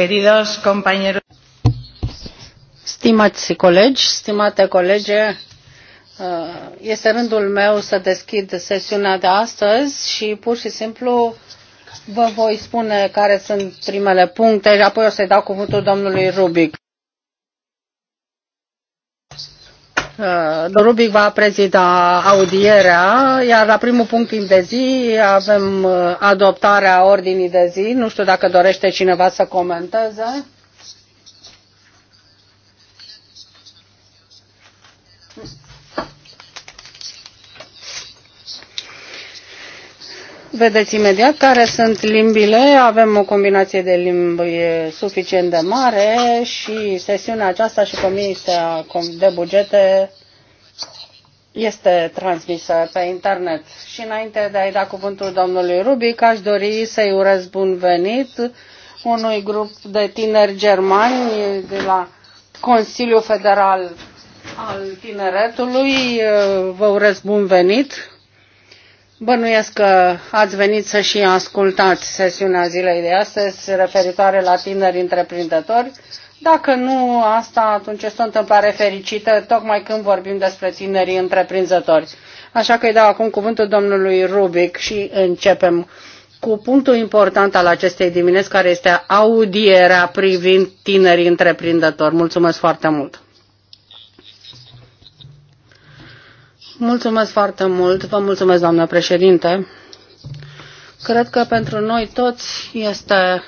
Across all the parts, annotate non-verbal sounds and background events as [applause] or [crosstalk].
Queridos compañeros. Stimați colegi, stimate colege, uh, este rândul meu să deschid sesiunea de astăzi și pur și simplu vă voi spune care sunt primele puncte și apoi o să-i dau cuvântul domnului Rubic. Uh, Dorubic va prezida audierea, iar la primul punct timp de zi avem uh, adoptarea ordinii de zi. Nu știu dacă dorește cineva să comenteze. Vedeți imediat care sunt limbile. Avem o combinație de limbi suficient de mare și sesiunea aceasta și comisia de bugete este transmisă pe internet. Și înainte de a-i da cuvântul domnului Rubic, aș dori să-i urez bun venit unui grup de tineri germani de la Consiliul Federal al Tineretului. Vă urez bun venit Bănuiesc că ați venit să și ascultați sesiunea zilei de astăzi referitoare la tineri întreprinzători. Dacă nu asta, atunci este o întâmplare fericită, tocmai când vorbim despre tinerii întreprinzători. Așa că îi dau acum cuvântul domnului Rubic și începem cu punctul important al acestei dimineți, care este audierea privind tinerii întreprinzători. Mulțumesc foarte mult! Mulțumesc foarte mult. Vă mulțumesc, doamnă președinte. Cred că pentru noi toți este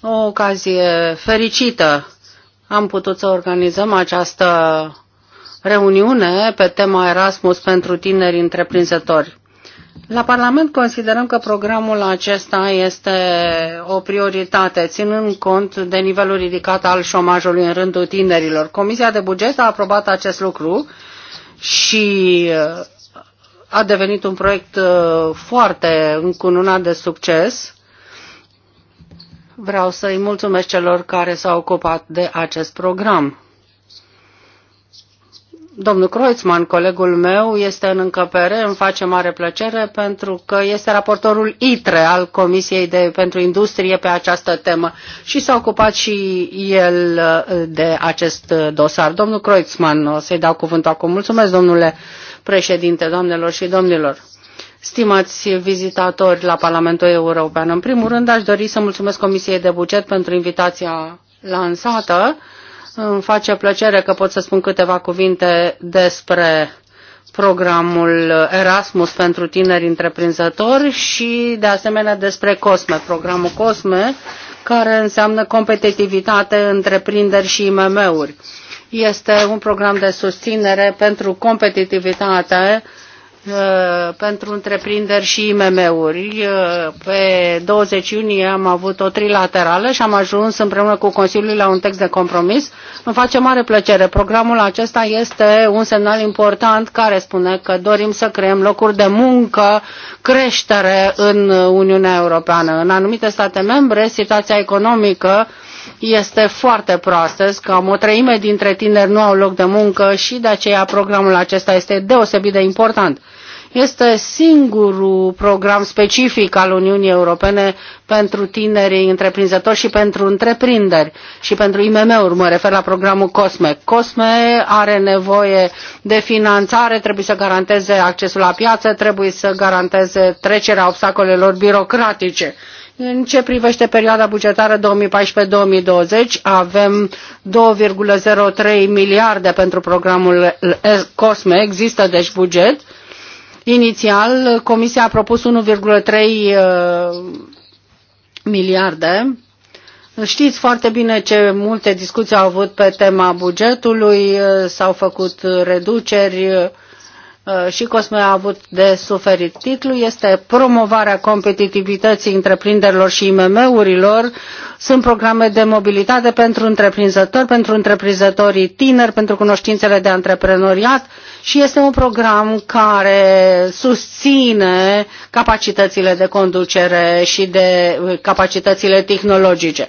o ocazie fericită. Am putut să organizăm această reuniune pe tema Erasmus pentru tineri întreprinzători. La Parlament considerăm că programul acesta este o prioritate, ținând cont de nivelul ridicat al șomajului în rândul tinerilor. Comisia de buget a aprobat acest lucru și uh, a devenit un proiect uh, foarte încununat de succes. Vreau să-i mulțumesc celor care s-au ocupat de acest program. Domnul Kreutzmann, colegul meu, este în încăpere, îmi face mare plăcere pentru că este raportorul ITRE al Comisiei de, pentru Industrie pe această temă și s-a ocupat și el uh, de acest uh, dosar. Domnul Kreutzmann, o să-i dau cuvântul acum. Mulțumesc, domnule președinte, doamnelor și domnilor. Stimați vizitatori la Parlamentul European, în primul rând aș dori să mulțumesc Comisiei de Buget pentru invitația lansată îmi face plăcere că pot să spun câteva cuvinte despre programul Erasmus pentru tineri întreprinzători și de asemenea despre COSME, programul COSME, care înseamnă competitivitate, întreprinderi și IMM-uri. Este un program de susținere pentru competitivitate Uh, pentru întreprinderi și IMM-uri. Uh, pe 20 iunie am avut o trilaterală și am ajuns împreună cu Consiliul la un text de compromis. Îmi face mare plăcere. Programul acesta este un semnal important care spune că dorim să creăm locuri de muncă, creștere în Uniunea Europeană. În anumite state membre, situația economică este foarte proastă, cam o treime dintre tineri nu au loc de muncă și de aceea programul acesta este deosebit de important. Este singurul program specific al Uniunii Europene pentru tinerii întreprinzători și pentru întreprinderi și pentru IMM-uri. Mă refer la programul COSME. COSME are nevoie de finanțare, trebuie să garanteze accesul la piață, trebuie să garanteze trecerea obstacolelor birocratice. În ce privește perioada bugetară 2014-2020, avem 2,03 miliarde pentru programul COSME, există deci buget Inițial, Comisia a propus 1,3 uh, miliarde. Știți foarte bine ce multe discuții au avut pe tema bugetului, uh, s-au făcut reduceri uh, și Cosme a avut de suferit. Titlul este Promovarea competitivității întreprinderilor și IMM-urilor. Sunt programe de mobilitate pentru întreprinzători, pentru întreprinzătorii tineri, pentru cunoștințele de antreprenoriat, și este un program care susține capacitățile de conducere și de uh, capacitățile tehnologice.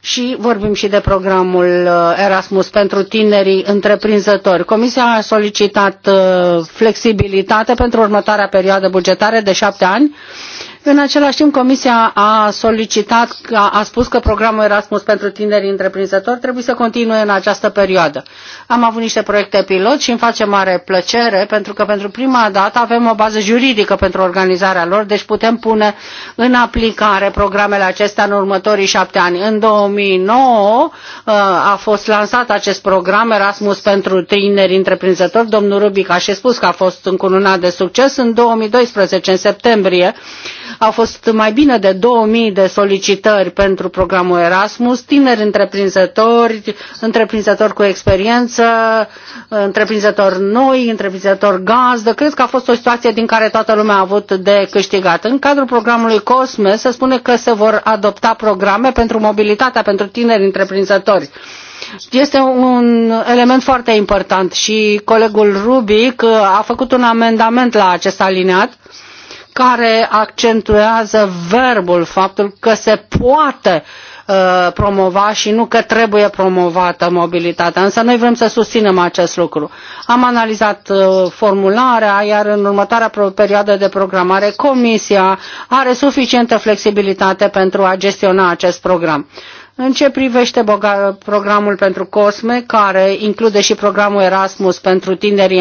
Și vorbim și de programul uh, Erasmus pentru tinerii întreprinzători. Comisia a solicitat uh, flexibilitate pentru următoarea perioadă bugetară de șapte ani în același timp, Comisia a solicitat, a, spus că programul Erasmus pentru tineri întreprinzători trebuie să continue în această perioadă. Am avut niște proiecte pilot și îmi face mare plăcere pentru că pentru prima dată avem o bază juridică pentru organizarea lor, deci putem pune în aplicare programele acestea în următorii șapte ani. În 2009 uh, a fost lansat acest program Erasmus pentru tineri întreprinzători. Domnul Rubic a și spus că a fost încununat de succes în 2012, în septembrie au fost mai bine de 2000 de solicitări pentru programul Erasmus, tineri întreprinzători, întreprinzători cu experiență, întreprinzători noi, întreprinzători gazdă. Cred că a fost o situație din care toată lumea a avut de câștigat. În cadrul programului COSME se spune că se vor adopta programe pentru mobilitatea pentru tineri întreprinzători. Este un element foarte important și colegul Rubic a făcut un amendament la acest alineat care accentuează verbul, faptul că se poate uh, promova și nu că trebuie promovată mobilitatea. Însă noi vrem să susținem acest lucru. Am analizat uh, formularea, iar în următoarea perioadă de programare, Comisia are suficientă flexibilitate pentru a gestiona acest program. În ce privește programul pentru COSME, care include și programul Erasmus pentru tinerii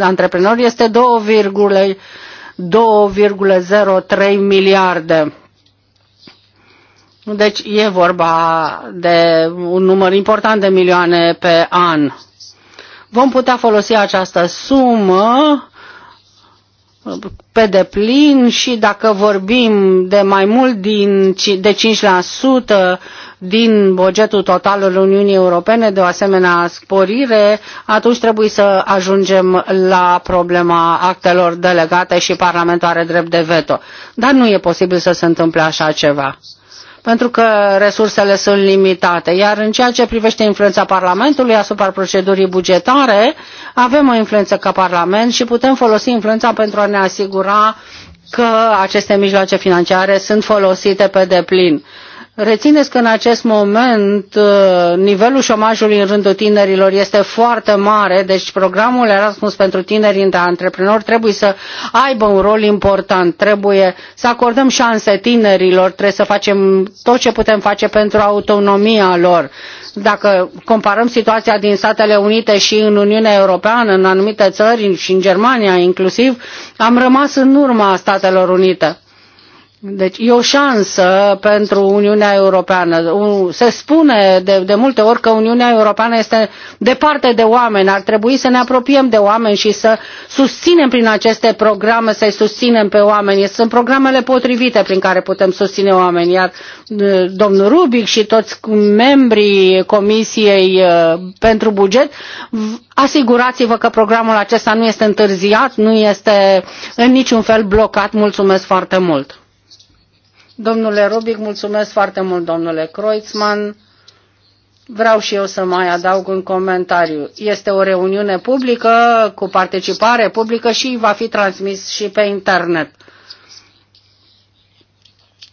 antreprenori, este 2, 2,03 miliarde. Deci e vorba de un număr important de milioane pe an. Vom putea folosi această sumă pe deplin și dacă vorbim de mai mult din, de 5% din bugetul total al Uniunii Europene, de o asemenea sporire, atunci trebuie să ajungem la problema actelor delegate și Parlamentul are drept de veto. Dar nu e posibil să se întâmple așa ceva pentru că resursele sunt limitate. Iar în ceea ce privește influența Parlamentului asupra procedurii bugetare, avem o influență ca Parlament și putem folosi influența pentru a ne asigura că aceste mijloace financiare sunt folosite pe deplin. Rețineți că în acest moment uh, nivelul șomajului în rândul tinerilor este foarte mare, deci programul Erasmus pentru tineri de antreprenori trebuie să aibă un rol important, trebuie să acordăm șanse tinerilor, trebuie să facem tot ce putem face pentru autonomia lor. Dacă comparăm situația din Statele Unite și în Uniunea Europeană, în anumite țări și în Germania inclusiv, am rămas în urma Statelor Unite deci e o șansă pentru Uniunea Europeană. Se spune de, de multe ori că Uniunea Europeană este departe de oameni. Ar trebui să ne apropiem de oameni și să susținem prin aceste programe, să-i susținem pe oameni. Sunt programele potrivite prin care putem susține oameni. Iar domnul Rubic și toți membrii Comisiei pentru Buget, asigurați-vă că programul acesta nu este întârziat, nu este în niciun fel blocat. Mulțumesc foarte mult! Domnule Rubic, mulțumesc foarte mult, domnule Kreutzmann. Vreau și eu să mai adaug un comentariu. Este o reuniune publică, cu participare publică și va fi transmis și pe internet.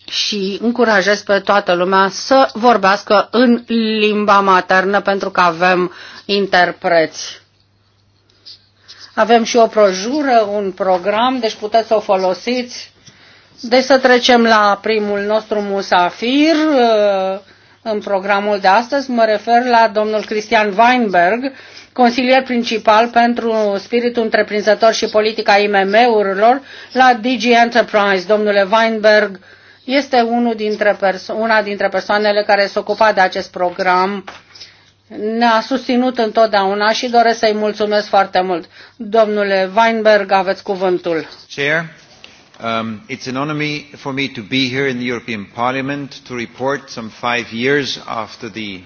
Și încurajez pe toată lumea să vorbească în limba maternă pentru că avem interpreți. Avem și o projură, un program, deci puteți să o folosiți deci să trecem la primul nostru musafir uh, în programul de astăzi. Mă refer la domnul Cristian Weinberg, consilier principal pentru spiritul întreprinzător și politica IMM-urilor la DG Enterprise. Domnule Weinberg este unul dintre una dintre persoanele care se ocupa de acest program. Ne-a susținut întotdeauna și doresc să-i mulțumesc foarte mult. Domnule Weinberg, aveți cuvântul. Chair. Um, it is an honour for me to be here in the European Parliament to report some five years after the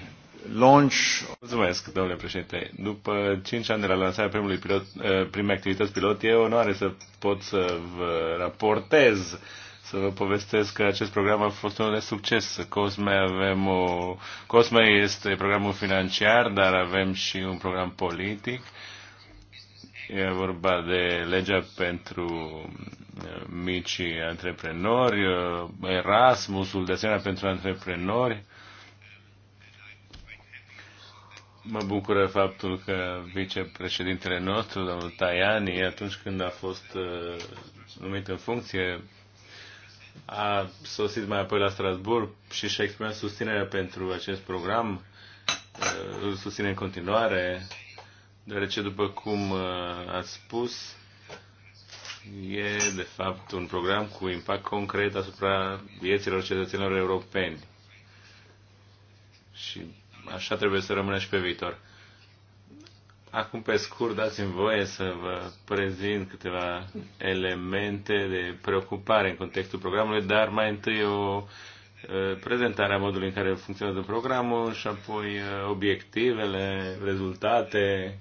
launch. Mulțumesc, domnule președinte. După ani de la lansarea primului pilot, uh, primei activități pilot, e onoare să pot să vă raportez, să vă povestesc că acest program a fost unul de succes. COSME, avem o... COSME este programul financiar, dar avem și un program politic E vorba de legea pentru uh, micii antreprenori, uh, Erasmusul de asemenea pentru antreprenori. Mă bucură faptul că vicepreședintele nostru, domnul Tajani, atunci când a fost uh, numit în funcție, a sosit mai apoi la Strasburg și și-a exprimat susținerea pentru acest program. Îl susține în continuare deoarece, după cum uh, ați spus, e de fapt un program cu impact concret asupra vieților cetățenilor europeni. Și așa trebuie să rămână și pe viitor. Acum, pe scurt, dați-mi voie să vă prezint câteva elemente de preocupare în contextul programului, dar mai întâi o uh, prezentare a modului în care funcționează programul și apoi uh, obiectivele, rezultate,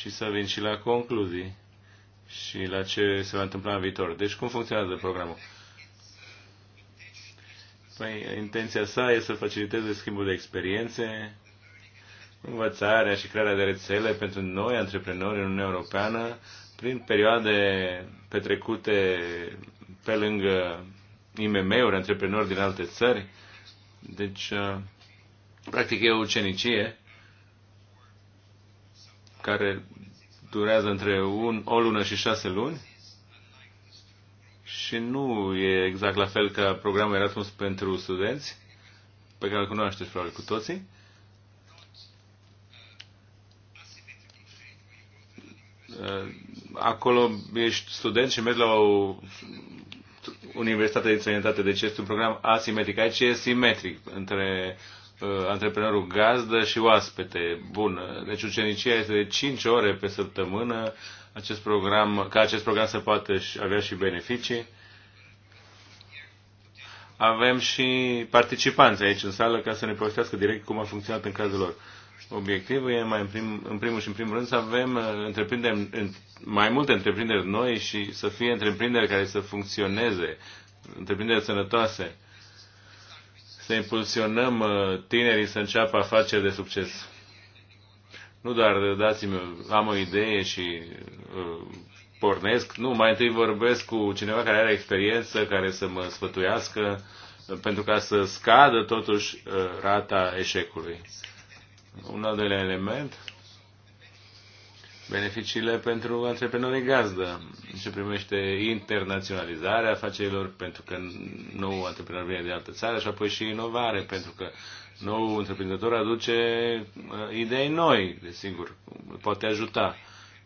și să vin și la concluzii și la ce se va întâmpla în viitor. Deci cum funcționează programul? Păi, intenția sa este să faciliteze schimbul de experiențe, învățarea și crearea de rețele pentru noi, antreprenori în Uniunea Europeană, prin perioade petrecute pe lângă IMM-uri, antreprenori din alte țări. Deci, uh, practic e o ucenicie care durează între un, o lună și șase luni și nu e exact la fel ca programul Erasmus pentru studenți, pe care îl cunoașteți probabil cu toții. Acolo ești student și mergi la o universitate de străinătate, deci este un program asimetric. Aici e simetric între Uh, antreprenorul gazdă și oaspete. Bun, deci ucenicia este de 5 ore pe săptămână acest program, ca acest program să poată avea și beneficii. Avem și participanți aici în sală ca să ne povestească direct cum a funcționat în cazul lor. Obiectivul e mai în, prim, în primul și în primul rând să avem uh, întreprinderi, mai multe întreprinderi noi și să fie întreprinderi care să funcționeze, întreprinderi sănătoase să impulsionăm uh, tinerii să înceapă afaceri de succes. Nu doar dați-mi, am o idee și uh, pornesc, nu, mai întâi vorbesc cu cineva care are experiență, care să mă sfătuiască, uh, pentru ca să scadă totuși uh, rata eșecului. Un al doilea element beneficiile pentru antreprenorii gazdă se primește internaționalizarea afacerilor pentru că nou antreprenor vine de altă țară și apoi și inovare pentru că nou întreprinzător aduce uh, idei noi, desigur, poate ajuta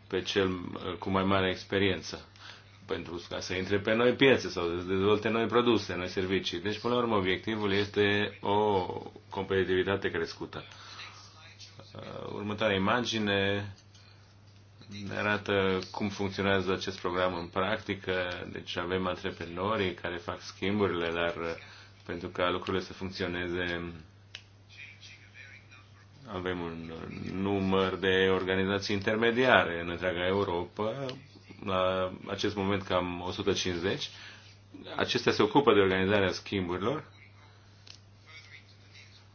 pe cel uh, cu mai mare experiență pentru ca să intre pe noi piețe sau să dezvolte noi produse, noi servicii. Deci, până la urmă, obiectivul este o competitivitate crescută. Uh, următoarea imagine ne arată cum funcționează acest program în practică. Deci avem antreprenorii care fac schimburile, dar uh, pentru ca lucrurile să funcționeze avem un uh, număr de organizații intermediare în întreaga Europa, la acest moment cam 150. Acestea se ocupă de organizarea schimburilor.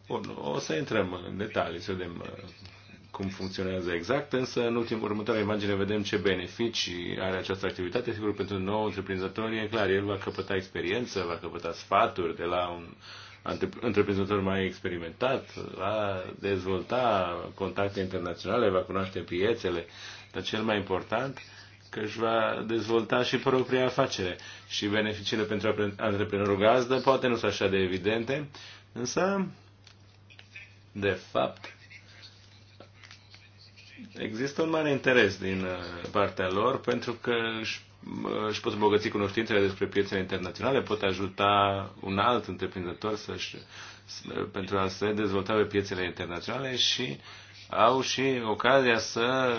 Bun, o să intrăm în detalii, să vedem uh, cum funcționează exact, însă în ultimul următoare imagine vedem ce beneficii are această activitate. Sigur, pentru nou întreprinzător e clar, el va căpăta experiență, va căpăta sfaturi de la un întreprinzător mai experimentat, va dezvolta contacte internaționale, va cunoaște piețele, dar cel mai important că își va dezvolta și propria afacere și beneficiile pentru antreprenorul gazdă poate nu sunt așa de evidente, însă, de fapt, Există un mare interes din uh, partea lor pentru că își, uh, își pot îmbogăți cunoștințele despre piețele internaționale, pot ajuta un alt întreprinzător să uh, pentru a se dezvolta pe piețele internaționale și au și ocazia să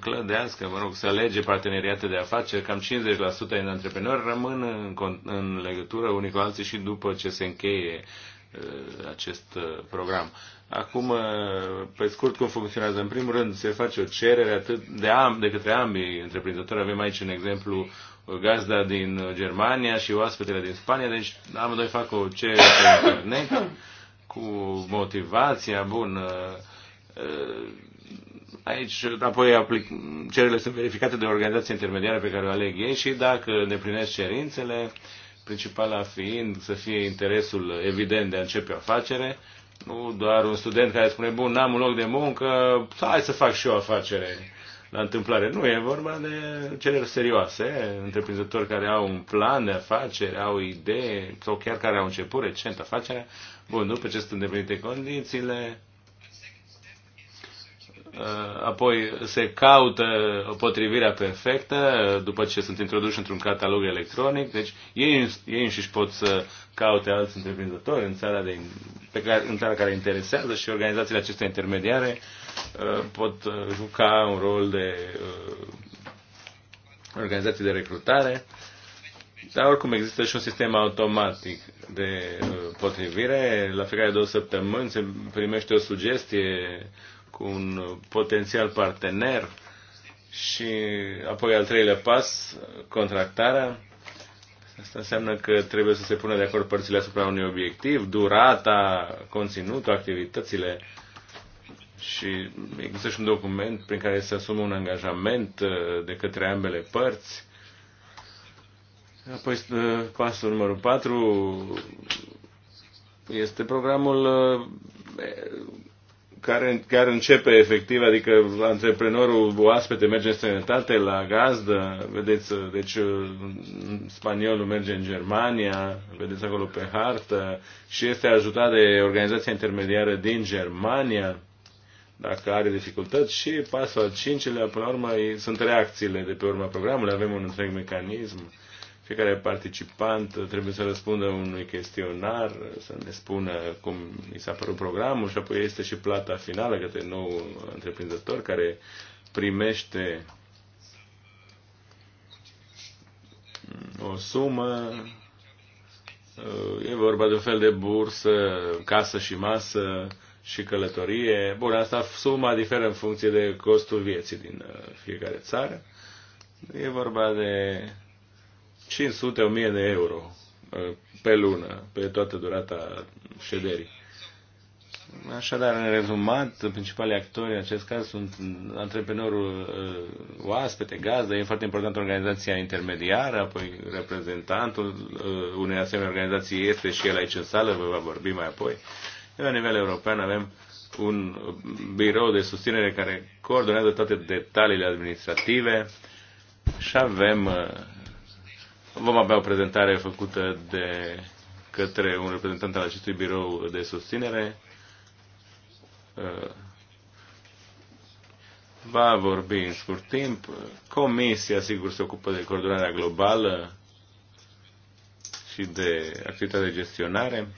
clădească, mă rog, să alege parteneriate de afaceri. Cam 50% din antreprenori rămân în, în legătură unii cu alții și după ce se încheie acest program. Acum, uh, pe scurt, cum funcționează? În primul rând, se face o cerere atât de, am, de către ambii întreprinzători. Avem aici un exemplu gazda din Germania și oaspetele din Spania, deci amândoi fac o cerere pe internet cu motivația bună. Uh, uh, aici, apoi, aplic... cererile sunt verificate de organizația intermediară pe care o aleg ei și dacă îndeplinesc cerințele, principala fiind să fie interesul evident de a începe o afacere, nu doar un student care spune, bun, n-am un loc de muncă, hai să fac și eu afacere la întâmplare. Nu, e vorba de cereri serioase, întreprinzători care au un plan de afacere, au idee, sau chiar care au început recent afacerea. Bun, după ce sunt îndeplinite condițiile, uh, apoi se caută potrivirea perfectă uh, după ce sunt introduși într-un catalog electronic. Deci ei, ei înșiși pot să caute alți întreprinzători în țara de pe care, în țara care interesează și organizațiile acestea intermediare uh, pot uh, juca un rol de uh, organizații de recrutare. Dar oricum există și un sistem automatic de potrivire. La fiecare două săptămâni se primește o sugestie cu un potențial partener și apoi al treilea pas, contractarea Asta înseamnă că trebuie să se pună de acord părțile asupra unui obiectiv, durata, conținutul, activitățile și există și un document prin care se asumă un angajament uh, de către ambele părți. Apoi uh, pasul numărul 4 este programul uh, care care începe efectiv, adică antreprenorul oaspete merge în străinătate, la gazdă, vedeți, uh, deci uh, spaniolul merge în Germania, vedeți acolo pe hartă și este ajutat de organizația intermediară din Germania, dacă are dificultăți și pasul al cincilea, până la urmă, sunt reacțiile de pe urma programului, avem un întreg mecanism fiecare participant trebuie să răspundă unui chestionar, să ne spună cum i s-a părut programul și apoi este și plata finală către nou întreprinzător care primește o sumă E vorba de un fel de bursă, casă și masă și călătorie. Bun, asta suma diferă în funcție de costul vieții din uh, fiecare țară. E vorba de 500-1000 de euro uh, pe lună, pe toată durata șederii. Așadar, în rezumat, principalii actori în acest caz sunt antreprenorul uh, oaspete, gazdă, e foarte importantă organizația intermediară, apoi reprezentantul uh, unei asemenea organizații este și el aici în sală, vă va vorbi mai apoi. La nivel european avem un birou de susținere care coordonează toate detaliile administrative și avem Vom avea o prezentare făcută de către un reprezentant al acestui birou de susținere. Uh, va vorbi în scurt timp. Comisia, sigur, se ocupă de coordonarea globală și de activitatea de gestionare.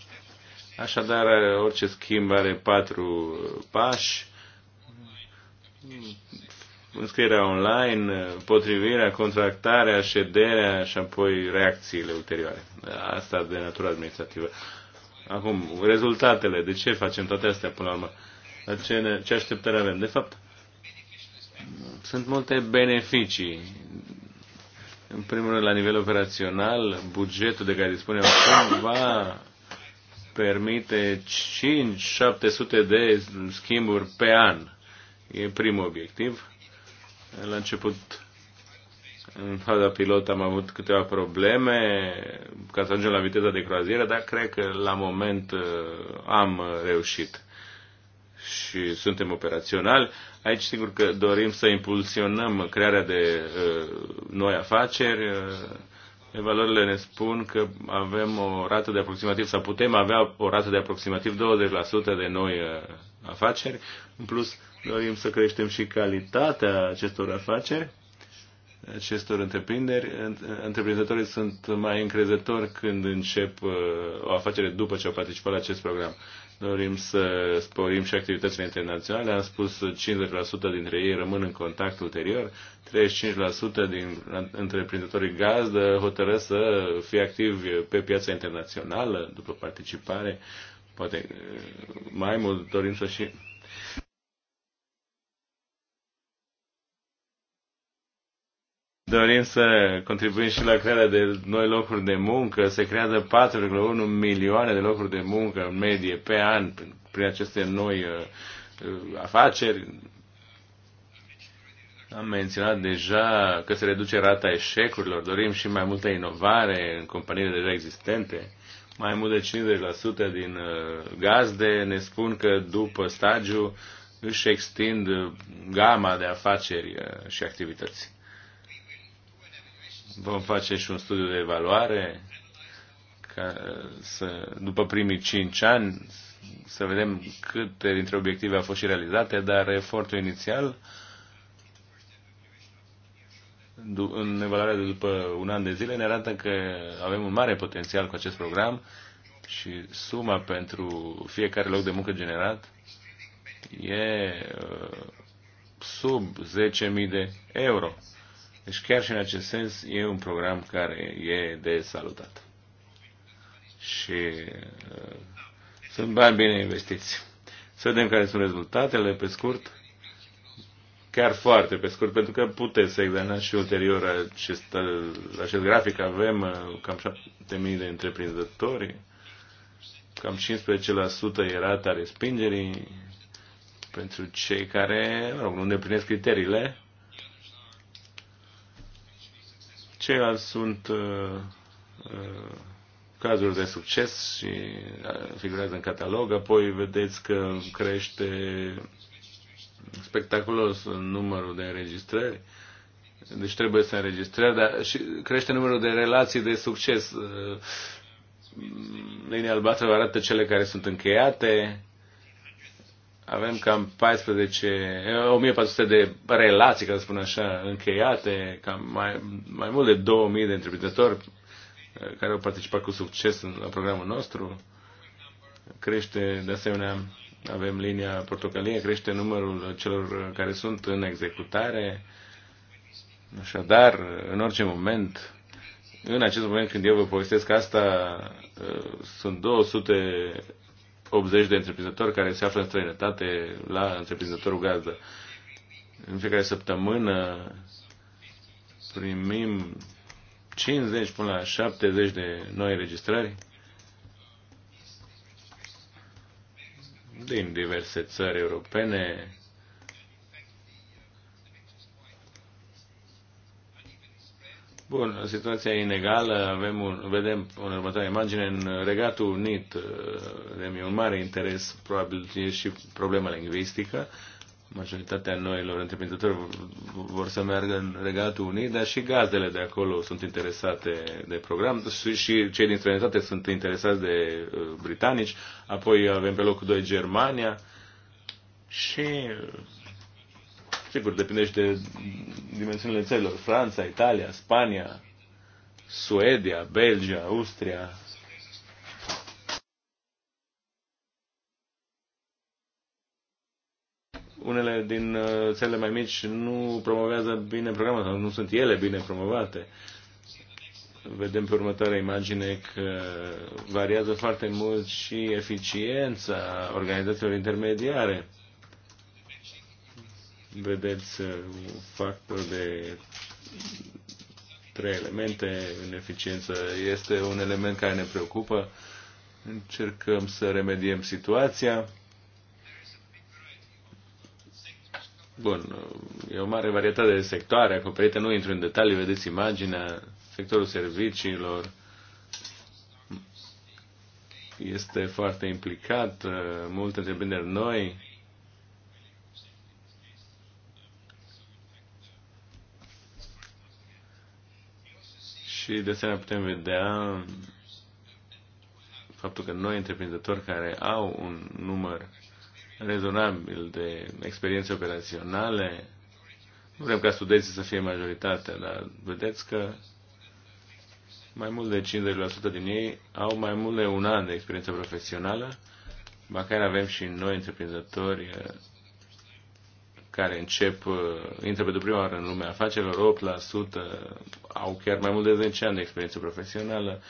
Așadar, orice schimb are patru pași înscrierea online, potrivirea, contractarea, șederea și apoi reacțiile ulterioare. Asta de natură administrativă. Acum, rezultatele, de ce facem toate astea până la urmă? ce, ne, ce așteptări avem? De fapt, sunt multe beneficii. În primul rând, la nivel operațional, bugetul de care dispunem acum va permite 5-700 de schimburi pe an. E primul obiectiv. La început, în faza pilot, am avut câteva probleme ca să ajungem la viteza de croazieră, dar cred că la moment uh, am reușit și suntem operaționali. Aici, sigur că dorim să impulsionăm crearea de uh, noi afaceri. Uh, evaluările ne spun că avem o rată de aproximativ, sau putem avea o rată de aproximativ 20% de noi afaceri. În plus, Dorim să creștem și calitatea acestor afaceri, acestor întreprinderi. Întreprinzătorii sunt mai încrezători când încep uh, o afacere după ce au participat la acest program. Dorim să sporim și activitățile internaționale. Am spus 50% dintre ei rămân în contact ulterior, 35% din întreprinzătorii gazdă hotără să fie activi pe piața internațională după participare. Poate uh, mai mult dorim să și Dorim să contribuim și la crearea de noi locuri de muncă. Se creează 4,1 milioane de locuri de muncă în medie pe an prin aceste noi uh, uh, afaceri. Am menționat deja că se reduce rata eșecurilor. Dorim și mai multă inovare în companiile deja existente. Mai mult de 50% din uh, gazde ne spun că după stagiu își extind gama de afaceri și activități. Vom face și un studiu de evaluare ca să, după primii cinci ani să vedem câte dintre obiective au fost și realizate, dar efortul inițial în evaluarea de după un an de zile ne arată că avem un mare potențial cu acest program și suma pentru fiecare loc de muncă generat e uh, sub 10.000 de euro. Deci chiar și în acest sens e un program care e de salutat. Și uh, sunt bani bine investiți. Să vedem care sunt rezultatele pe scurt. Chiar foarte pe scurt, pentru că puteți să examinați și ulterior acest, uh, acest grafic. Avem uh, cam 7.000 de întreprinzători, cam 15% e rata respingerii pentru cei care mă rog, nu îndeplinesc criteriile Ceilalți sunt uh, uh, cazuri de succes și uh, figurează în catalog, apoi vedeți că crește spectaculos numărul de înregistrări, deci trebuie să înregistrează, dar și crește numărul de relații de succes. Uh, Linia albastră arată cele care sunt încheiate, avem cam 14, 1400 eh, de relații, ca să spun așa, încheiate, cam mai, mai mult de 2000 de întreprinzători eh, care au participat cu succes la programul nostru. Crește, de asemenea, avem linia portocalie, crește numărul celor care sunt în executare. Așadar, în orice moment, în acest moment când eu vă povestesc asta, eh, sunt 200 80 de întreprinzători care se află în străinătate la întreprinzătorul gazdă. În fiecare săptămână primim 50 până la 70 de noi registrări din diverse țări europene, Bun, situația e inegală, avem un, vedem în următoarea imagine, în Regatul Unit uh, avem un mare interes, probabil e și problema lingvistică. Majoritatea noilor întreprinzători vor să meargă în Regatul Unit, dar și gazdele de acolo sunt interesate de program și, și cei din străinătate sunt interesați de uh, britanici. Apoi avem pe locul 2 Germania și uh, Sigur, depinde și de dimensiunile țărilor. Franța, Italia, Spania, Suedia, Belgia, Austria. Unele din uh, țările mai mici nu promovează bine programul sau nu sunt ele bine promovate. Vedem pe următoarea imagine că variază foarte mult și eficiența organizațiilor intermediare vedeți uh, un factor de trei elemente în eficiență. Este un element care ne preocupă. Încercăm să remediem situația. Bun, uh, e o mare varietate de sectoare acoperite, nu intru în detalii, vedeți imaginea, sectorul serviciilor este foarte implicat, uh, multe întrebări noi, Și de asemenea putem vedea faptul că noi întreprinzători care au un număr rezonabil de experiențe operaționale, nu vrem ca studenții să fie majoritatea, dar vedeți că mai mult de 50% din ei au mai mult de un an de experiență profesională, ba chiar avem și noi întreprinzători care încep, uh, intră pentru prima oară în lumea afacerilor, 8% au chiar mai mult de 10 ani de experiență profesională,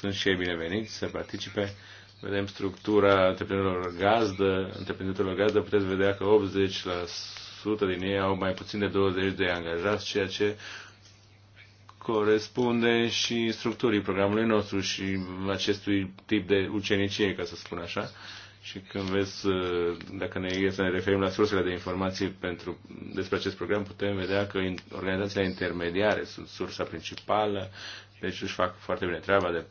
sunt și ei bineveniți să participe. Vedem structura întreprinderilor gazdă, întreprinderilor gazdă, puteți vedea că 80% din ei au mai puțin de 20 de angajați, ceea ce corespunde și structurii programului nostru și acestui tip de ucenicie, ca să spun așa. Uh, și când vezi, uh, dacă ne, să ne referim la sursele de informații pentru, despre acest program, putem vedea că organizațiile intermediare sunt sursa principală, deci își fac foarte bine treaba de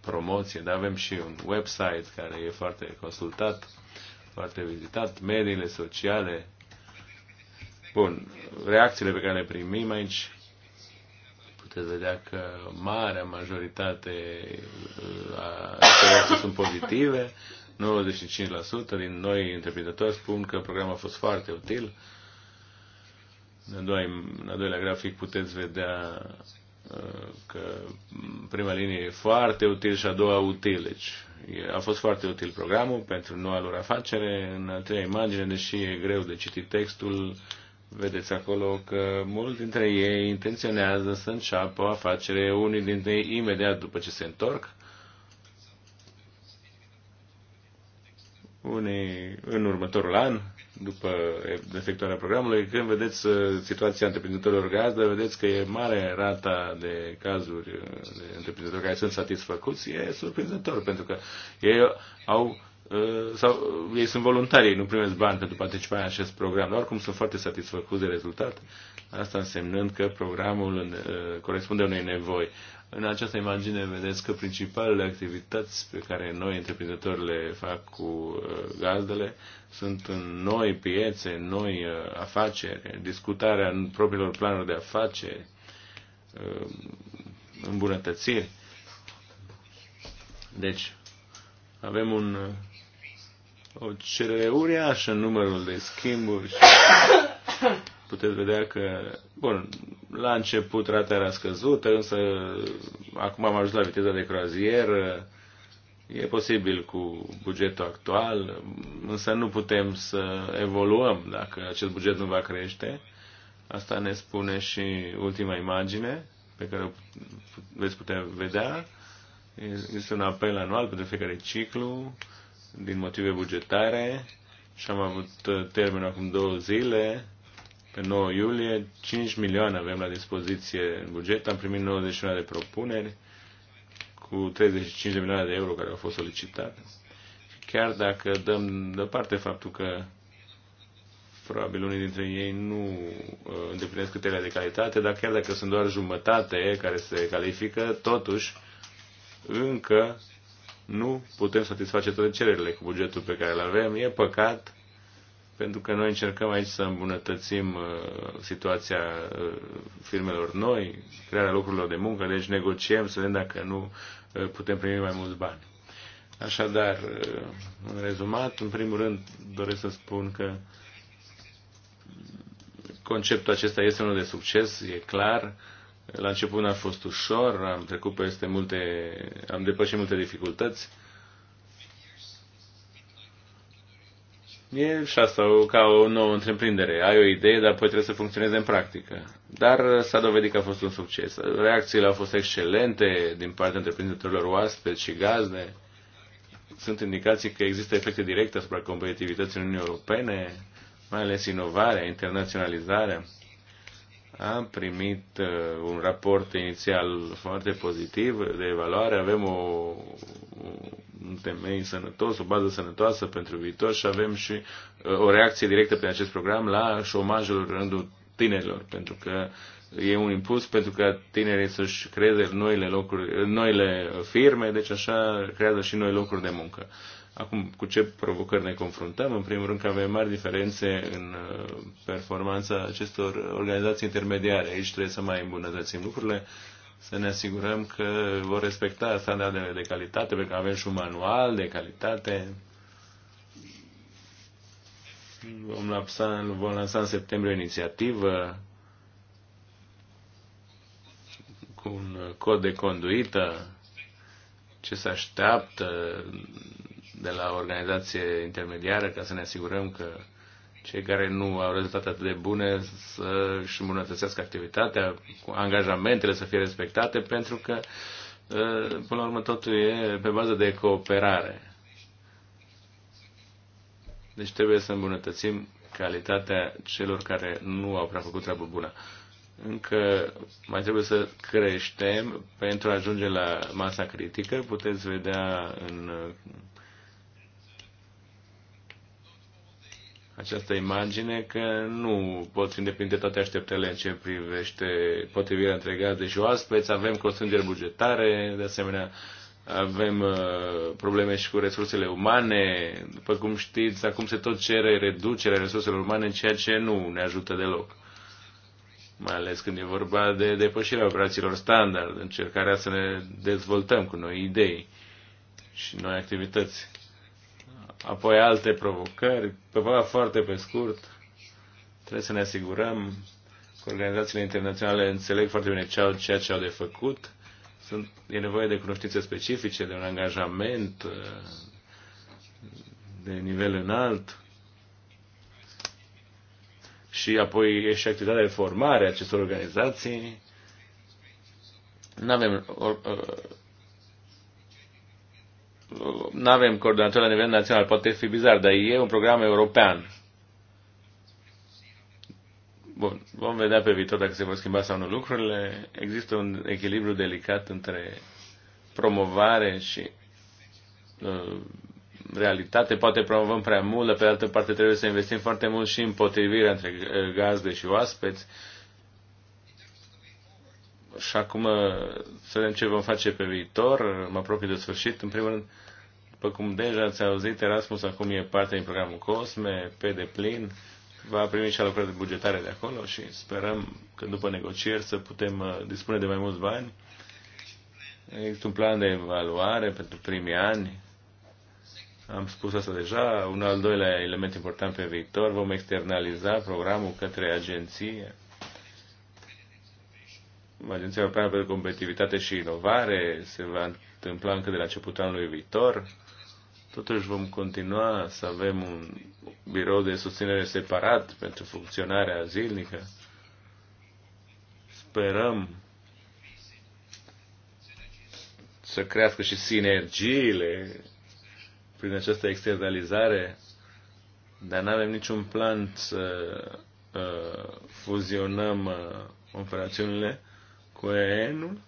promoție, dar avem și un website care e foarte consultat, foarte vizitat, mediile sociale. Bun, reacțiile pe care le primim aici puteți vedea că marea majoritate uh, a sunt pozitive, 95% din noi întreprinători spun că programul a fost foarte util. În, a doua, în al doilea grafic puteți vedea uh, că prima linie e foarte util și a doua util. Deci a fost foarte util programul pentru noua lor afacere. În a treia imagine, deși e greu de citit textul, vedeți acolo că mulți dintre ei intenționează să înceapă o afacere, unii dintre ei imediat după ce se întorc une în următorul an, după efectuarea programului, când vedeți uh, situația întreprinzătorilor gazdă, vedeți că e mare rata de cazuri uh, de întreprinzători care sunt satisfăcuți, e surprinzător, pentru că ei au Uh, sau uh, ei sunt voluntari, ei nu primesc bani pentru participarea în acest program, dar oricum sunt foarte satisfăcuți de rezultat, asta însemnând că programul uh, corespunde unei nevoi. În această imagine vedeți că principalele activități pe care noi, întreprinzătorii le fac cu gazdele sunt în noi piețe, noi afaceri, discutarea în propriilor planuri de afaceri, îmbunătățiri. Deci, avem un o cerere uriașă în numărul de schimburi și puteți vedea că, bun, la început rata era scăzută, însă acum am ajuns la viteza de croazier, e posibil cu bugetul actual, însă nu putem să evoluăm dacă acest buget nu va crește. Asta ne spune și ultima imagine pe care o veți putea vedea. Este un apel anual pentru fiecare ciclu din motive bugetare și am avut uh, termenul acum două zile, pe 9 iulie, 5 milioane avem la dispoziție în buget, am primit 91 de propuneri cu 35 de milioane de euro care au fost solicitate. Chiar dacă dăm deoparte faptul că probabil unii dintre ei nu uh, îndeplinesc criteriile de calitate, dar chiar dacă sunt doar jumătate care se califică, totuși încă nu putem satisface toate cererile cu bugetul pe care îl avem. E păcat pentru că noi încercăm aici să îmbunătățim uh, situația uh, firmelor noi, crearea locurilor de muncă, deci negociem să vedem dacă nu uh, putem primi mai mulți bani. Așadar, în rezumat, în primul rând doresc să spun că conceptul acesta este unul de succes, e clar, la început a fost ușor, am trecut peste multe, am depășit multe dificultăți. E și asta o, ca o nouă întreprindere. Ai o idee, dar apoi trebuie să funcționeze în practică. Dar s-a dovedit că a fost un succes. Reacțiile au fost excelente din partea întreprinzătorilor oaspeți și gazde. Sunt indicații că există efecte directe asupra competitivității în Uniunii Europene, mai ales inovarea, internaționalizarea. Am primit uh, un raport inițial foarte pozitiv de evaluare, avem o, un temei sănătos, o bază sănătoasă pentru viitor și avem și uh, o reacție directă pe acest program la șomajul rândul tinerilor, pentru că e un impuls pentru ca tinerii să-și creeze noile, locuri, noile firme, deci așa creează și noi locuri de muncă. Acum, cu ce provocări ne confruntăm? În primul rând că avem mari diferențe în uh, performanța acestor organizații intermediare. Aici trebuie să mai îmbunătățim lucrurile, să ne asigurăm că vor respecta standardele de calitate, pentru că avem și un manual de calitate. Vom lansa, vom lansa în septembrie o inițiativă cu un cod de conduită ce se așteaptă de la organizație intermediară ca să ne asigurăm că cei care nu au rezultate atât de bune să își îmbunătățească activitatea, cu angajamentele să fie respectate, pentru că, ă, până la urmă, totul e pe bază de cooperare. Deci trebuie să îmbunătățim calitatea celor care nu au prea făcut treabă bună. Încă mai trebuie să creștem pentru a ajunge la masa critică. Puteți vedea în această imagine că nu pot fi îndeplinite toate așteptările în ce privește potrivirea între gaze și oaspeți, avem constrângeri bugetare, de asemenea avem uh, probleme și cu resursele umane, după cum știți, acum se tot cere reducerea resurselor umane, ceea ce nu ne ajută deloc mai ales când e vorba de depășirea operațiilor standard, încercarea să ne dezvoltăm cu noi idei și noi activități. Apoi alte provocări, ceva foarte pe scurt, trebuie să ne asigurăm că organizațiile internaționale înțeleg foarte bine ce ceea ce au de făcut, sunt, e nevoie de cunoștințe specifice, de un angajament uh, de nivel înalt și apoi e și activitatea de formare a acestor organizații. Nu avem uh, nu avem coordonator la nivel național, poate fi bizar, dar e un program european. Bun, vom vedea pe viitor dacă se vor schimba sau nu lucrurile. Există un echilibru delicat între promovare și uh, realitate. Poate promovăm prea mult, dar pe de altă parte trebuie să investim foarte mult și în potrivirea între uh, gazde și oaspeți. Uh, și acum să vedem ce vom face pe viitor. Mă apropii de sfârșit. În primul rând, după cum deja ați auzit, Erasmus acum e parte din programul COSME, pe deplin. Va primi și alocări bugetare de acolo și sperăm că după negocieri să putem uh, dispune de mai mulți bani. Există un plan de evaluare pentru primii ani. Am spus asta deja. Un al doilea element important pe viitor, vom externaliza programul către agenție Agenția Europeană pentru Competitivitate și Inovare se va întâmpla încă de la începutul anului viitor. Totuși vom continua să avem un birou de susținere separat pentru funcționarea zilnică. Sperăm să crească și sinergiile prin această externalizare, dar nu avem niciun plan să uh, fuzionăm uh, operațiunile Coenul.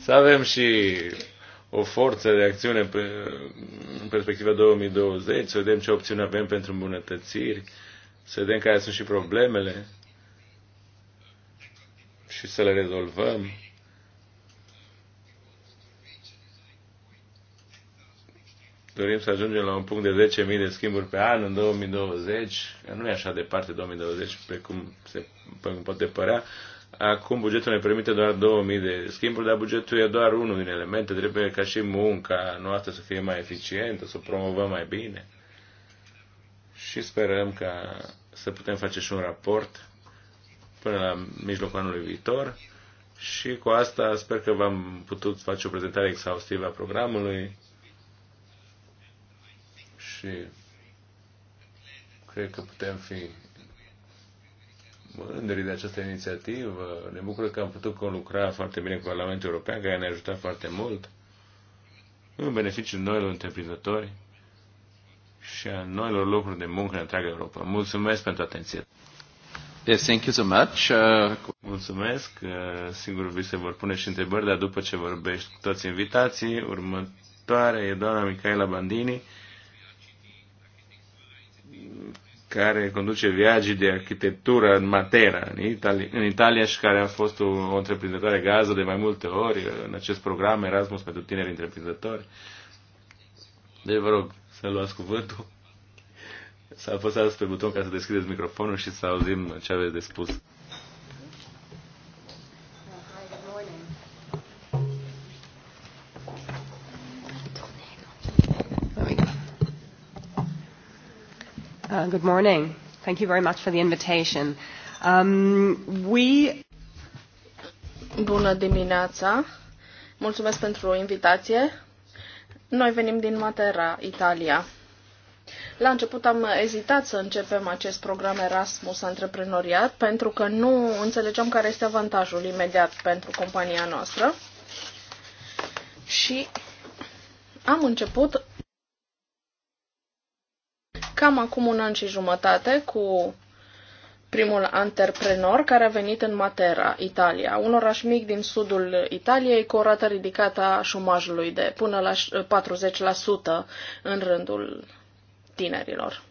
Să avem și o forță de acțiune în perspectiva 2020, să vedem ce opțiuni avem pentru îmbunătățiri, să vedem care sunt și problemele și să le rezolvăm. dorim să ajungem la un punct de 10.000 de schimburi pe an în 2020, nu e așa departe 2020 precum se precum poate părea. Acum bugetul ne permite doar 2000 de schimburi, dar bugetul e doar unul din elemente. Trebuie ca și munca noastră să fie mai eficientă, să o promovăm mai bine. Și sperăm ca să putem face și un raport până la mijlocul anului viitor. Și cu asta sper că v-am putut face o prezentare exhaustivă a programului și cred că putem fi mândri de această inițiativă. Ne bucură că am putut conlucra foarte bine cu Parlamentul European, care ne-a ajutat foarte mult în beneficiul noilor întreprinzători și a noilor locuri de muncă în întreaga Europa. Mulțumesc pentru atenție! Yes, thank you so much. Uh... Mulțumesc. Uh, sigur, vi se vor pune și întrebări, dar după ce vorbești toți invitații, următoarea e doamna Micaela Bandini. care conduce viagi de arhitectură în Matera, în Italia, în Italia și care a fost o, o întreprinzătoare gază de mai multe ori în acest program Erasmus pentru tineri întreprinzători. Deci vă rog să luați cuvântul, să apăsați pe buton ca să deschideți microfonul și să auzim ce aveți de spus. Uh, good morning. Thank you very much for the invitation. Um, we... Bună dimineața. Mulțumesc pentru invitație. Noi venim din Matera, Italia. La început am ezitat să începem acest program Erasmus Antreprenoriat pentru că nu înțelegeam care este avantajul imediat pentru compania noastră. Și am început cam acum un an și jumătate cu primul antreprenor care a venit în Matera, Italia, un oraș mic din sudul Italiei cu o rată ridicată a șomajului de până la 40% în rândul tinerilor.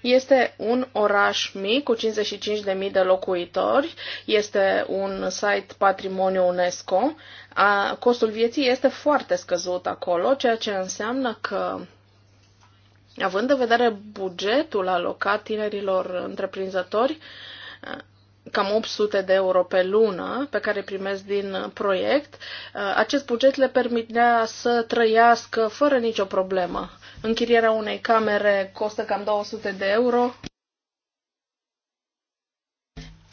Este un oraș mic cu 55.000 de locuitori, este un site patrimoniu UNESCO, a, costul vieții este foarte scăzut acolo, ceea ce înseamnă că Având în vedere bugetul alocat tinerilor întreprinzători, cam 800 de euro pe lună pe care primesc din proiect, acest buget le permitea să trăiască fără nicio problemă. Închirierea unei camere costă cam 200 de euro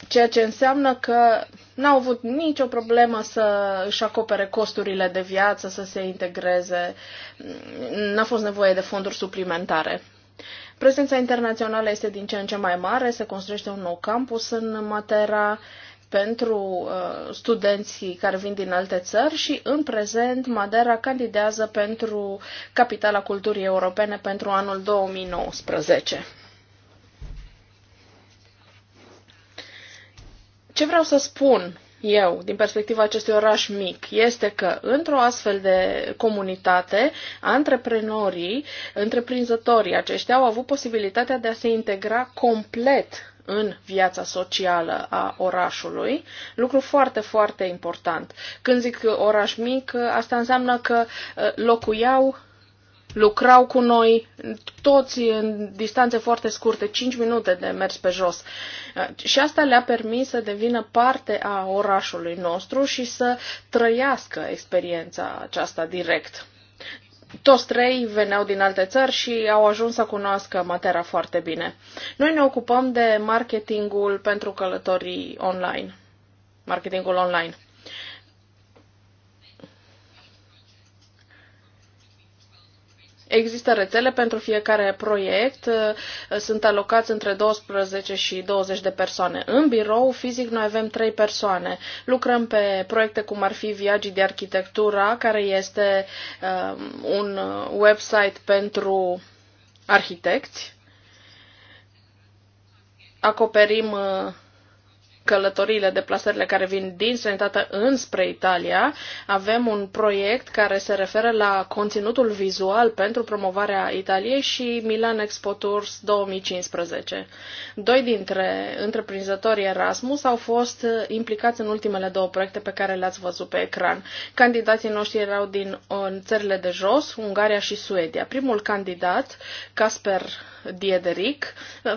ceea ce înseamnă că n-au avut nicio problemă să își acopere costurile de viață, să se integreze, n-a fost nevoie de fonduri suplimentare. Prezența internațională este din ce în ce mai mare, se construiește un nou campus în Matera pentru uh, studenții care vin din alte țări și în prezent Madera candidează pentru Capitala Culturii Europene pentru anul 2019. Ce vreau să spun eu, din perspectiva acestui oraș mic, este că într-o astfel de comunitate, antreprenorii, întreprinzătorii aceștia au avut posibilitatea de a se integra complet în viața socială a orașului, lucru foarte, foarte important. Când zic oraș mic, asta înseamnă că uh, locuiau lucrau cu noi, toți în distanțe foarte scurte, 5 minute de mers pe jos. Și asta le-a permis să devină parte a orașului nostru și să trăiască experiența aceasta direct. Toți trei veneau din alte țări și au ajuns să cunoască Matera foarte bine. Noi ne ocupăm de marketingul pentru călătorii online. Marketingul online. Există rețele pentru fiecare proiect, uh, sunt alocați între 12 și 20 de persoane. În birou, fizic, noi avem 3 persoane. Lucrăm pe proiecte cum ar fi Viagii de Arhitectura, care este um, un uh, website pentru arhitecți. Acoperim uh, călătoriile, deplasările care vin din sănătate înspre Italia. Avem un proiect care se referă la conținutul vizual pentru promovarea Italiei și Milan Expo Tours 2015. Doi dintre întreprinzătorii Erasmus au fost implicați în ultimele două proiecte pe care le-ați văzut pe ecran. Candidații noștri erau din în uh, țările de jos, Ungaria și Suedia. Primul candidat, Casper Diederic,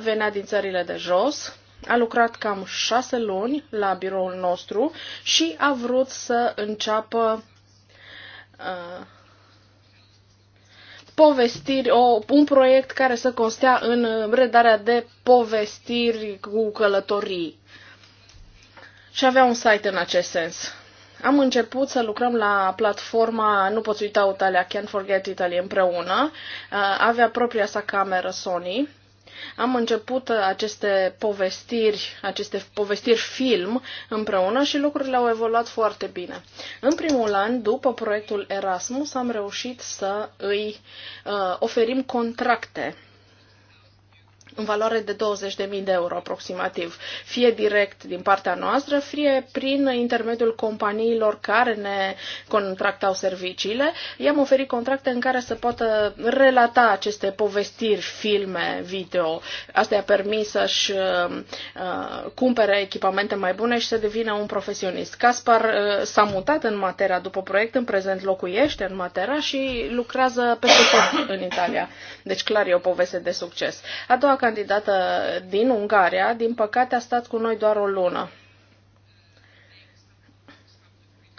venea din țările de jos, a lucrat cam șase luni la biroul nostru și a vrut să înceapă uh, povestiri, o, un proiect care să constea în redarea de povestiri cu călătorii. Și avea un site în acest sens. Am început să lucrăm la platforma Nu poți uita Italia, Can't Forget Italy împreună. Uh, avea propria sa cameră Sony am început aceste povestiri, aceste povestiri film împreună și lucrurile au evoluat foarte bine. În primul an, după proiectul Erasmus, am reușit să îi uh, oferim contracte în valoare de 20.000 de euro aproximativ, fie direct din partea noastră, fie prin intermediul companiilor care ne contractau serviciile. I-am oferit contracte în care să poată relata aceste povestiri, filme, video. Asta i-a permis să-și uh, uh, cumpere echipamente mai bune și să devină un profesionist. Caspar uh, s-a mutat în Matera după proiect, în prezent locuiește în Matera și lucrează peste tot în Italia. Deci clar e o poveste de succes. A doua candidată din Ungaria, din păcate a stat cu noi doar o lună.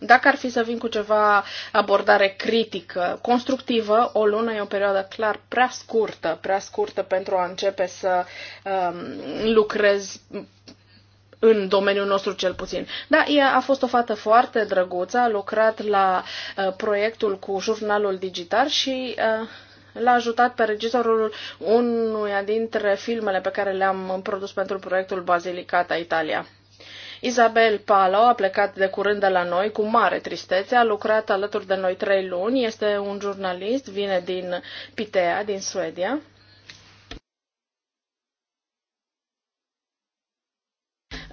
Dacă ar fi să vin cu ceva abordare critică, constructivă, o lună e o perioadă clar prea scurtă, prea scurtă pentru a începe să um, lucrez în domeniul nostru cel puțin. Da, ea a fost o fată foarte drăguță, a lucrat la uh, proiectul cu jurnalul digital și uh, L-a ajutat pe regizorul unuia dintre filmele pe care le-am produs pentru proiectul Basilicata Italia. Isabel Palo a plecat de curând de la noi cu mare tristețe, a lucrat alături de noi trei luni, este un jurnalist, vine din Pitea, din Suedia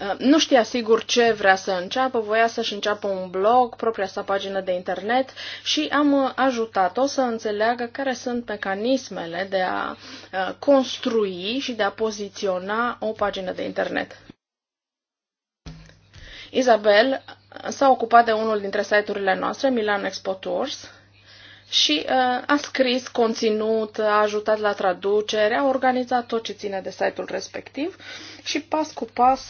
Uh, nu știa sigur ce vrea să înceapă, voia să-și înceapă un blog, propria sa pagină de internet și am uh, ajutat-o să înțeleagă care sunt mecanismele de a uh, construi și de a poziționa o pagină de internet. Isabel s-a ocupat de unul dintre site-urile noastre, Milan Expo Tours, și uh, a scris conținut, a ajutat la traducere, a organizat tot ce ține de site-ul respectiv și pas cu pas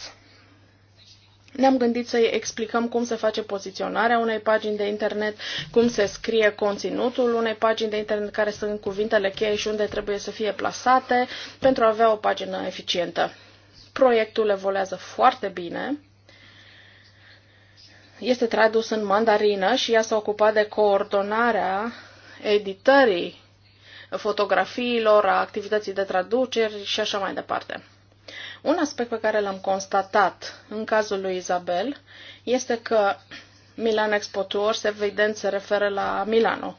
ne-am gândit să explicăm cum se face poziționarea unei pagini de internet, cum se scrie conținutul unei pagini de internet, care sunt cuvintele cheie și unde trebuie să fie plasate pentru a avea o pagină eficientă. Proiectul evoluează foarte bine. Este tradus în mandarină și ea s-a ocupat de coordonarea editării fotografiilor, a activității de traduceri și așa mai departe. Un aspect pe care l-am constatat în cazul lui Isabel este că Milan Expo Tours, evident, se referă la Milano.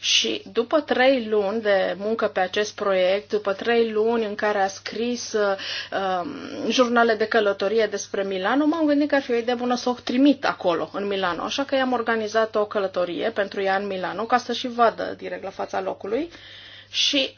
Și după trei luni de muncă pe acest proiect, după trei luni în care a scris uh, jurnale de călătorie despre Milano, m-am gândit că ar fi o idee bună să o trimit acolo, în Milano. Așa că i-am organizat o călătorie pentru ea în Milano, ca să și vadă direct la fața locului. Și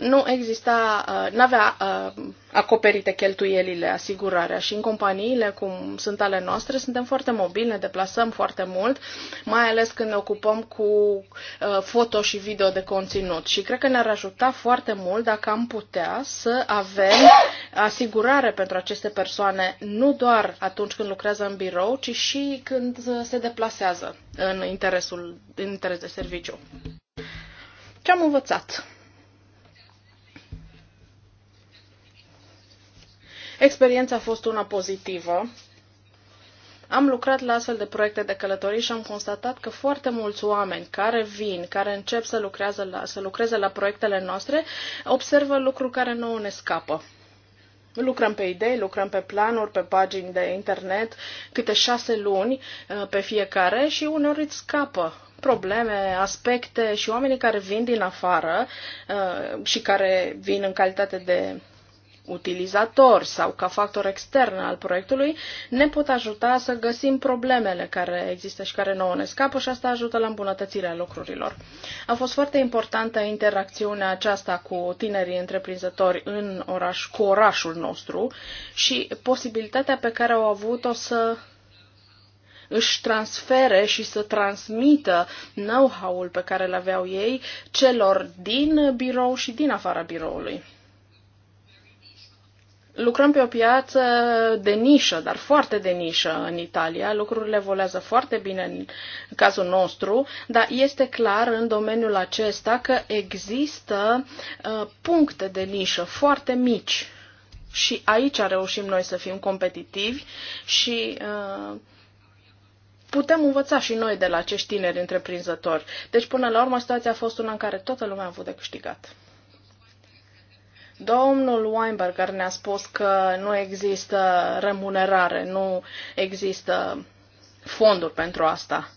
nu exista, uh, nu avea uh, acoperite cheltuielile, asigurarea și în companiile cum sunt ale noastre suntem foarte mobili, ne deplasăm foarte mult, mai ales când ne ocupăm cu uh, foto și video de conținut și cred că ne-ar ajuta foarte mult dacă am putea să avem asigurare pentru aceste persoane, nu doar atunci când lucrează în birou, ci și când se deplasează în interesul în interes de serviciu. Ce am învățat? Experiența a fost una pozitivă. Am lucrat la astfel de proiecte de călătorii și am constatat că foarte mulți oameni care vin, care încep să, lucrează la, să lucreze la proiectele noastre, observă lucruri care nouă ne scapă. Lucrăm pe idei, lucrăm pe planuri, pe pagini de internet, câte șase luni uh, pe fiecare și uneori îți scapă probleme, aspecte și oamenii care vin din afară uh, și care vin în calitate de utilizator sau ca factor extern al proiectului, ne pot ajuta să găsim problemele care există și care nouă ne scapă și asta ajută la îmbunătățirea lucrurilor. A fost foarte importantă interacțiunea aceasta cu tinerii întreprinzători în oraș, cu orașul nostru și posibilitatea pe care au avut-o să își transfere și să transmită know-how-ul pe care îl aveau ei celor din birou și din afara biroului lucrăm pe o piață de nișă, dar foarte de nișă în Italia. Lucrurile volează foarte bine în cazul nostru, dar este clar în domeniul acesta că există uh, puncte de nișă foarte mici și aici reușim noi să fim competitivi și uh, putem învăța și noi de la acești tineri întreprinzători. Deci, până la urmă, situația a fost una în care toată lumea a avut de câștigat. Domnul Weinberger ne-a spus că nu există remunerare, nu există fonduri pentru asta.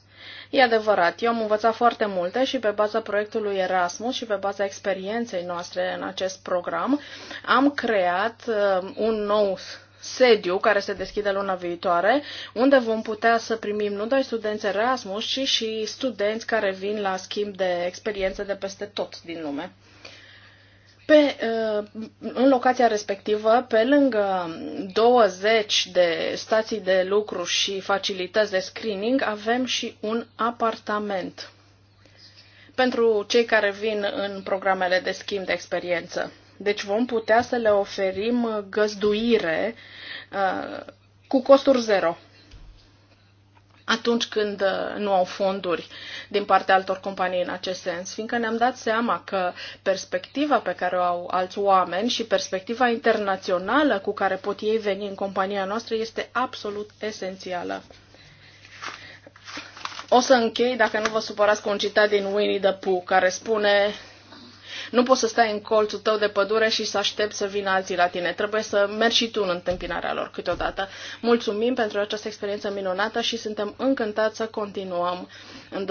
E adevărat, eu am învățat foarte multe și pe baza proiectului Erasmus și pe baza experienței noastre în acest program am creat uh, un nou sediu care se deschide luna viitoare, unde vom putea să primim nu doar studenți Erasmus, ci și studenți care vin la schimb de experiențe de peste tot din lume pe, uh, în locația respectivă, pe lângă 20 de stații de lucru și facilități de screening, avem și un apartament pentru cei care vin în programele de schimb de experiență. Deci vom putea să le oferim găzduire uh, cu costuri zero atunci când uh, nu au fonduri din partea altor companii în acest sens, fiindcă ne-am dat seama că perspectiva pe care o au alți oameni și perspectiva internațională cu care pot ei veni în compania noastră este absolut esențială. O să închei, dacă nu vă supărați, cu un citat din Winnie the Pooh, care spune nu poți să stai în colțul tău de pădure și să aștepți să vină alții la tine. Trebuie să mergi și tu în întâmpinarea lor câteodată. Mulțumim pentru această experiență minunată și suntem încântați să continuăm în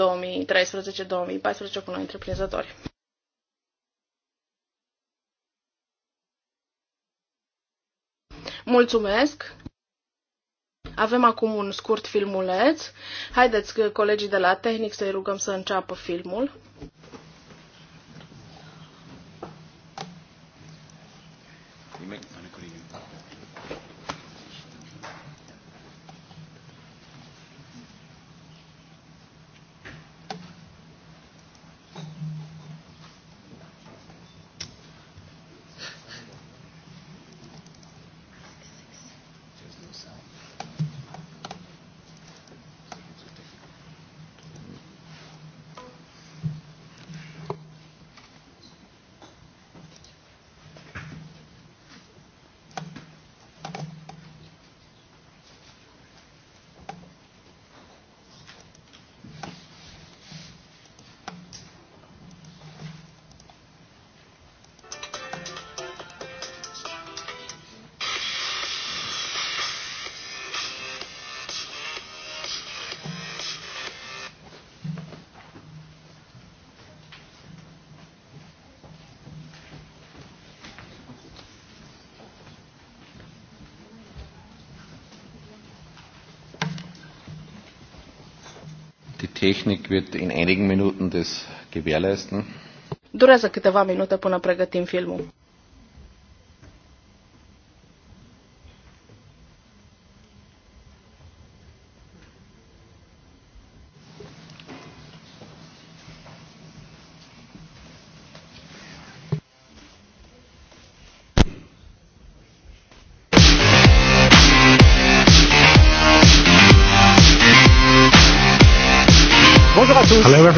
2013-2014 cu noi întreprinzători. Mulțumesc! Avem acum un scurt filmuleț. Haideți, colegii de la tehnic, să-i rugăm să înceapă filmul. Nimeni. Technik wird in einigen Minuten das gewährleisten. Durează câteva minute până pregătim filmul.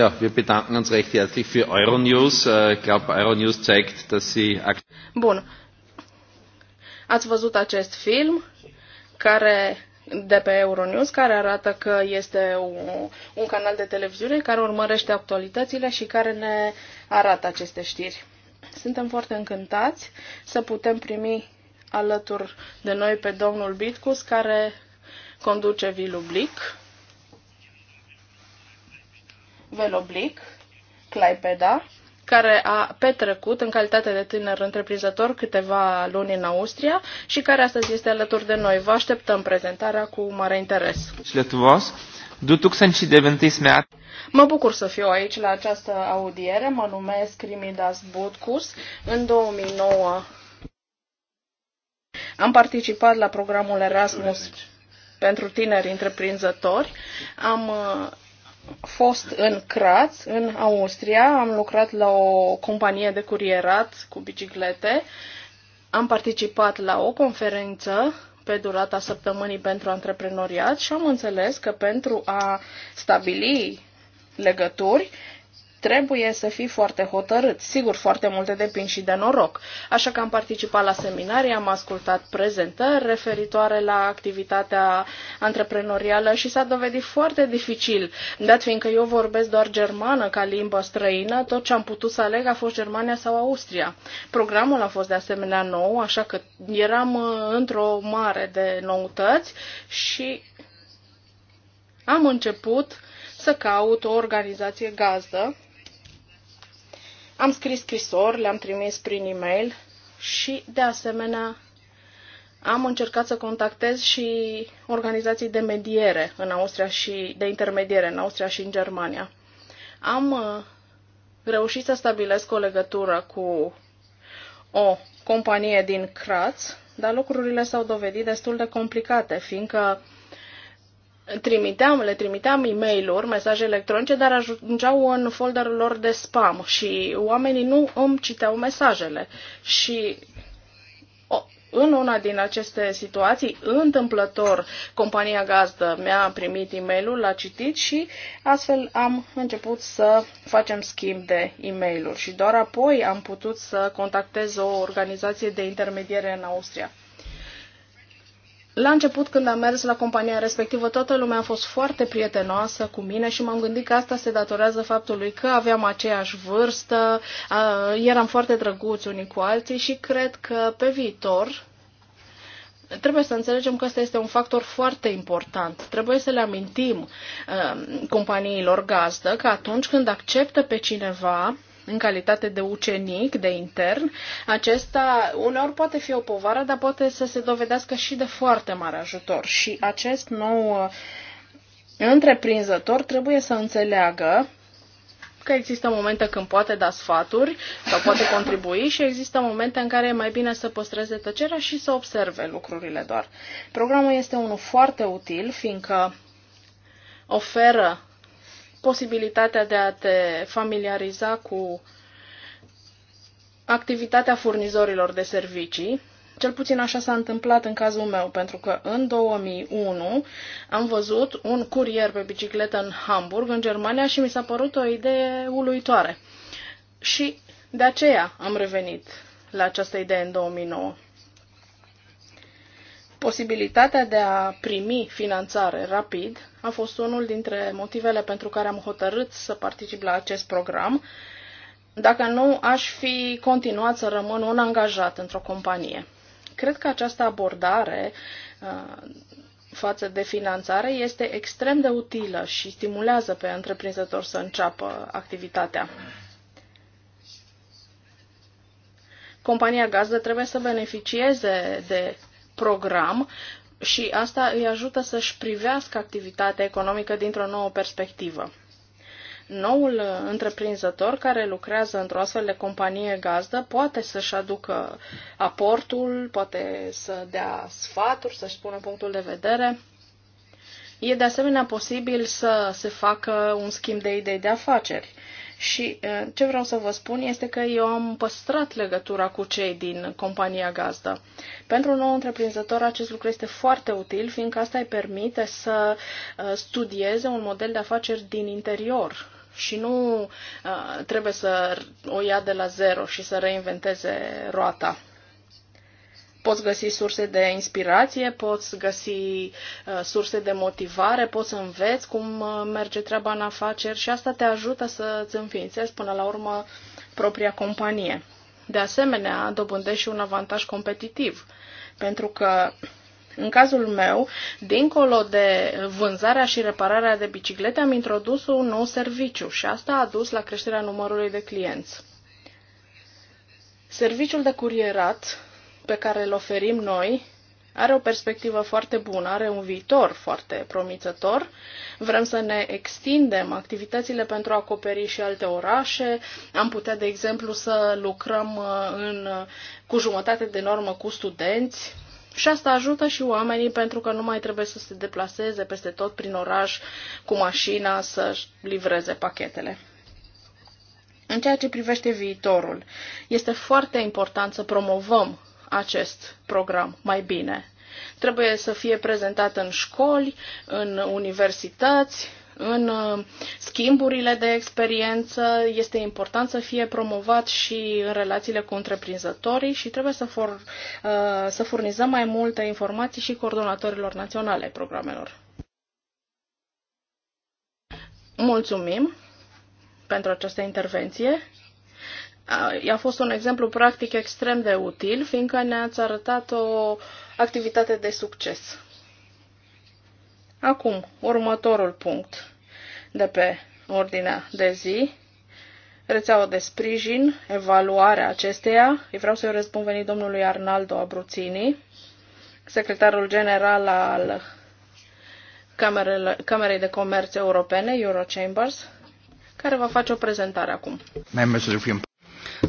Ja, wir bedanken uns recht herzlich für Euronews. Äh, ich glaube, Euronews zeigt, dass sie... Bun. Ați văzut acest film care de pe Euronews, care arată că este un, un canal de televiziune care urmărește actualitățile și care ne arată aceste știri. Suntem foarte încântați să putem primi alături de noi pe domnul Bitcus, care conduce Vilublic Veloblic, Claipeda, care a petrecut în calitate de tânăr întreprinzător câteva luni în Austria și care astăzi este alături de noi. Vă așteptăm prezentarea cu mare interes. Mă bucur să fiu aici la această audiere. Mă numesc Crimidas Budkus. În 2009 am participat la programul Erasmus pentru tineri întreprinzători. Am uh, fost în Graz, în Austria, am lucrat la o companie de curierat cu biciclete, am participat la o conferință pe durata săptămânii pentru antreprenoriat și am înțeles că pentru a stabili legături Trebuie să fii foarte hotărât. Sigur, foarte multe depind și de noroc. Așa că am participat la seminarii, am ascultat prezentări referitoare la activitatea antreprenorială și s-a dovedit foarte dificil. Dat fiindcă eu vorbesc doar germană ca limbă străină, tot ce am putut să aleg a fost Germania sau Austria. Programul a fost de asemenea nou, așa că eram uh, într-o mare de noutăți și am început să caut o organizație gazdă am scris scrisori, le-am trimis prin e-mail și, de asemenea, am încercat să contactez și organizații de mediere în Austria și de intermediere în Austria și în Germania. Am uh, reușit să stabilesc o legătură cu o companie din Kratz, dar lucrurile s-au dovedit destul de complicate, fiindcă uh, trimiteam, le trimiteam e mail mesaje electronice, dar ajungeau în folderul lor de spam și oamenii nu îmi citeau mesajele. Și în una din aceste situații, întâmplător, compania gazdă mi-a primit e mail l-a citit și astfel am început să facem schimb de e mail și doar apoi am putut să contactez o organizație de intermediere în Austria la început, când am mers la compania respectivă, toată lumea a fost foarte prietenoasă cu mine și m-am gândit că asta se datorează faptului că aveam aceeași vârstă, eram foarte drăguți unii cu alții și cred că pe viitor trebuie să înțelegem că ăsta este un factor foarte important. Trebuie să le amintim companiilor gazdă că atunci când acceptă pe cineva, în calitate de ucenic, de intern, acesta uneori poate fi o povară, dar poate să se dovedească și de foarte mare ajutor. Și acest nou uh, întreprinzător trebuie să înțeleagă că există momente când poate da sfaturi sau poate contribui și există momente în care e mai bine să păstreze tăcerea și să observe lucrurile doar. Programul este unul foarte util, fiindcă oferă posibilitatea de a te familiariza cu activitatea furnizorilor de servicii. Cel puțin așa s-a întâmplat în cazul meu, pentru că în 2001 am văzut un curier pe bicicletă în Hamburg, în Germania, și mi s-a părut o idee uluitoare. Și de aceea am revenit la această idee în 2009. Posibilitatea de a primi finanțare rapid a fost unul dintre motivele pentru care am hotărât să particip la acest program. Dacă nu, aș fi continuat să rămân un angajat într-o companie. Cred că această abordare uh, față de finanțare este extrem de utilă și stimulează pe întreprinzător să înceapă activitatea. Compania gazdă trebuie să beneficieze de program și asta îi ajută să-și privească activitatea economică dintr-o nouă perspectivă. Noul uh, întreprinzător care lucrează într-o astfel de companie gazdă poate să-și aducă aportul, poate să dea sfaturi, să-și spună punctul de vedere. E de asemenea posibil să se facă un schimb de idei de afaceri. Și ce vreau să vă spun este că eu am păstrat legătura cu cei din compania gazdă. Pentru un nou întreprinzător acest lucru este foarte util, fiindcă asta îi permite să studieze un model de afaceri din interior și nu trebuie să o ia de la zero și să reinventeze roata poți găsi surse de inspirație, poți găsi uh, surse de motivare, poți să înveți cum uh, merge treaba în afaceri și asta te ajută să îți înființezi până la urmă propria companie. De asemenea, dobândești și un avantaj competitiv, pentru că în cazul meu, dincolo de vânzarea și repararea de biciclete, am introdus un nou serviciu și asta a dus la creșterea numărului de clienți. Serviciul de curierat pe care îl oferim noi are o perspectivă foarte bună, are un viitor foarte promițător. Vrem să ne extindem activitățile pentru a acoperi și alte orașe. Am putea, de exemplu, să lucrăm uh, în, uh, cu jumătate de normă cu studenți. Și asta ajută și oamenii pentru că nu mai trebuie să se deplaseze peste tot prin oraș cu mașina să livreze pachetele. În ceea ce privește viitorul, este foarte important să promovăm acest program mai bine. Trebuie să fie prezentat în școli, în universități, în uh, schimburile de experiență. Este important să fie promovat și în relațiile cu întreprinzătorii și trebuie să, for, uh, să furnizăm mai multe informații și coordonatorilor naționale ai programelor. Mulțumim pentru această intervenție a fost un exemplu practic extrem de util, fiindcă ne-ați arătat o activitate de succes. Acum, următorul punct de pe ordinea de zi, rețeaua de sprijin, evaluarea acesteia. Îi vreau să-i răspund venit domnului Arnaldo Abruțini, secretarul general al Camerei de Comerț Europene, Eurochambers, care va face o prezentare acum.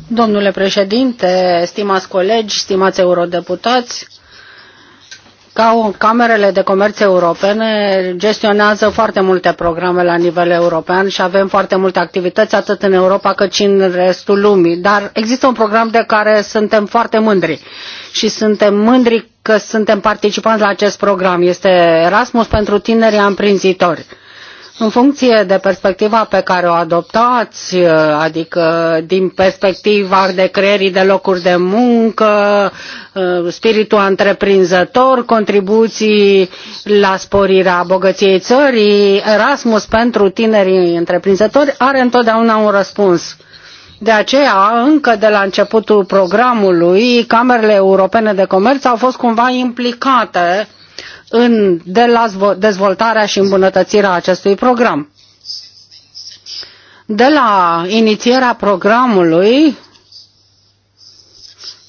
Domnule președinte, stimați colegi, stimați eurodeputați, ca camerele de comerț europene gestionează foarte multe programe la nivel european și avem foarte multe activități atât în Europa cât și în restul lumii. Dar există un program de care suntem foarte mândri și suntem mândri că suntem participanți la acest program. Este Erasmus pentru tineri amprinzitori. În funcție de perspectiva pe care o adoptați, adică din perspectiva de creierii de locuri de muncă, uh, spiritul întreprinzător, contribuții la sporirea bogăției țării, Erasmus pentru tinerii întreprinzători, are întotdeauna un răspuns. De aceea, încă de la începutul programului, Camerele Europene de Comerț au fost cumva implicate uh, în, dezvoltarea și îmbunătățirea acestui program. De la inițierea programului,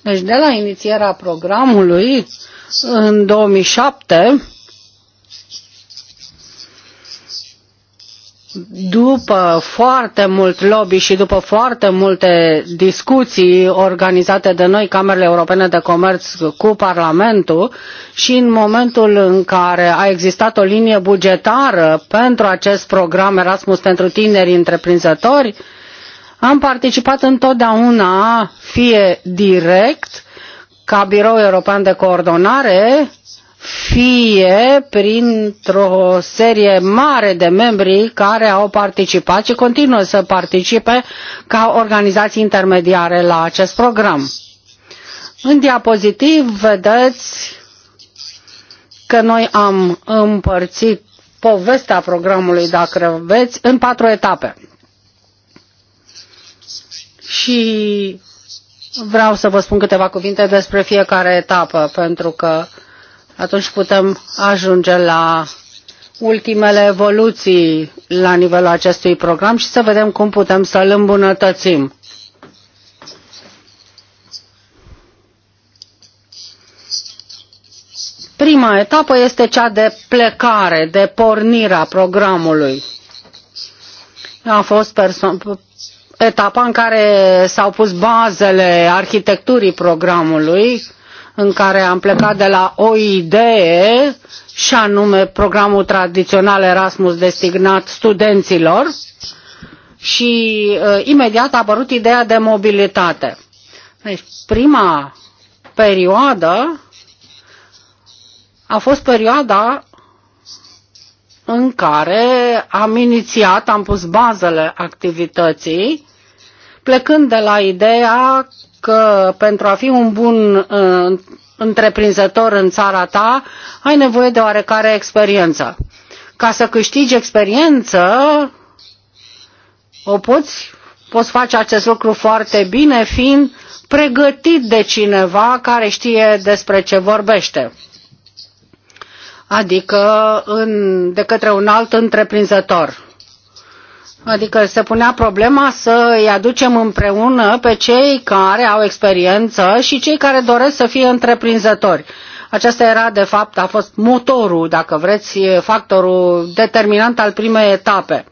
deci de la inițierea programului în 2007, după foarte mult lobby și după foarte multe discuții organizate de noi, Camerele Europene de Comerț cu Parlamentul și în momentul în care a existat o linie bugetară pentru acest program Erasmus pentru tineri întreprinzători, am participat întotdeauna fie direct ca Birou European de Coordonare, fie printr-o serie mare de membri care au participat și continuă să participe ca organizații intermediare la acest program. În diapozitiv vedeți că noi am împărțit povestea programului, dacă veți, în patru etape. Și vreau să vă spun câteva cuvinte despre fiecare etapă, pentru că atunci putem ajunge la ultimele evoluții la nivelul acestui program și să vedem cum putem să îl îmbunătățim. Prima etapă este cea de plecare, de pornire a programului. A fost etapa în care s-au pus bazele arhitecturii programului în care am plecat de la o idee și anume programul tradițional Erasmus destinat studenților și uh, imediat a apărut ideea de mobilitate. Deci prima perioadă a fost perioada în care am inițiat, am pus bazele activității, plecând de la ideea că pentru a fi un bun uh, întreprinzător în țara ta, ai nevoie de oarecare experiență. Ca să câștigi experiență, o poți, poți face acest lucru foarte bine, fiind pregătit de cineva care știe despre ce vorbește. Adică în, de către un alt întreprinzător. Adică se punea problema să îi aducem împreună pe cei care au experiență și cei care doresc să fie întreprinzători. Aceasta era, de fapt, a fost motorul, dacă vreți, factorul determinant al primei etape.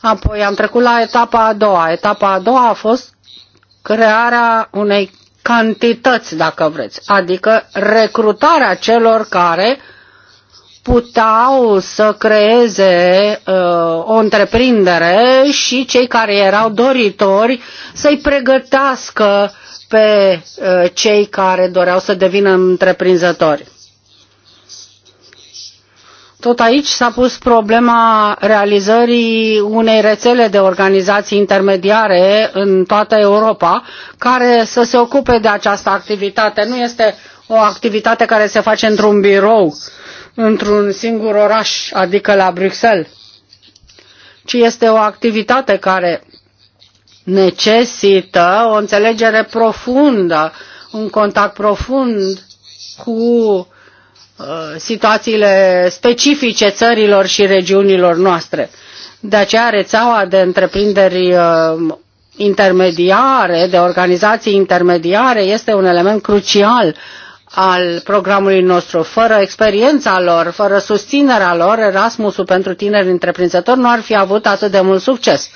Apoi am trecut la etapa a doua. Etapa a doua a fost crearea unei cantități, dacă vreți, adică recrutarea celor care uh, puteau să creeze uh, o întreprindere și cei care erau doritori să-i pregătească pe uh, cei care doreau să devină întreprinzători. Tot aici s-a pus problema realizării unei rețele de organizații intermediare în toată Europa care să se ocupe de această activitate. Nu este o activitate care se face într-un birou uh, într-un singur oraș, adică la Bruxelles, ci este o activitate care necesită o înțelegere profundă, un contact profund cu uh, situațiile specifice țărilor și regiunilor noastre. De aceea rețeaua de întreprinderi uh, intermediare, de organizații intermediare, este un element crucial al programului nostru. Fără experiența lor, fără susținerea lor, Erasmusul pentru tineri întreprinzători nu ar fi avut atât de mult succes.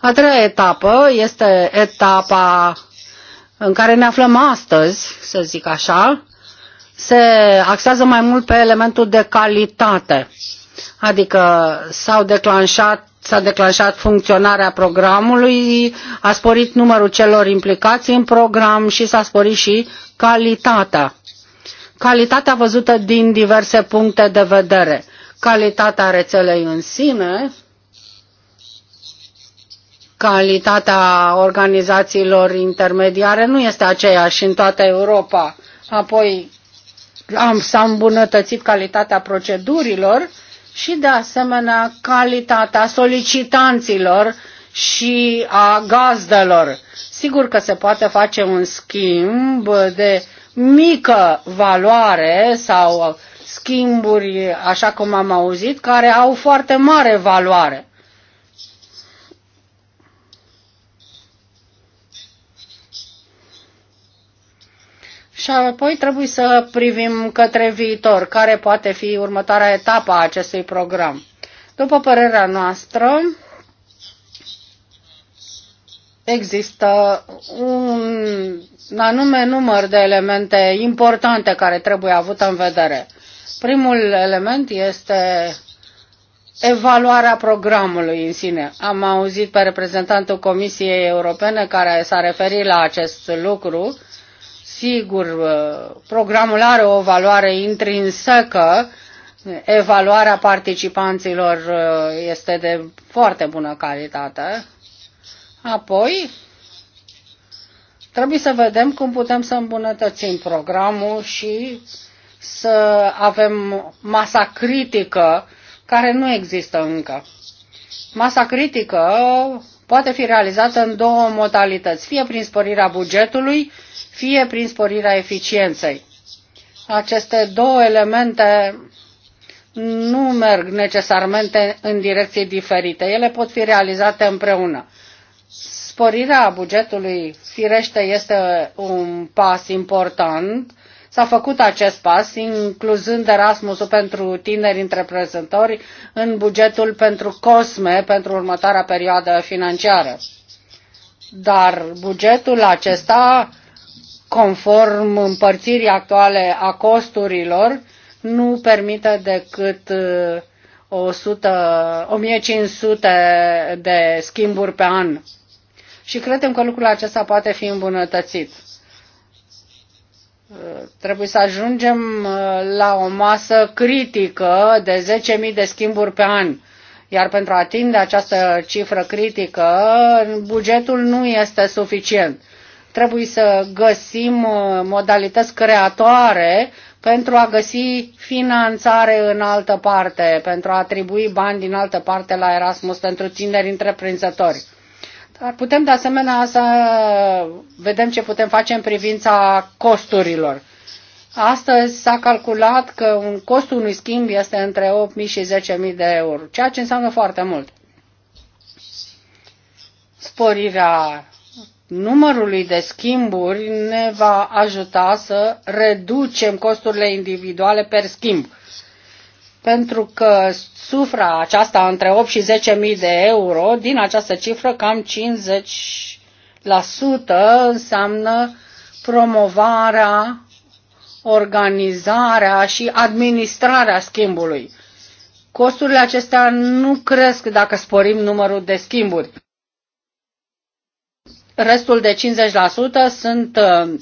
A treia etapă este etapa în care ne aflăm astăzi, să zic așa, se axează mai mult pe elementul de calitate. Adică s-au declanșat s-a declanșat funcționarea programului, a sporit numărul celor implicați în program și s-a sporit și calitatea calitatea văzută din diverse puncte de vedere. Calitatea rețelei în sine, calitatea organizațiilor intermediare nu este aceeași în toată Europa. Apoi am, s-a îmbunătățit calitatea procedurilor și, de asemenea, calitatea solicitanților și a gazdelor. Sigur că se poate face un schimb de mică valoare sau schimburi, așa cum am auzit, care au foarte mare valoare. Și apoi trebuie să privim către viitor, care poate fi următoarea etapă a acestui program. După părerea noastră, există un anume număr de elemente importante care trebuie avut în vedere. Primul element este evaluarea programului în sine. Am auzit pe reprezentantul Comisiei Europene care s-a referit la acest lucru. Sigur, programul are o valoare intrinsecă, evaluarea participanților uh, este de foarte bună calitate Apoi, trebuie să vedem cum putem să îmbunătățim programul și să avem masa critică care nu există încă. Masa critică poate fi realizată în două modalități, fie prin sporirea bugetului, fie prin sporirea eficienței. Aceste două elemente nu merg necesarmente în direcții diferite. Ele pot fi realizate împreună. Sporirea bugetului, firește, este un pas important. S-a făcut acest pas, incluzând Erasmusul pentru tineri întreprinzători în bugetul pentru COSME pentru următoarea perioadă financiară. Dar bugetul acesta, conform împărțirii actuale a costurilor, nu permite decât 100, uh, 1500 de schimburi pe an și credem că lucrul acesta poate fi îmbunătățit. Uh, trebuie să ajungem uh, la o masă critică de 10.000 de schimburi pe an. Iar pentru a atinge această cifră critică, bugetul nu este suficient. Trebuie să găsim uh, modalități creatoare pentru a găsi finanțare în altă parte, pentru a atribui bani din altă parte la Erasmus pentru tineri întreprinzători. Dar putem de asemenea să vedem ce putem face în privința costurilor. Astăzi s-a calculat că un costul unui schimb este între 8.000 și 10.000 de euro, ceea ce înseamnă foarte mult. Sporirea numărului de schimburi ne va ajuta să reducem costurile individuale per schimb pentru că sufra aceasta între 8 și 10.000 de euro, din această cifră cam 50% înseamnă promovarea, organizarea și administrarea schimbului. Costurile acestea nu cresc dacă sporim numărul de schimburi. Restul de 50% sunt uh,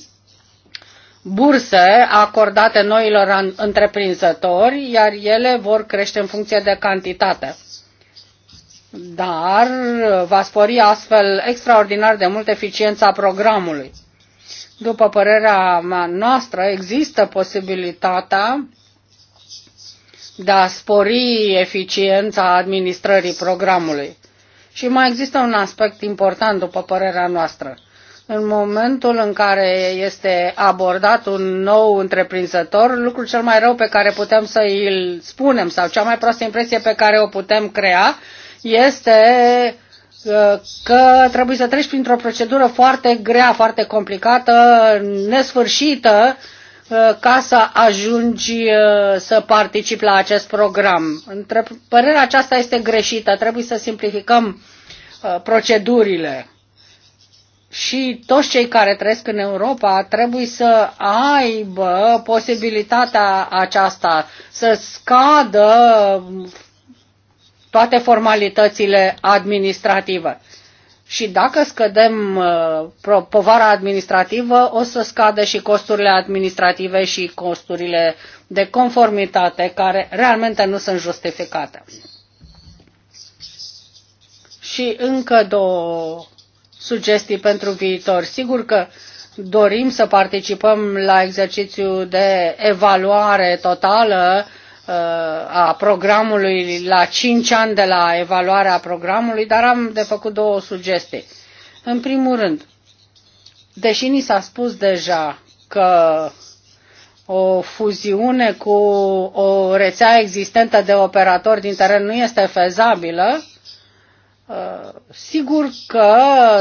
burse acordate noilor întreprinzători, iar ele vor crește în funcție de cantitate. Dar uh, va spori astfel extraordinar de mult eficiența programului. După părerea mea noastră, există posibilitatea de a spori eficiența administrării programului. Și mai există un aspect important, după părerea noastră în momentul în care este abordat un nou întreprinzător, lucrul cel mai rău pe care putem să îl spunem sau cea mai proastă impresie pe care o putem crea este uh, că trebuie să treci printr-o procedură foarte grea, foarte complicată, nesfârșită, uh, ca să ajungi uh, să participi la acest program. Părerea aceasta este greșită, trebuie să simplificăm procedurile și toți cei care trăiesc în Europa trebuie să aibă posibilitatea aceasta să scadă toate formalitățile administrative. Și dacă scădem uh, povara administrativă, o să scadă și costurile administrative și costurile de conformitate, care realmente nu sunt justificate. Și încă două sugestii pentru viitor. Sigur că dorim să participăm la exercițiul de evaluare totală uh, a programului la 5 ani de la evaluarea programului, dar am de făcut două sugestii. În primul rând, deși ni s-a spus deja că o fuziune cu o rețea existentă de operatori din teren nu este fezabilă, Sigur că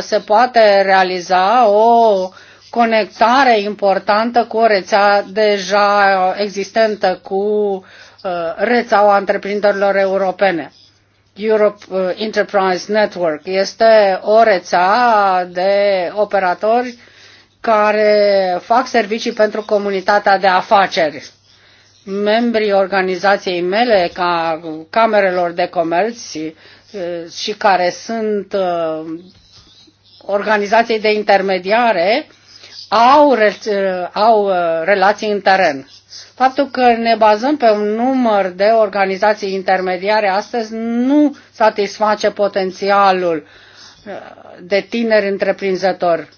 se poate realiza o conectare importantă cu o rețea deja existentă cu uh, rețeaua întreprinderilor europene. Europe uh, Enterprise Network este o rețea de operatori care fac servicii pentru comunitatea de afaceri. Membrii organizației mele, ca camerelor de comerț, Eh, și care sunt eh, organizații de intermediare au, eh, au relații în teren. Faptul că ne bazăm pe un număr de organizații intermediare astăzi nu satisface potențialul de tineri întreprinzători.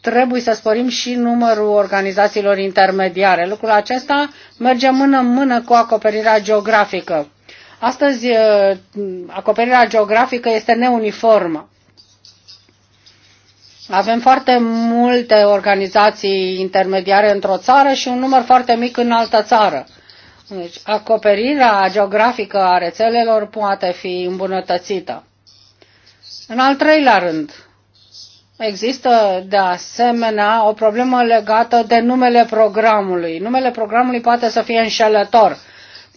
Trebuie să sporim și numărul organizațiilor intermediare. Lucrul acesta merge mână mână cu acoperirea geografică. Astăzi uh, acoperirea geografică este neuniformă. Avem foarte multe organizații intermediare într-o țară și un număr foarte mic în altă țară. Deci, acoperirea geografică a rețelelor poate fi îmbunătățită. În al treilea rând, există de asemenea o problemă legată de numele programului. Numele programului poate să fie înșelător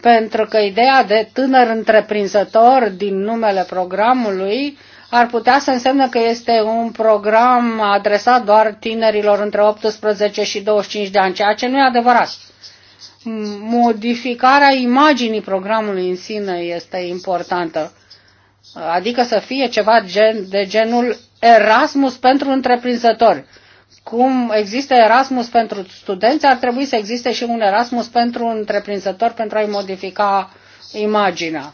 pentru că ideea de tânăr întreprinzător din numele programului ar putea să însemne că este un program adresat doar tinerilor între 18 și 25 de ani, ceea ce nu e adevărat. Modificarea imaginii programului în sine este importantă, adică să fie ceva gen, de genul Erasmus pentru întreprinzători cum există Erasmus pentru studenți, ar trebui să existe și un Erasmus pentru întreprinzători pentru a-i modifica imaginea.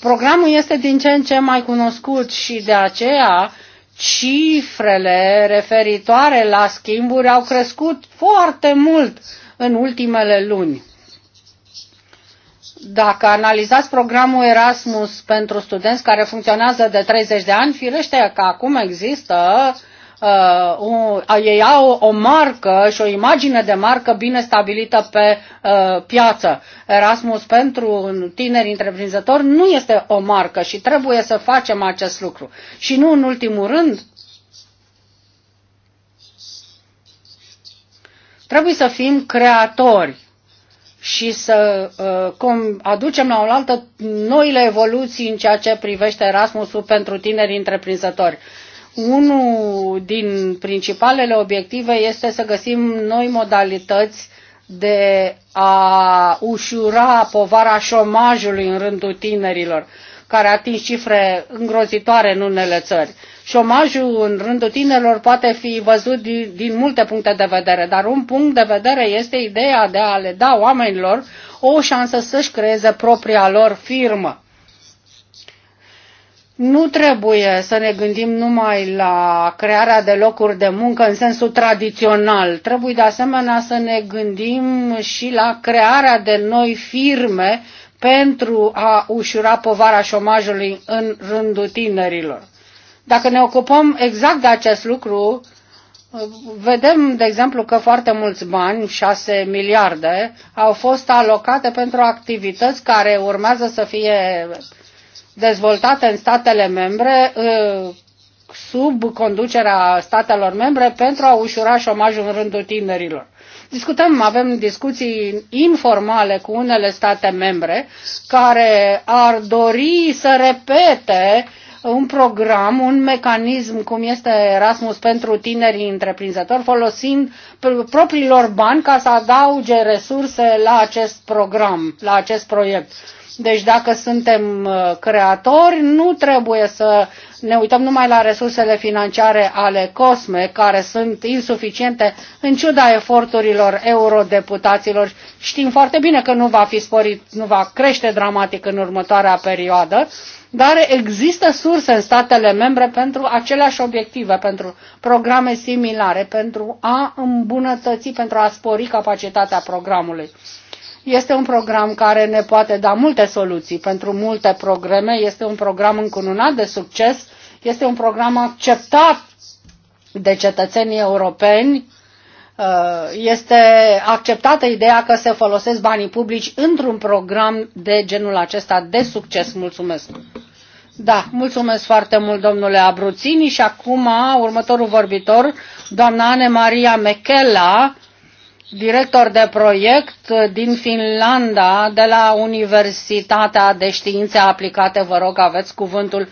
Programul este din ce în ce mai cunoscut și de aceea cifrele referitoare la schimburi au crescut foarte mult în ultimele luni. Dacă analizați programul Erasmus pentru studenți care funcționează de 30 de ani, firește că acum există uh, un, ei au o marcă și o imagine de marcă bine stabilită pe uh, piață. Erasmus pentru tineri întreprinzători nu este o marcă și trebuie să facem acest lucru. Și nu în ultimul rând, trebuie să fim creatori și să uh, cum aducem la oaltă noile evoluții în ceea ce privește Erasmusul pentru tineri întreprinzători. Unul din principalele obiective este să găsim noi modalități de a ușura povara șomajului în rândul tinerilor care a atins cifre îngrozitoare în unele țări. Șomajul în rândul tinerilor poate fi văzut din, din multe puncte de vedere, dar un punct de vedere este ideea de a le da oamenilor o șansă să-și creeze propria lor firmă. Nu trebuie să ne gândim numai la crearea de locuri de muncă în sensul tradițional. Trebuie de asemenea să ne gândim și la crearea de noi firme pentru a ușura povara șomajului în rândul tinerilor. Dacă ne ocupăm exact de acest lucru, vedem, de exemplu, că foarte mulți bani, 6 miliarde, au fost alocate pentru activități care urmează să fie dezvoltate în statele membre sub conducerea statelor membre pentru a ușura șomajul în rândul tinerilor. Discutăm, avem discuții informale cu unele state membre care ar dori să repete un program, un mecanism cum este Erasmus pentru tinerii întreprinzători, folosind propriilor bani ca să adauge resurse la acest program, la acest proiect. Deci dacă suntem uh, creatori, nu trebuie să ne uităm numai la resursele financiare ale COSME, care sunt insuficiente în ciuda eforturilor eurodeputaților. Știm foarte bine că nu va fi sporit, nu va crește dramatic în următoarea perioadă, dar există surse în statele membre pentru aceleași obiective, pentru programe similare, pentru a îmbunătăți, pentru a spori capacitatea programului. Este un program care ne poate da multe soluții pentru multe programe, este un program încununat de succes, este un program acceptat de cetățenii europeni Uh, este acceptată ideea că se folosesc banii publici într-un program de genul acesta de succes. Mulțumesc! Da, mulțumesc foarte mult, domnule Abruțini. Și acum, următorul vorbitor, doamna Anne Maria Mechela, director de proiect din Finlanda, de la Universitatea de Științe Aplicate. Vă rog, aveți cuvântul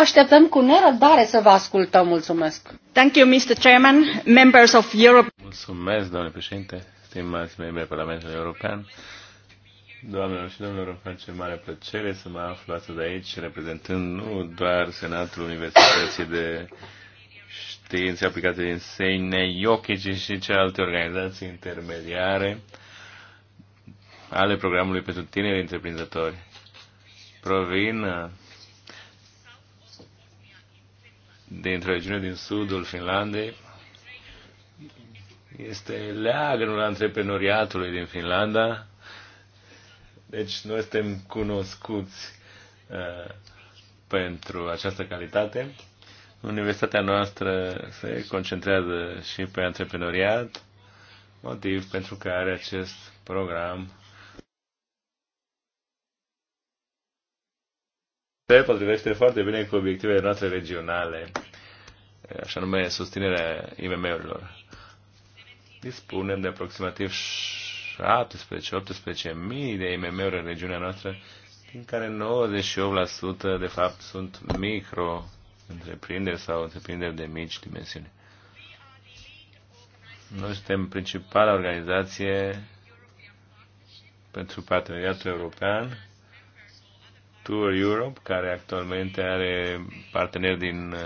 Așteptăm cu nerăbdare să vă ascultăm. Mulțumesc. Thank you, Mr. Chairman, members of Europe. Mulțumesc, domnule președinte, stimați membri ai Parlamentului European. Doamnelor și domnilor, îmi face mare plăcere să mă aflu astăzi aici, reprezentând nu doar Senatul Universității de Științe Aplicate din Iochi, ci și celelalte organizații intermediare ale programului pentru tineri întreprinzători. Provin dintr-o regiune din sudul Finlandei. Este leagănul antreprenoriatului din Finlanda. Deci noi suntem cunoscuți uh, pentru această calitate. Universitatea noastră se concentrează și pe antreprenoriat, motiv pentru care acest program se potrivește foarte bine cu obiectivele noastre regionale, așa nume susținerea IMM-urilor. Dispunem de aproximativ 17-18 mii de IMM-uri în regiunea noastră, din care 98% de fapt sunt micro întreprinderi sau întreprinderi de mici dimensiuni. Noi suntem principala organizație pentru parteneriatul european Tour Europe, care actualmente are parteneri din uh,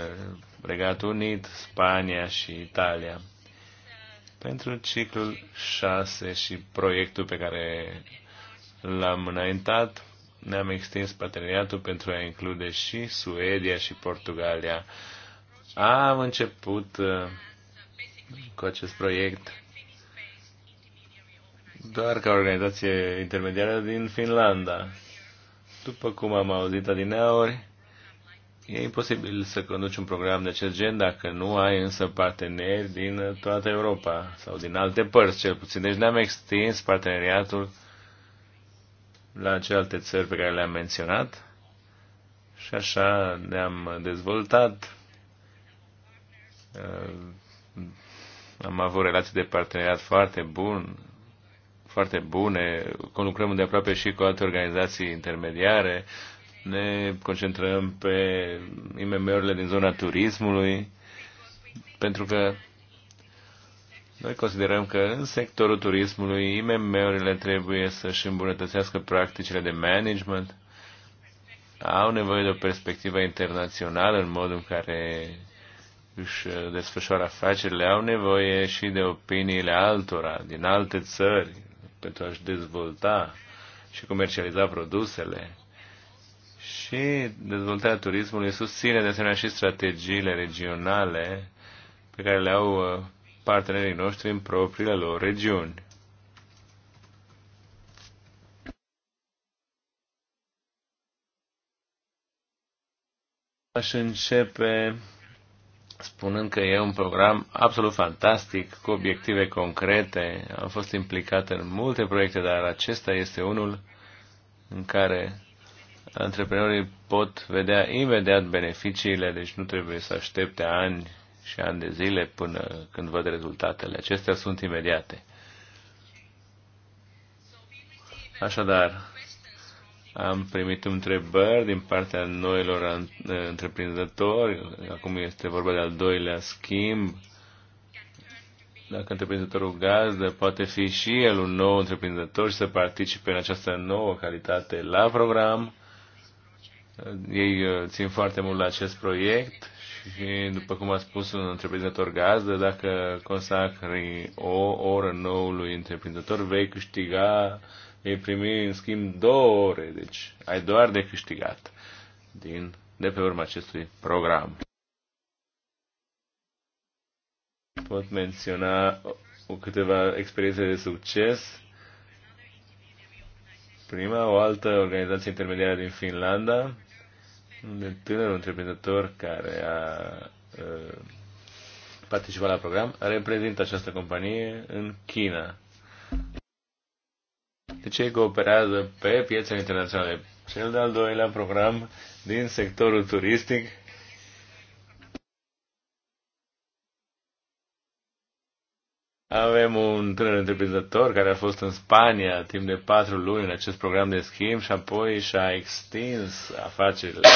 Regatul Unit, Spania și Italia. Pentru ciclul 6 și proiectul pe care l-am înaintat, ne-am extins parteneriatul pentru a include și Suedia și Portugalia. Am început uh, cu acest proiect doar ca organizație intermediară din Finlanda după cum am auzit adineori, e imposibil să conduci un program de acest gen dacă nu ai însă parteneri din toată Europa sau din alte părți, cel puțin. Deci ne-am extins parteneriatul la celelalte țări pe care le-am menționat și așa ne-am dezvoltat. Am avut relații de parteneriat foarte bun foarte bune, conlucrăm de aproape și cu alte organizații intermediare, ne concentrăm pe IMM-urile din zona turismului, pentru că noi considerăm că în sectorul turismului IMM-urile trebuie să-și îmbunătățească practicile de management, au nevoie de o perspectivă internațională în modul în care își desfășoară afacerile, au nevoie și de opiniile altora din alte țări pentru a-și dezvolta și comercializa produsele. Și dezvoltarea turismului susține de asemenea și strategiile regionale pe care le au uh, partenerii noștri în propriile lor regiuni. Aș începe spunând că e un program absolut fantastic, cu obiective concrete. Am fost implicat în multe proiecte, dar acesta este unul în care antreprenorii pot vedea imediat beneficiile, deci nu trebuie să aștepte ani și ani de zile până când văd rezultatele. Acestea sunt imediate. Așadar, am primit întrebări din partea noilor întreprinzători. Acum este vorba de al doilea schimb. Dacă întreprinzătorul gazdă poate fi și el un nou întreprinzător și să participe în această nouă calitate la program. Ei uh, țin foarte mult la acest proiect și, după cum a spus un întreprinzător gazdă, dacă consacri o oră noului întreprinzător, vei câștiga vei primi în schimb două ore, deci ai doar de câștigat din, de pe urma acestui program. Pot menționa o câteva experiențe de succes. Prima, o altă organizație intermediară din Finlanda, Un tânăr întreprinzător care a uh, participat la program reprezintă această companie în China deci ei cooperează pe piețele internaționale. Cel de-al doilea program din sectorul turistic Avem un tânăr întreprinzător care a fost în Spania timp de patru luni în acest program de schimb și apoi și-a extins afacerile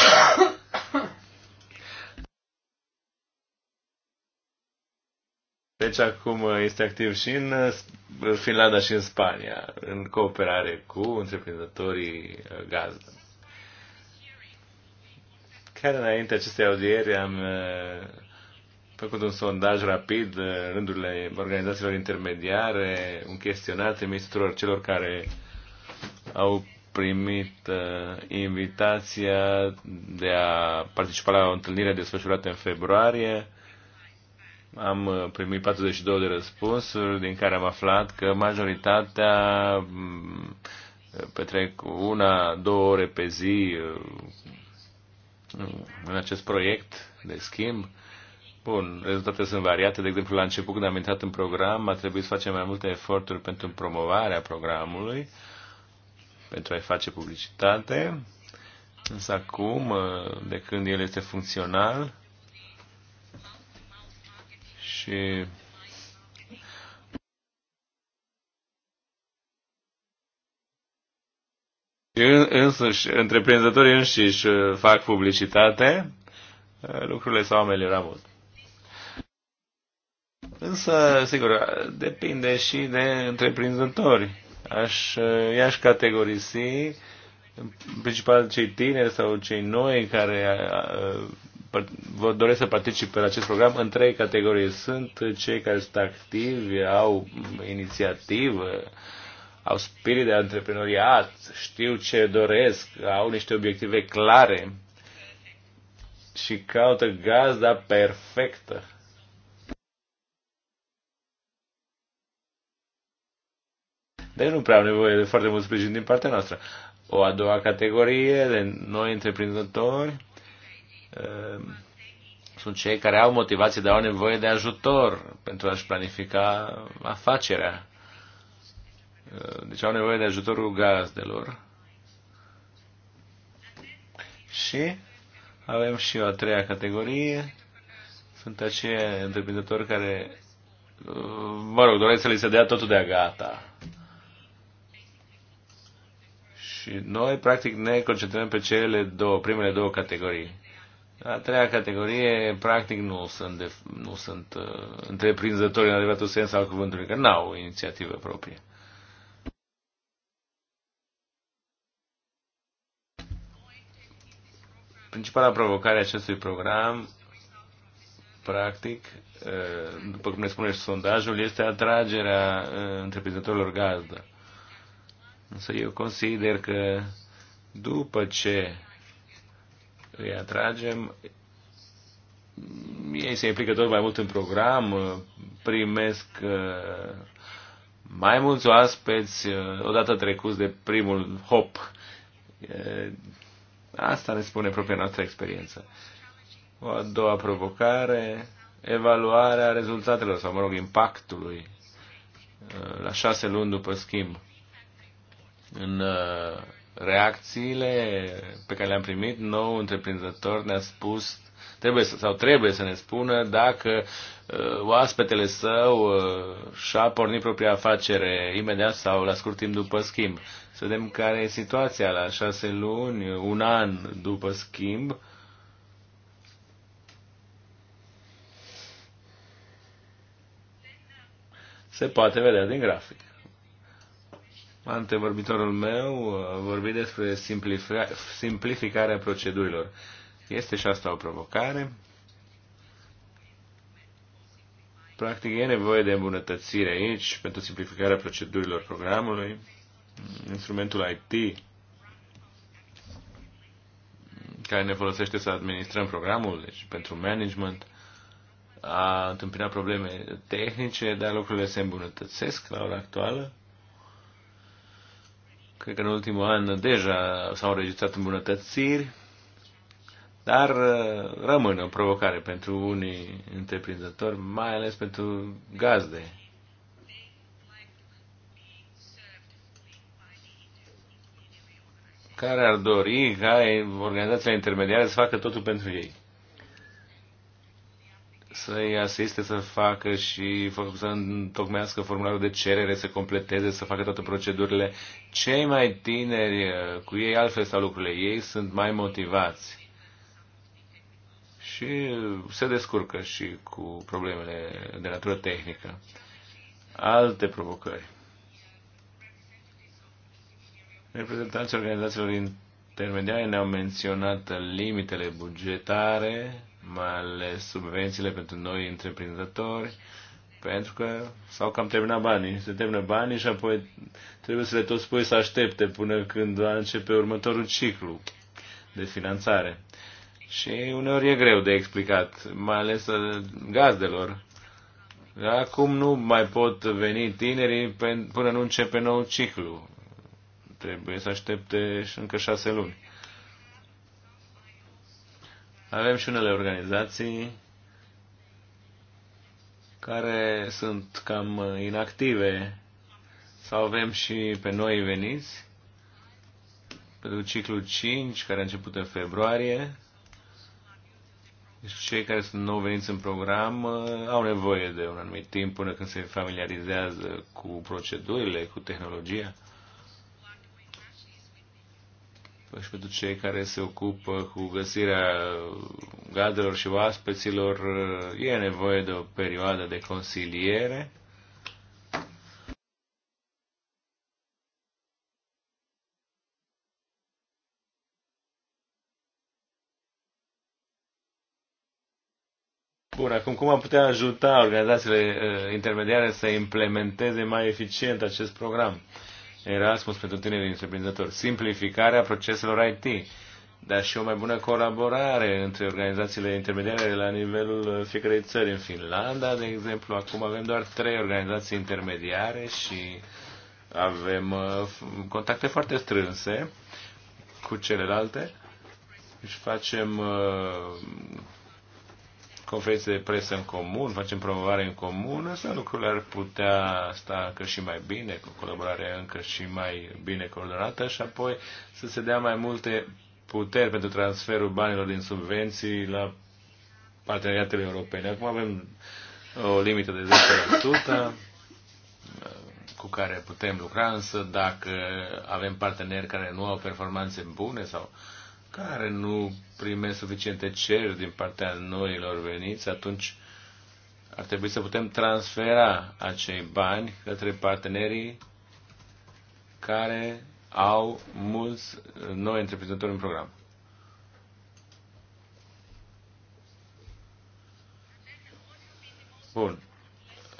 Deci acum uh, este activ și uh, în Finlanda și în Spania, în cooperare cu întreprinzătorii uh, gazdă. Chiar înainte acestei audieri am făcut un sondaj rapid în rândurile organizațiilor intermediare, un chestionar trimis tuturor celor care au primit uh, invitația de a participa la o întâlnire desfășurată în februarie am uh, primit 42 de răspunsuri, din care am aflat că majoritatea mm, petrec una, două ore pe zi uh, în acest proiect de schimb. Bun, rezultatele sunt variate. De exemplu, la început, când am intrat în program, a trebuit să facem mai multe eforturi pentru promovarea programului, pentru a-i face publicitate. Însă acum, uh, de când el este funcțional, și Însuși, întreprinzătorii înșiși uh, fac publicitate, uh, lucrurile s-au ameliorat mult. Însă, sigur, uh, depinde și de întreprinzători. Aș, i-aș categorisi în principal cei tineri sau cei noi care vă doresc să participe la acest program în trei categorii. Sunt cei care sunt activi, au inițiativă, au spirit de antreprenoriat, știu ce doresc, au niște obiective clare și caută gazda perfectă. Deci nu prea au nevoie de foarte mult sprijin din partea noastră. O a doua categorie de noi întreprinzători Ehm, sunt cei care au motivație, dar au nevoie de ajutor pentru a-și planifica afacerea. Ehm, deci au nevoie de ajutorul gazdelor. Și avem și o a treia categorie. Sunt aceia întreprinzători care, ehm, mă rog, doresc să li se dea totul de-a gata. Și noi, practic, ne concentrăm pe cele două, primele două categorii. A treia categorie, practic, nu sunt, de, nu sunt uh, întreprinzători în adevăratul sens al cuvântului, că n-au inițiativă proprie. Principala provocare a acestui program, practic, uh, după cum ne spune și sondajul, este atragerea uh, întreprinzătorilor gazdă. Însă eu consider că după ce îi atragem, ei se implică tot mai mult în program, primesc uh, mai mulți oaspeți uh, odată trecuți de primul hop. Uh, asta ne spune propria noastră experiență. O a doua provocare, evaluarea rezultatelor sau, mă rog, impactului la șase luni după schimb. În reacțiile pe care le-am primit, nou întreprinzător ne-a spus trebuie să, sau trebuie să ne spună dacă uh, oaspetele său uh, și-a pornit propria afacere imediat sau la scurt timp după schimb. Să vedem care e situația la șase luni, un an după schimb. Se poate vedea din grafic. Antevorbitorul meu a vorbit despre simplificarea procedurilor. Este și asta o provocare. Practic e nevoie de îmbunătățire aici pentru simplificarea procedurilor programului. Instrumentul IT care ne folosește să administrăm programul, deci pentru management, a întâmpinat probleme tehnice, dar lucrurile se îmbunătățesc la ora actuală. Cred că în ultimul an deja s-au înregistrat îmbunătățiri, dar uh, rămâne o provocare pentru unii întreprinzători, mai ales pentru gazde. care ar dori ca organizațiile intermediare să facă totul pentru ei să-i asiste să facă și să întocmească formularul de cerere, să completeze, să facă toate procedurile. Cei mai tineri, uh, cu ei altfel stau lucrurile, ei sunt mai motivați și uh, se descurcă și cu problemele de natură tehnică. Alte provocări. Reprezentanții organizațiilor intermediare ne-au menționat limitele bugetare mai ales subvențiile pentru noi întreprinzători, pentru că sau că am terminat banii, se termină banii și apoi trebuie să le tot spui să aștepte până când va începe următorul ciclu de finanțare. Și uneori e greu de explicat, mai ales gazdelor. Acum nu mai pot veni tinerii până nu începe nou ciclu. Trebuie să aștepte și încă șase luni. Avem și unele organizații care sunt cam uh, inactive sau avem și pe noi veniți pentru ciclul 5 care a început în februarie. și deci cei care sunt nou veniți în program uh, au nevoie de un anumit timp până când se familiarizează cu procedurile, cu tehnologia și pentru cei care se ocupă cu găsirea gadelor și oaspeților, uh, e nevoie de o perioadă de consiliere. Bun, acum cum am putea ajuta organizațiile uh, intermediare să implementeze mai eficient acest program? Uh, Erasmus pentru tineri întreprinzători, simplificarea proceselor IT, dar și o mai bună colaborare între organizațiile intermediare la nivelul uh, fiecărei țări. În Finlanda, de exemplu, acum avem doar trei organizații intermediare și avem uh, contacte foarte strânse cu celelalte. și deci facem uh, conferințe de presă în comun, facem promovare în comun, asta lucrurile ar putea sta încă și mai bine, cu colaborare încă și mai bine coordonată și apoi să se dea mai multe puteri pentru transferul banilor din subvenții la parteneriatele europene. Acum avem o limită de 10% cu care putem lucra, însă dacă avem parteneri care nu au performanțe bune sau uh, care nu primesc suficiente cereri din partea noilor veniți, atunci ar trebui să putem transfera acei bani către partenerii care au mulți noi întreprinzători în program. Bun.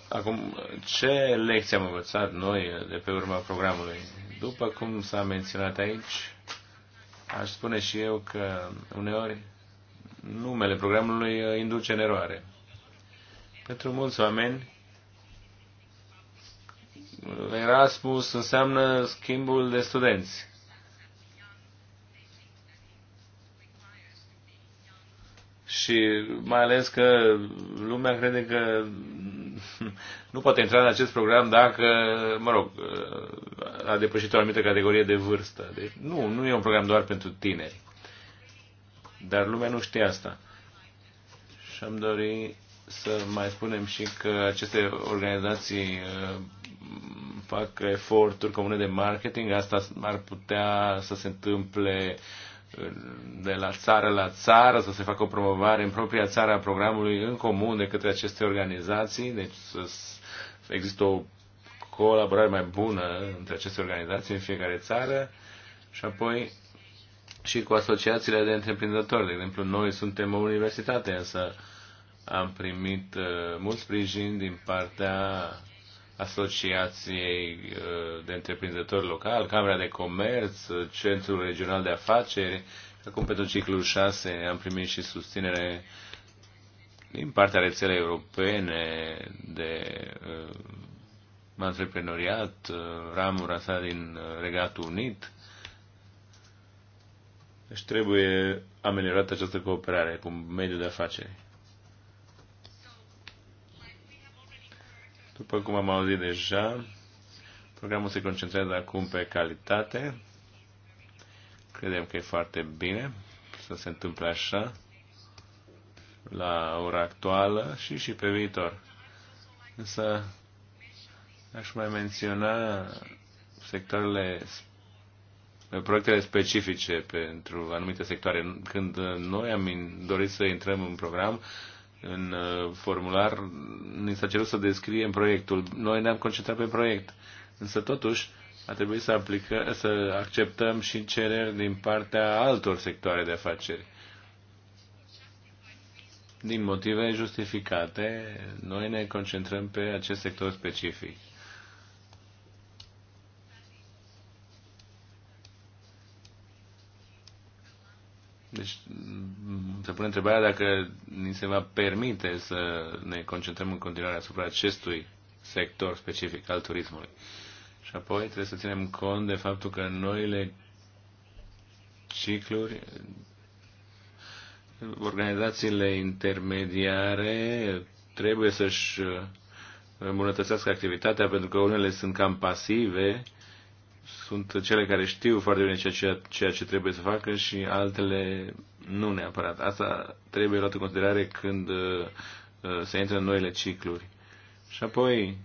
Acum, ce lecție am învățat noi de pe urma programului? După cum s-a menționat aici, aș spune și eu că uneori numele programului uh, induce în eroare. Pentru mulți oameni, Erasmus înseamnă schimbul de studenți. și mai ales că lumea crede că [laughs] nu poate intra în acest program dacă, mă rog, a depășit o anumită categorie de vârstă. Deci nu, nu e un program doar pentru tineri. Dar lumea nu știe asta. Și am dorit să mai spunem și că aceste organizații uh, fac eforturi comune de marketing, asta ar putea să se întâmple uh, de la țară la țară, să se facă o promovare în propria țară a programului în comun de către aceste organizații, deci să există o colaborare mai bună între aceste organizații în fiecare țară și apoi și cu asociațiile de întreprinzători. De exemplu, noi suntem o universitate, însă am primit uh, mult sprijin din partea Asociației uh, de Întreprinzători Local, Camera de Comerț, uh, Centrul Regional de Afaceri. Acum, pentru ciclul 6, am primit și susținere din partea rețelei europene de uh, antreprenoriat, uh, ramura sa din uh, Regatul Unit. Deci trebuie ameliorată această cooperare cu mediul de afaceri. După cum am auzit deja, programul se concentrează acum pe calitate. Credem că e foarte bine să se întâmple așa la ora actuală și și pe viitor. Însă aș mai menționa sectoarele proiectele specifice pentru anumite sectoare. Când noi am dorit să intrăm în program, în uh, formular ni s-a cerut să descriem proiectul. Noi ne-am concentrat pe proiect, însă totuși a trebuit să, aplică, să acceptăm și cereri din partea altor sectoare de afaceri. Din motive justificate, noi ne concentrăm pe acest sector specific. Deci mm, se pune întrebarea dacă ni se va permite să ne concentrăm în continuare asupra acestui sector specific al turismului. Și apoi trebuie să ținem cont de faptul că noile cicluri, organizațiile intermediare trebuie să-și îmbunătățească activitatea pentru că unele sunt cam pasive sunt cele care știu foarte bine ceea ce, ceea ce trebuie să facă și altele nu neapărat. Asta trebuie luat în considerare când uh, uh, se intră în noile cicluri. Și apoi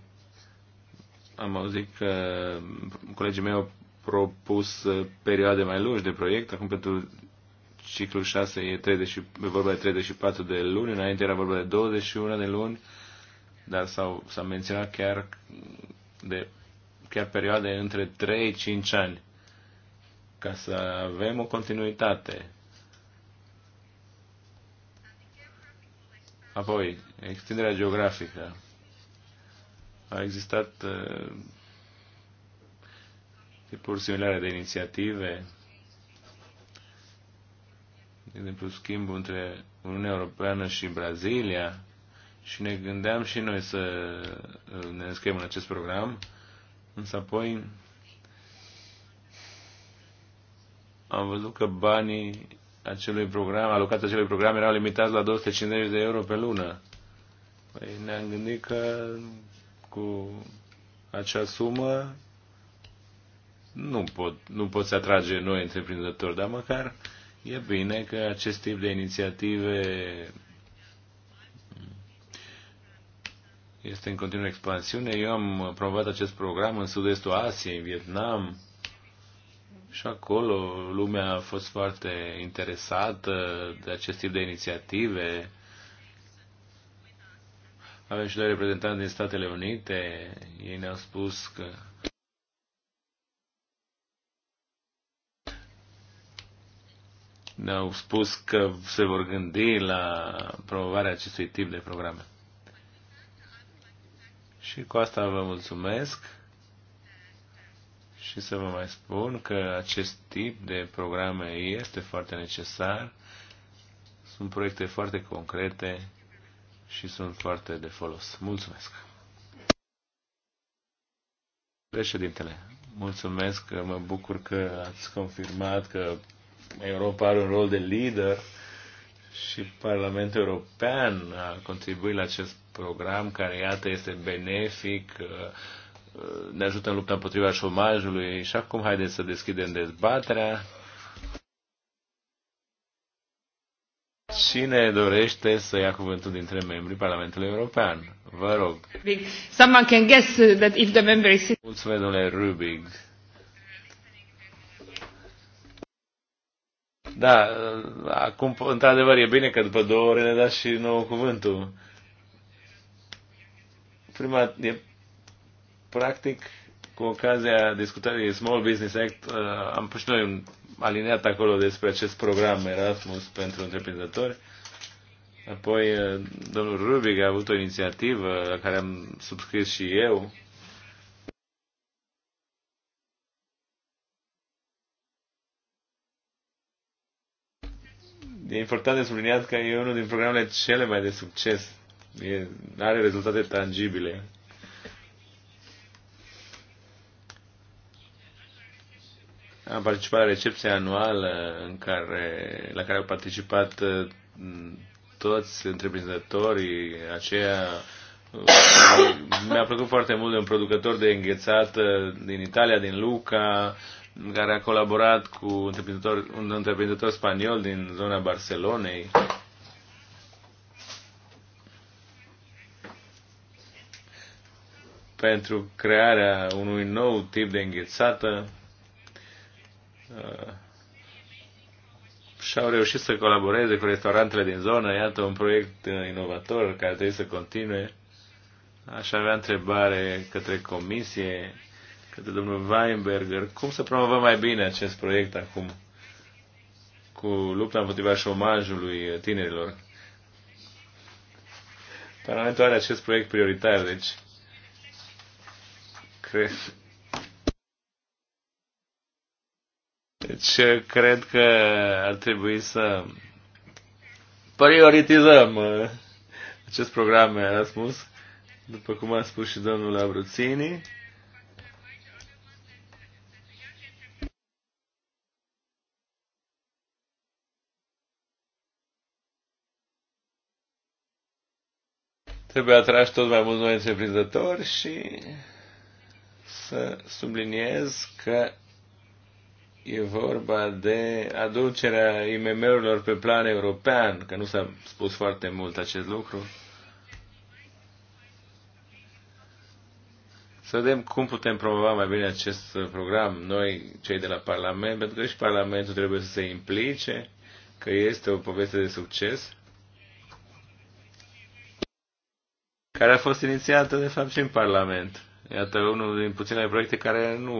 am auzit că colegii mei au propus uh, perioade mai lungi de proiect. Acum pentru ciclul 6 e, 30, e vorba de 34 de luni, înainte era vorba de 21 de luni, dar s-a menționat chiar de chiar perioade între 3-5 ani, ca să avem o continuitate. Apoi, extinderea geografică. A existat uh, tipuri similare de inițiative, de exemplu, schimbul între Uniunea Europeană și Brazilia, și ne gândeam și noi să ne înscriem în acest program Însă apoi am văzut că banii acelui program, alocați acelui program erau limitați la 250 de euro pe lună. Păi ne-am gândit că cu acea sumă nu pot, nu pot să atrage noi întreprinzători, dar măcar e bine că acest tip de inițiative este în continuă expansiune. Eu am promovat acest program în sud-estul Asiei, în Vietnam, și acolo lumea a fost foarte interesată de acest tip de inițiative. Avem și doi reprezentanți din Statele Unite. Ei ne-au spus că ne-au spus că se vor gândi la promovarea acestui tip de programe. Și cu asta vă mulțumesc și să vă mai spun că acest tip de programe este foarte necesar. Sunt proiecte foarte concrete și sunt foarte de folos. Mulțumesc! Președintele, mulțumesc, mă bucur că ați confirmat că Europa are un rol de lider și Parlamentul European a contribuit la acest program care, iată, este benefic, uh, uh, ne ajută în lupta împotriva șomajului și acum haideți să deschidem dezbaterea. Cine dorește să ia cuvântul dintre membrii Parlamentului European? Vă rog. Someone can guess uh, that if the member is... Mulțumesc, domnule Rubig. Da, acum, într-adevăr, e bine că după două ore ne dați și nou cuvântul. Prima e practic cu ocazia discutării Small Business Act uh, am pus noi un alineat acolo despre acest program Erasmus pentru întreprinzători. Apoi uh, domnul Rubic a avut o inițiativă la care am subscris și eu. E important de subliniat că e unul din programele cele mai de succes nu are rezultate tangibile. Am participat la recepția anuală în care, la care au participat uh, toți întreprinzătorii aceia uh, mi-a plăcut foarte mult de un producător de înghețată uh, din Italia, din Luca, care a colaborat cu un întreprinzător, un întreprinzător spaniol din zona Barcelonei. pentru crearea unui nou tip de înghețată uh, și au reușit să colaboreze cu restaurantele din zonă. Iată un proiect uh, inovator care trebuie să continue. Aș avea întrebare către comisie, către domnul Weinberger. Cum să promovăm mai bine acest proiect acum cu lupta împotriva șomajului tinerilor? Parlamentul are acest proiect prioritar, deci cred. Deci cred că ar trebui să prioritizăm uh, acest program Erasmus, după cum a spus și domnul Abruțini Trebuie atrași tot mai mulți noi întreprinzători și să subliniez că e vorba de aducerea IMM-urilor pe plan european, că nu s-a spus foarte mult acest lucru. Să vedem cum putem promova mai bine acest program, noi, cei de la Parlament, pentru că și Parlamentul trebuie să se implice, că este o poveste de succes, care a fost inițiată, de fapt, și în Parlament. Iată unul din puținele proiecte care nu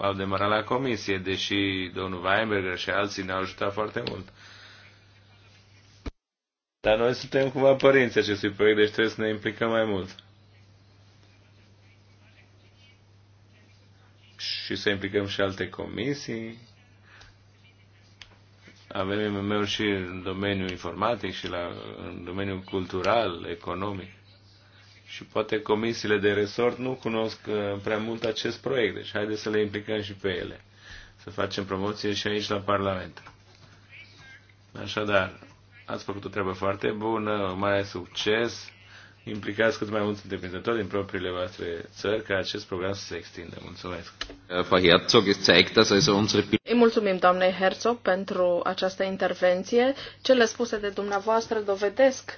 au demarat la comisie, deși domnul Weinberger și alții ne-au ajutat foarte mult. Dar noi suntem cumva părinții acestui proiect, deci trebuie să ne implicăm mai mult. Și să implicăm și alte comisii. Avem imm și în domeniul informatic și la, în domeniul cultural, economic și poate comisiile de resort nu cunosc uh, prea mult acest proiect, deci haideți să le implicăm și pe ele, să facem promoție și aici la Parlament. Așadar, ați făcut o treabă foarte bună, mare succes, implicați cât mai mulți întreprinzători din propriile voastre țări ca acest program să se extindă. Mulțumesc! zeigt, dass unsere... Îi mulțumim, doamnei Herzog, pentru această intervenție. Cele spuse de dumneavoastră dovedesc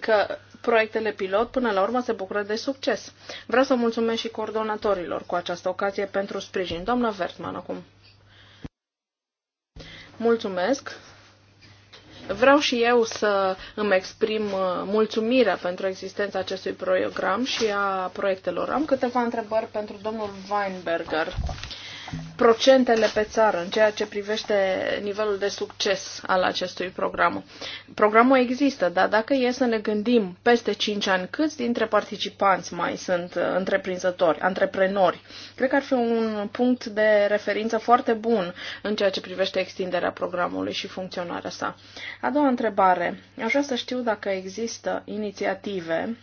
că proiectele pilot până la urmă se bucură de succes. Vreau să mulțumesc și coordonatorilor cu această ocazie pentru sprijin. Doamna Vertman, acum. Mulțumesc. Vreau și eu să îmi exprim uh, mulțumirea pentru existența acestui program și a proiectelor. Am câteva întrebări pentru domnul Weinberger procentele pe țară în ceea ce privește nivelul de succes al acestui program. Programul există, dar dacă e să ne gândim peste 5 ani câți dintre participanți mai sunt uh, întreprinzători, antreprenori, cred că ar fi un punct de referință foarte bun în ceea ce privește extinderea programului și funcționarea sa. A doua întrebare. Aș vrea să știu dacă există inițiative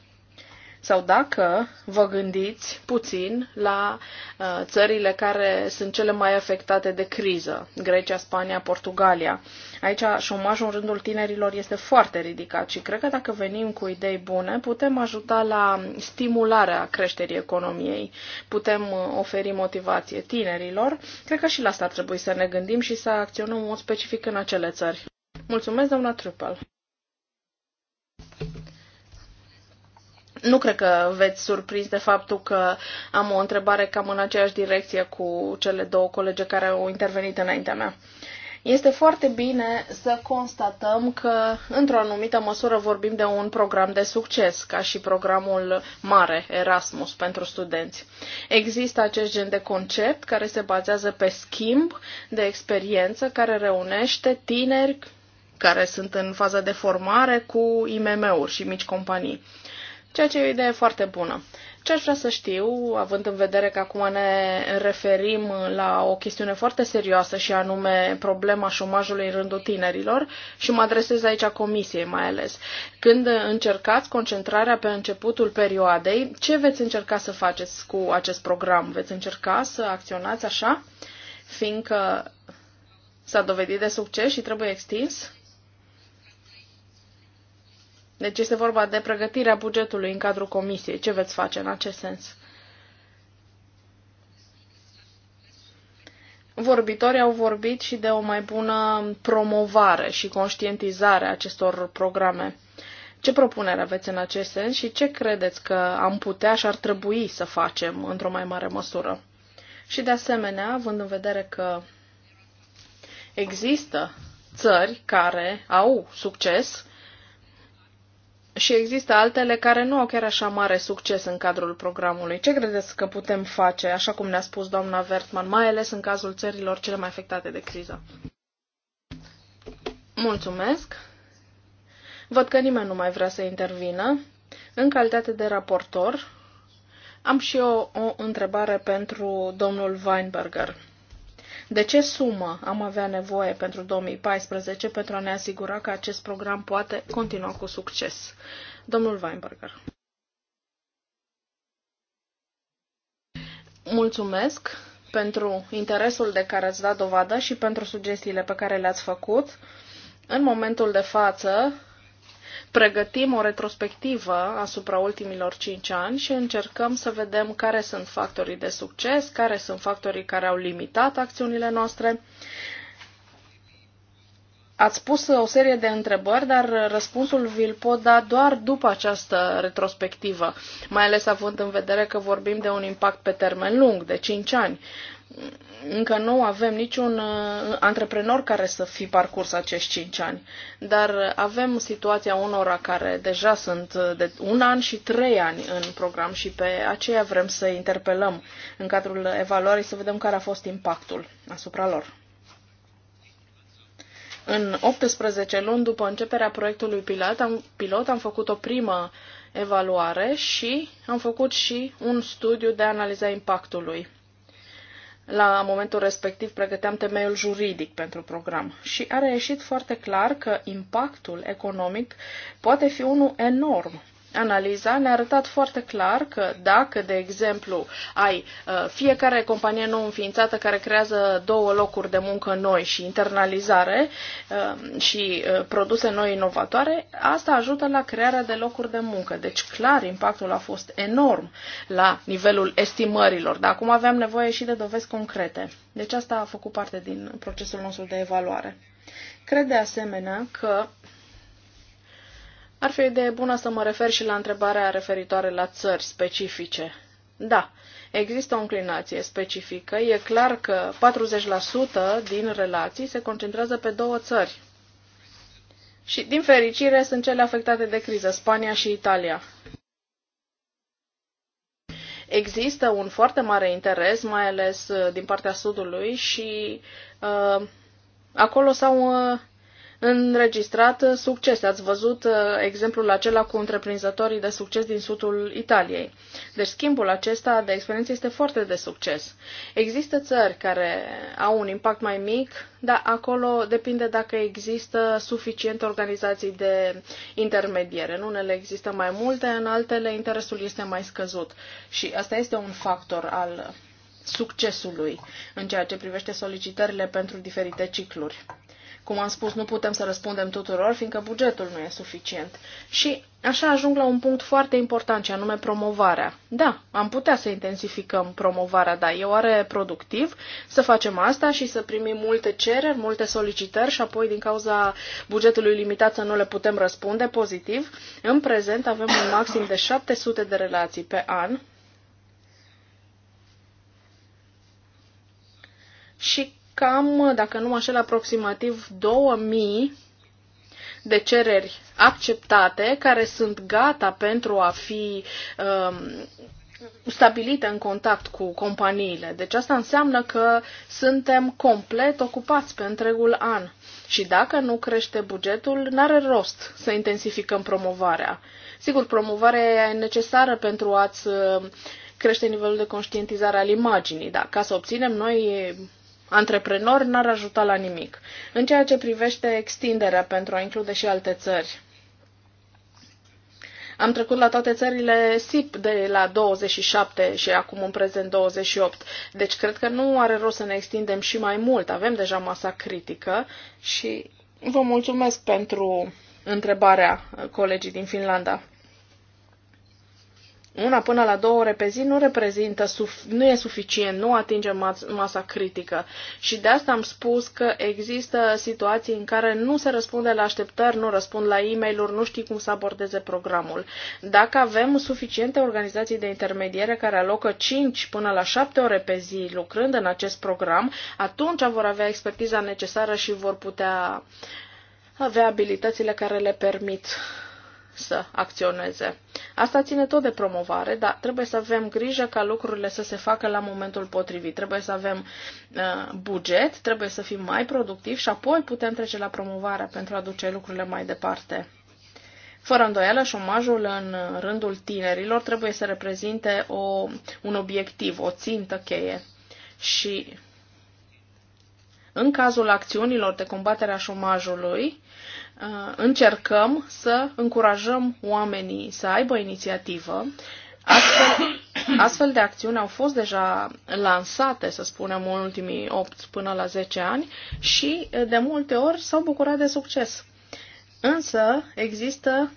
sau dacă vă gândiți puțin la uh, țările care sunt cele mai afectate de criză, Grecia, Spania, Portugalia. Aici șomajul în rândul tinerilor este foarte ridicat și cred că dacă venim cu idei bune, putem ajuta la stimularea creșterii economiei, putem uh, oferi motivație tinerilor. Cred că și la asta trebuie să ne gândim și să acționăm în mod specific în acele țări. Mulțumesc, doamna Trupel! Nu cred că veți surprins de faptul că am o întrebare cam în aceeași direcție cu cele două colege care au intervenit înaintea mea. Este foarte bine să constatăm că, într-o anumită măsură, vorbim de un program de succes, ca și programul mare Erasmus pentru studenți. Există acest gen de concept care se bazează pe schimb de experiență care reunește tineri care sunt în fază de formare cu IMM-uri și mici companii ceea ce e o idee foarte bună. Ce aș vrea să știu, având în vedere că acum ne referim la o chestiune foarte serioasă și anume problema șomajului în rândul tinerilor și mă adresez aici a comisiei mai ales. Când încercați concentrarea pe începutul perioadei, ce veți încerca să faceți cu acest program? Veți încerca să acționați așa? Fiindcă s-a dovedit de succes și trebuie extins? Deci este vorba de pregătirea bugetului în cadrul comisiei. Ce veți face în acest sens? Vorbitorii au vorbit și de o mai bună promovare și conștientizare a acestor programe. Ce propunere aveți în acest sens și ce credeți că am putea și ar trebui să facem într-o mai mare măsură? Și de asemenea, având în vedere că există țări care au succes, și există altele care nu au chiar așa mare succes în cadrul programului. Ce credeți că putem face, așa cum ne-a spus doamna Vertman, mai ales în cazul țărilor cele mai afectate de criză? Mulțumesc! Văd că nimeni nu mai vrea să intervină. În calitate de raportor, am și eu o întrebare pentru domnul Weinberger. De ce sumă am avea nevoie pentru 2014 pentru a ne asigura că acest program poate continua cu succes? Domnul Weinberger. Mulțumesc pentru interesul de care ați dat dovadă și pentru sugestiile pe care le-ați făcut. În momentul de față, pregătim o retrospectivă asupra ultimilor 5 ani și încercăm să vedem care sunt factorii de succes, care sunt factorii care au limitat acțiunile noastre. Ați pus o serie de întrebări, dar răspunsul vi-l pot da doar după această retrospectivă, mai ales având în vedere că vorbim de un impact pe termen lung, de 5 ani încă nu avem niciun uh, antreprenor care să fi parcurs acești 5 ani, dar avem situația unora care deja sunt de un an și trei ani în program și pe aceea vrem să interpelăm în cadrul evaluării să vedem care a fost impactul asupra lor. În 18 luni după începerea proiectului pilot am, pilot, am făcut o primă evaluare și am făcut și un studiu de analiza impactului la momentul respectiv pregăteam temeiul juridic pentru program și a reieșit foarte clar că impactul economic poate fi unul enorm analiza ne-a arătat foarte clar că dacă, de exemplu, ai uh, fiecare companie nou înființată care creează două locuri de muncă noi și internalizare uh, și uh, produse noi inovatoare, asta ajută la crearea de locuri de muncă. Deci, clar, impactul a fost enorm la nivelul estimărilor, dar acum aveam nevoie și de dovezi concrete. Deci asta a făcut parte din procesul nostru de evaluare. Cred de asemenea că ar fi o idee bună să mă refer și la întrebarea referitoare la țări specifice. Da, există o înclinație specifică. E clar că 40% din relații se concentrează pe două țări. Și, din fericire, sunt cele afectate de criză, Spania și Italia. Există un foarte mare interes, mai ales uh, din partea Sudului, și uh, acolo s-au uh, înregistrat uh, succes. Ați văzut uh, exemplul acela cu întreprinzătorii de succes din sudul Italiei. Deci schimbul acesta de experiență este foarte de succes. Există țări care au un impact mai mic, dar acolo depinde dacă există suficiente organizații de intermediere. În unele există mai multe, în altele interesul este mai scăzut. Și asta este un factor al succesului în ceea ce privește solicitările pentru diferite cicluri. Cum am spus, nu putem să răspundem tuturor, fiindcă bugetul nu e suficient. Și așa ajung la un punct foarte important, ce anume promovarea. Da, am putea să intensificăm promovarea, da, e oare productiv să facem asta și să primim multe cereri, multe solicitări și apoi din cauza bugetului limitat să nu le putem răspunde pozitiv. În prezent avem un maxim de 700 de relații pe an, și cam, dacă nu mă așel, aproximativ 2000 de cereri acceptate care sunt gata pentru a fi um, stabilite în contact cu companiile. Deci asta înseamnă că suntem complet ocupați pe întregul an. Și dacă nu crește bugetul, n-are rost să intensificăm promovarea. Sigur, promovarea e necesară pentru a-ți uh, crește nivelul de conștientizare al imaginii, dar ca să obținem noi antreprenori n-ar ajuta la nimic. În ceea ce privește extinderea pentru a include și alte țări, am trecut la toate țările SIP de la 27 și acum în prezent 28. Deci cred că nu are rost să ne extindem și mai mult. Avem deja masa critică și vă mulțumesc pentru întrebarea colegii din Finlanda una până la două ore pe zi nu reprezintă, nu e suficient, nu atinge masa critică. Și de asta am spus că există situații în care nu se răspunde la așteptări, nu răspund la e mail nu știi cum să abordeze programul. Dacă avem suficiente organizații de intermediere care alocă 5 până la 7 ore pe zi lucrând în acest program, atunci vor avea expertiza necesară și vor putea avea abilitățile care le permit să acționeze. Asta ține tot de promovare, dar trebuie să avem grijă ca lucrurile să se facă la momentul potrivit. Trebuie să avem uh, buget, trebuie să fim mai productivi și apoi putem trece la promovare pentru a duce lucrurile mai departe. Fără îndoială, șomajul în rândul tinerilor trebuie să reprezinte o, un obiectiv, o țintă cheie. Și în cazul acțiunilor de combatere a șomajului, Uh, încercăm să încurajăm oamenii să aibă inițiativă. Astfel, [coughs] astfel de acțiuni au fost deja lansate, să spunem, în ultimii 8 până la 10 ani și uh, de multe ori s-au bucurat de succes. Însă există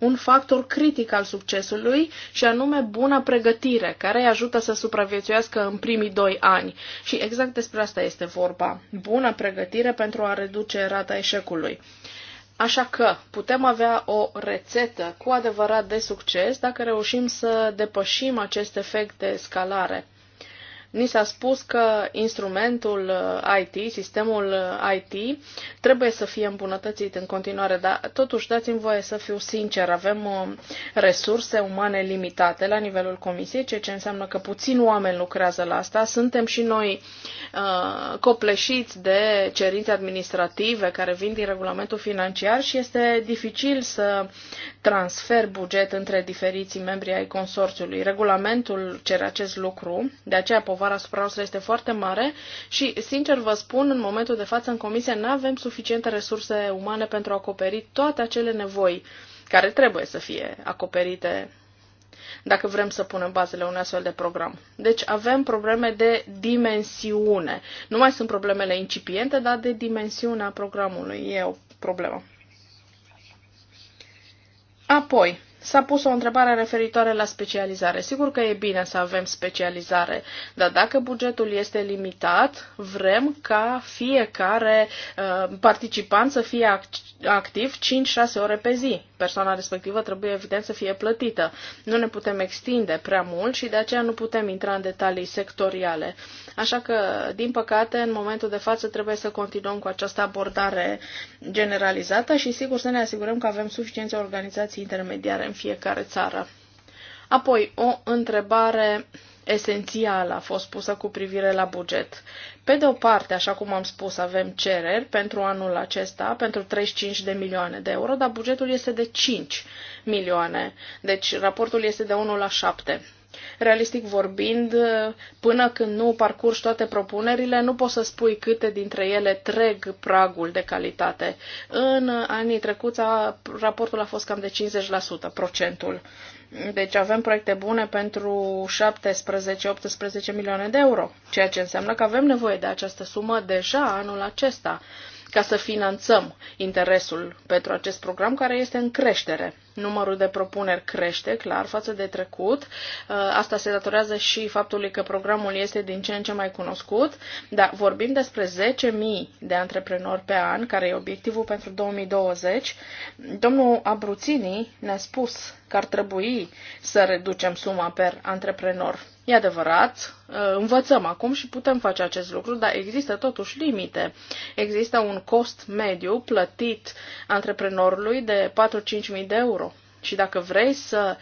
un factor critic al succesului și anume bună pregătire, care îi ajută să supraviețuiască în primii doi ani. Și exact despre asta este vorba. Bună pregătire pentru a reduce rata eșecului. Așa că putem avea o rețetă cu adevărat de succes dacă reușim să depășim acest efect de scalare. Ni s-a spus că instrumentul uh, IT, sistemul uh, IT, trebuie să fie îmbunătățit în continuare, dar totuși dați-mi voie să fiu sincer, avem uh, resurse umane limitate la nivelul comisiei, ceea ce înseamnă că puțin oameni lucrează la asta. Suntem și noi uh, copleșiți de cerințe administrative care vin din regulamentul financiar și este dificil să transfer buget între diferiții membri ai consorțiului. Regulamentul cere acest lucru, de aceea povara asupra noastră este foarte mare și, sincer vă spun, în momentul de față în comisie nu avem suficiente resurse umane pentru a acoperi toate acele nevoi care trebuie să fie acoperite dacă vrem să punem bazele unui astfel de program. Deci avem probleme de dimensiune. Nu mai sunt problemele incipiente, dar de dimensiunea programului. E o problemă. Apoi, S-a pus o întrebare referitoare la specializare. Sigur că e bine să avem specializare, dar dacă bugetul este limitat, vrem ca fiecare uh, participant să fie act- activ 5-6 ore pe zi. Persoana respectivă trebuie evident să fie plătită. Nu ne putem extinde prea mult și de aceea nu putem intra în detalii sectoriale. Așa că, din păcate, în momentul de față trebuie să continuăm cu această abordare generalizată și sigur să ne asigurăm că avem suficiențe organizații intermediare în fiecare țară. Apoi, o întrebare esențială a fost pusă cu privire la buget. Pe de o parte, așa cum am spus, avem cereri pentru anul acesta, pentru 35 de milioane de euro, dar bugetul este de 5 milioane. Deci, raportul este de 1 la 7. Realistic vorbind, până când nu parcurgi toate propunerile, nu poți să spui câte dintre ele treg pragul de calitate. În anii trecuți, raportul a fost cam de 50% procentul. Deci avem proiecte bune pentru 17-18 milioane de euro, ceea ce înseamnă că avem nevoie de această sumă deja anul acesta ca să finanțăm interesul pentru acest program care este în creștere. Numărul de propuneri crește, clar, față de trecut. Uh, asta se datorează și faptului că programul este din ce în ce mai cunoscut, dar vorbim despre 10.000 de antreprenori pe an, care e obiectivul pentru 2020. Domnul Abruțini ne-a spus că ar trebui să reducem suma per antreprenor E adevărat, uh, învățăm acum și putem face acest lucru, dar există totuși limite. Există un cost mediu plătit antreprenorului de 4-5 mii de euro. Și dacă vrei să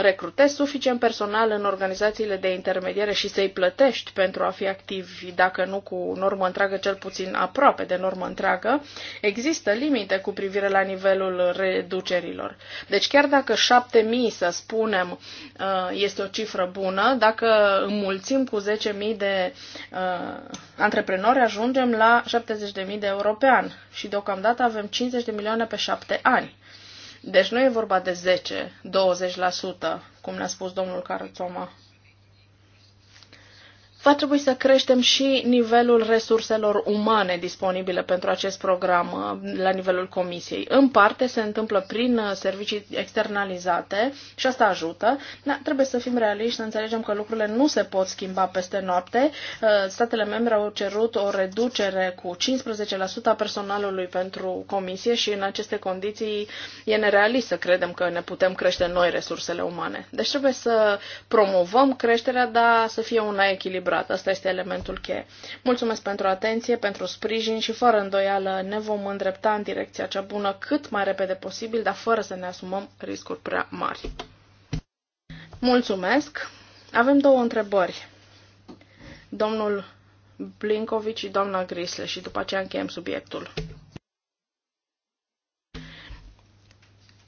recrutezi suficient personal în organizațiile de intermediere și să-i plătești pentru a fi activi, dacă nu cu normă întreagă, cel puțin aproape de normă întreagă, există limite cu privire la nivelul reducerilor. Deci chiar dacă 7.000, să spunem, uh, este o cifră bună, dacă înmulțim cu 10.000 de uh, antreprenori, ajungem la 70.000 de european Și deocamdată avem 50 de milioane pe 7 ani. Deci nu e vorba de 10-20%, cum ne-a spus domnul Carțoma va trebui să creștem și nivelul resurselor umane disponibile pentru acest program uh, la nivelul comisiei. În parte se întâmplă prin uh, servicii externalizate și asta ajută. Da, trebuie să fim realiști, să înțelegem că lucrurile nu se pot schimba peste noapte. Uh, statele membre au cerut o reducere cu 15% a personalului pentru comisie și în aceste condiții e nerealist să credem că ne putem crește noi resursele umane. Deci trebuie să promovăm creșterea, dar să fie una echilibrată adevărat. Asta este elementul cheie. Mulțumesc pentru atenție, pentru sprijin și fără îndoială ne vom îndrepta în direcția cea bună cât mai repede posibil, dar fără să ne asumăm riscuri prea mari. Mulțumesc. Avem două întrebări. Domnul Blinkovici și doamna Grisle și după aceea încheiem subiectul.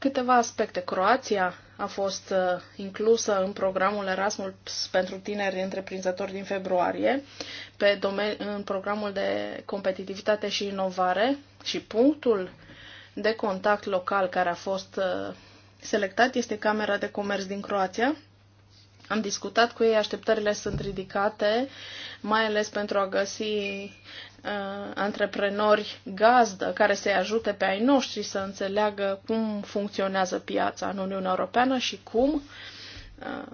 câteva aspecte. Croația a fost uh, inclusă în programul Erasmus pentru tineri întreprinzători din februarie, pe domen- în programul de competitivitate și inovare și punctul de contact local care a fost uh, selectat este Camera de Comerț din Croația. Am discutat cu ei, așteptările sunt ridicate, mai ales pentru a găsi Uh, antreprenori gazdă care să-i ajute pe ai noștri să înțeleagă cum funcționează piața în Uniunea Europeană și cum uh,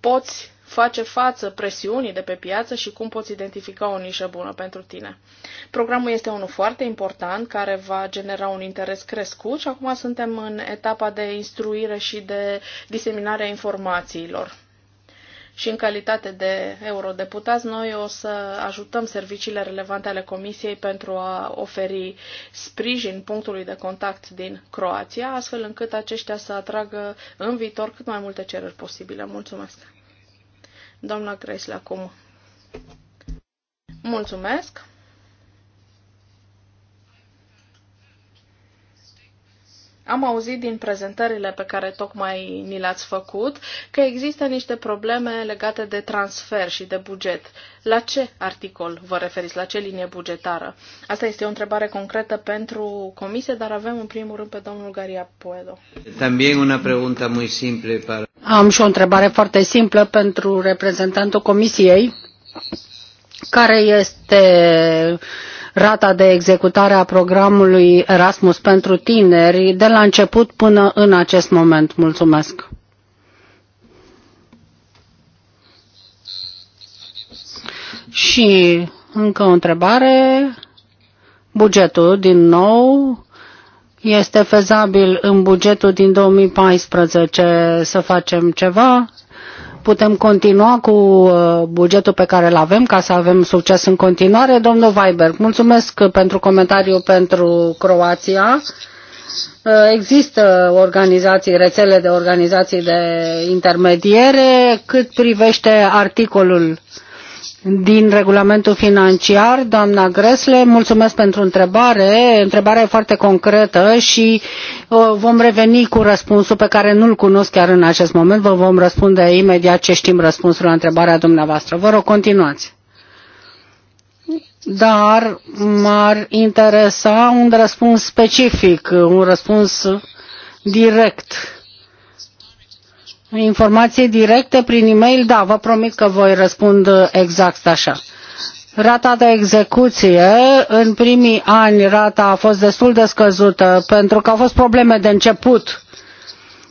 poți face față presiunii de pe piață și cum poți identifica o nișă bună pentru tine. Programul este unul foarte important care va genera un interes crescut și acum suntem în etapa de instruire și de diseminare a informațiilor și în calitate de eurodeputați, noi o să ajutăm serviciile relevante ale Comisiei pentru a oferi sprijin punctului de contact din Croația, astfel încât aceștia să atragă în viitor cât mai multe cereri posibile. Mulțumesc! Doamna Gresle, acum. Mulțumesc! Am auzit din prezentările pe care tocmai ni le-ați făcut că există niște probleme legate de transfer și de buget. La ce articol vă referiți? La ce linie bugetară? Asta este o întrebare concretă pentru comisie, dar avem în primul rând pe domnul Garia Poedo. También una pregunta muy simple para... Am și o întrebare foarte simplă pentru reprezentantul comisiei, care este rata de executare a programului Erasmus pentru tineri de la început până în acest moment. Mulțumesc! Și încă o întrebare. Bugetul, din nou, este fezabil în bugetul din 2014 să facem ceva? putem continua cu uh, bugetul pe care îl avem ca să avem succes în continuare. Domnul Weiberg, mulțumesc pentru comentariu pentru Croația. Uh, există organizații, rețele de organizații de intermediere. Cât privește articolul din regulamentul financiar. Doamna Gresle, mulțumesc pentru întrebare. Întrebarea e foarte concretă și uh, vom reveni cu răspunsul pe care nu-l cunosc chiar în acest moment. Vă vom răspunde imediat ce știm răspunsul la întrebarea dumneavoastră. Vă rog, continuați. Dar m-ar interesa un răspuns specific, un răspuns direct Informații directe prin e-mail? Da, vă promit că voi răspund uh, exact așa. Rata de execuție, în primii ani rata a fost destul de scăzută pentru că au fost probleme de început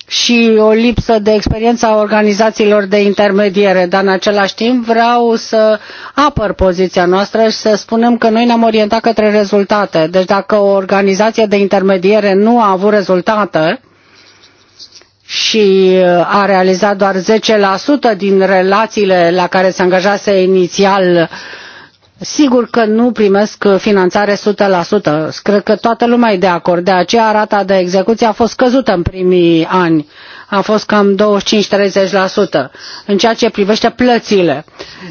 și o lipsă de experiență a organizațiilor de intermediere, dar în același timp vreau să apăr poziția noastră și să spunem că noi ne-am orientat către rezultate. Deci dacă o organizație de intermediere nu a avut rezultate, și uh, a realizat doar 10% din relațiile la care se angajase inițial, sigur că nu primesc uh, finanțare 100%. Cred că toată lumea e de acord. De aceea rata de execuție a fost scăzută în primii ani. A fost cam 25-30% în ceea ce privește plățile.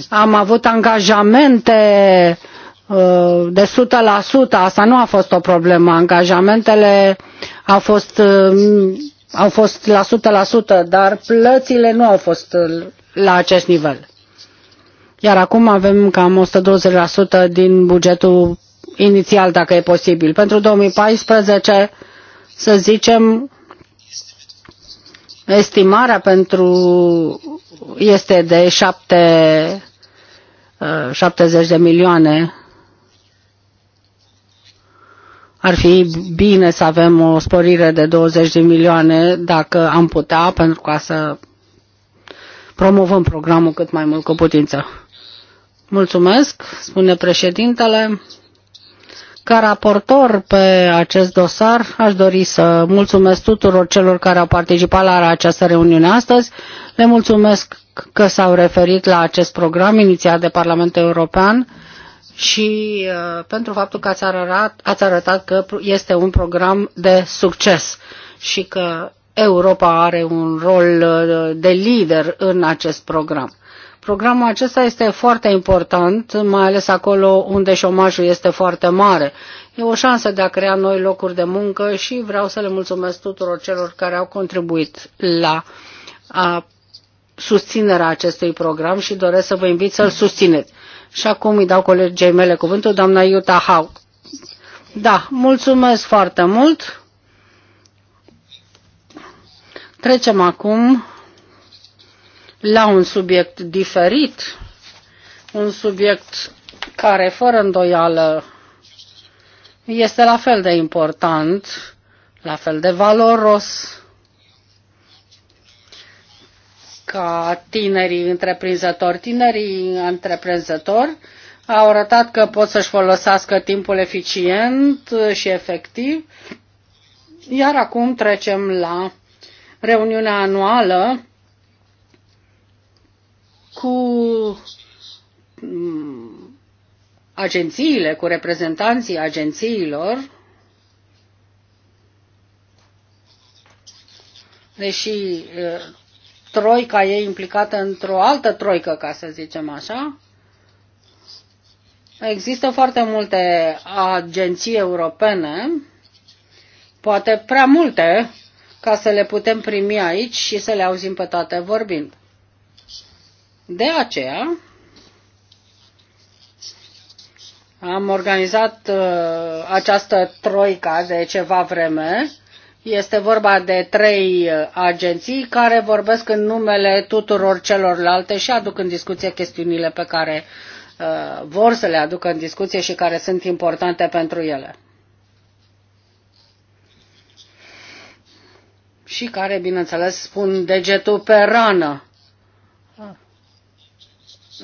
Am avut angajamente uh, de 100%, asta nu a fost o problemă. Angajamentele au fost au fost la 100%, dar plățile nu au fost la acest nivel. Iar acum avem cam 120% din bugetul inițial, dacă e posibil. Pentru 2014, să zicem, estimarea pentru este de 7, 70 de milioane ar fi bine să avem o sporire de 20 de milioane dacă am putea, pentru ca să promovăm programul cât mai mult cu putință. Mulțumesc, spune președintele. Ca raportor pe acest dosar, aș dori să mulțumesc tuturor celor care au participat la această reuniune astăzi. Le mulțumesc că s-au referit la acest program inițiat de Parlamentul European și uh, pentru faptul că ați arătat, ați arătat că este un program de succes și că Europa are un rol uh, de lider în acest program. Programul acesta este foarte important, mai ales acolo unde șomajul este foarte mare. E o șansă de a crea noi locuri de muncă și vreau să le mulțumesc tuturor celor care au contribuit la a susținerea acestui program și doresc să vă invit să-l susțineți. Și acum îi dau colegei mele cuvântul, doamna Iuta Hau. Da, mulțumesc foarte mult. Trecem acum la un subiect diferit, un subiect care, fără îndoială, este la fel de important, la fel de valoros ca tinerii întreprinzători. Tinerii întreprinzători au arătat că pot să-și folosească timpul eficient și efectiv. Iar acum trecem la reuniunea anuală cu mm, agențiile, cu reprezentanții agențiilor, deși troica e implicată într-o altă troică, ca să zicem așa. Există foarte multe agenții europene, poate prea multe, ca să le putem primi aici și să le auzim pe toate vorbind. De aceea am organizat uh, această troică de ceva vreme este vorba de trei uh, agenții care vorbesc în numele tuturor celorlalte și aduc în discuție chestiunile pe care uh, vor să le aducă în discuție și care sunt importante pentru ele. Și care, bineînțeles, spun degetul pe rană.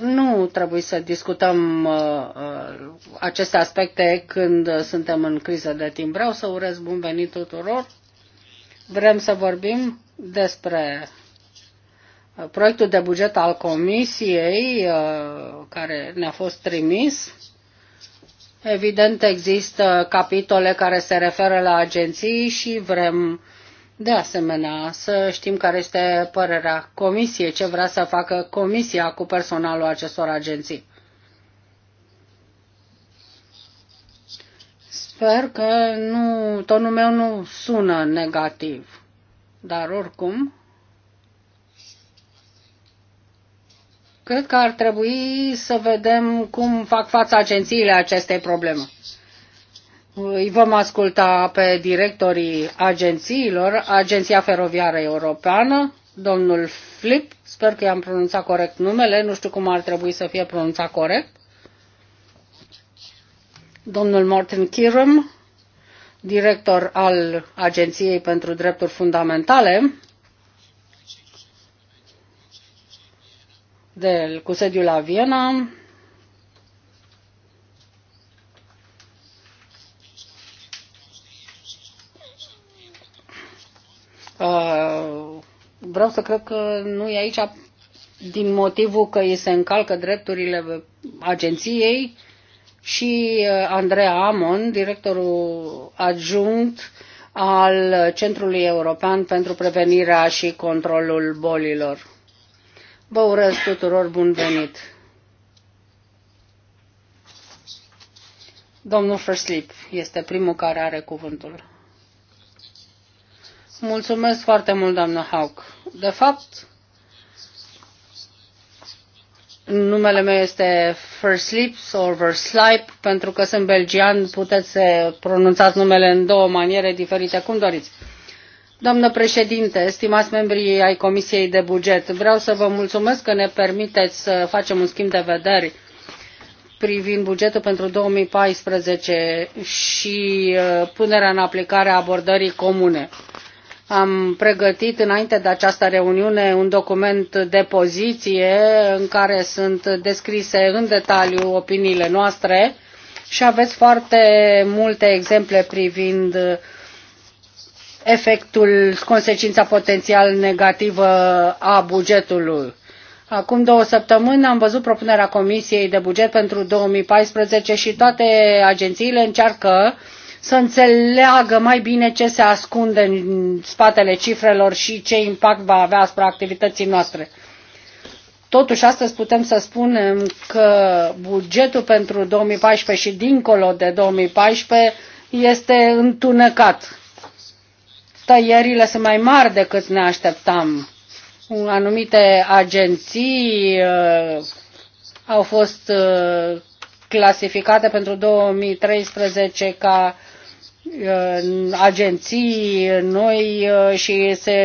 Nu trebuie să discutăm uh, uh, aceste aspecte când suntem în criză de timp. Vreau să urez bun venit tuturor Vrem să vorbim despre uh, proiectul de buget al Comisiei uh, care ne-a fost trimis. Evident, există capitole care se referă la agenții și vrem de asemenea să știm care este părerea Comisiei, ce vrea să facă Comisia cu personalul acestor agenții. Sper că nu, tonul meu nu sună negativ, dar oricum, cred că ar trebui să vedem cum fac față agențiile acestei probleme. Îi vom asculta pe directorii agențiilor, Agenția Feroviară Europeană, domnul Flip, sper că i-am pronunțat corect numele, nu știu cum ar trebui să fie pronunțat corect, domnul Morten Kirum, director al Agenției pentru Drepturi Fundamentale, de, cu sediul la Viena, Uh, vreau să cred că nu e aici din motivul că îi se încalcă drepturile agenției, și uh, Andreea Amon, directorul adjunct al Centrului European pentru Prevenirea și Controlul Bolilor. Vă urez tuturor bun venit! Domnul Ferslip este primul care are cuvântul. Mulțumesc foarte mult, doamnă Hauk. De fapt, Numele meu este Versleep sau Verslipe, pentru că sunt belgian, puteți să pronunțați numele în două maniere diferite, cum doriți. Doamnă președinte, stimați membrii ai Comisiei de Buget, vreau să vă mulțumesc că ne permiteți să facem un schimb de vederi privind bugetul pentru 2014 și uh, punerea în aplicare a abordării comune. Am pregătit înainte de această reuniune un document de poziție în care sunt descrise în detaliu opiniile noastre și aveți foarte multe exemple privind efectul, consecința potențial negativă a bugetului. Acum două săptămâni am văzut propunerea Comisiei de buget pentru 2014 și toate agențiile încearcă uh, să înțeleagă mai bine ce se ascunde în spatele cifrelor și ce impact va avea asupra activității noastre. Totuși, astăzi putem să spunem că bugetul pentru 2014 și dincolo de 2014 este întunecat. Tăierile sunt mai mari decât ne așteptam. Anumite agenții uh, au fost uh, clasificate pentru 2013 ca agenții noi uh, și se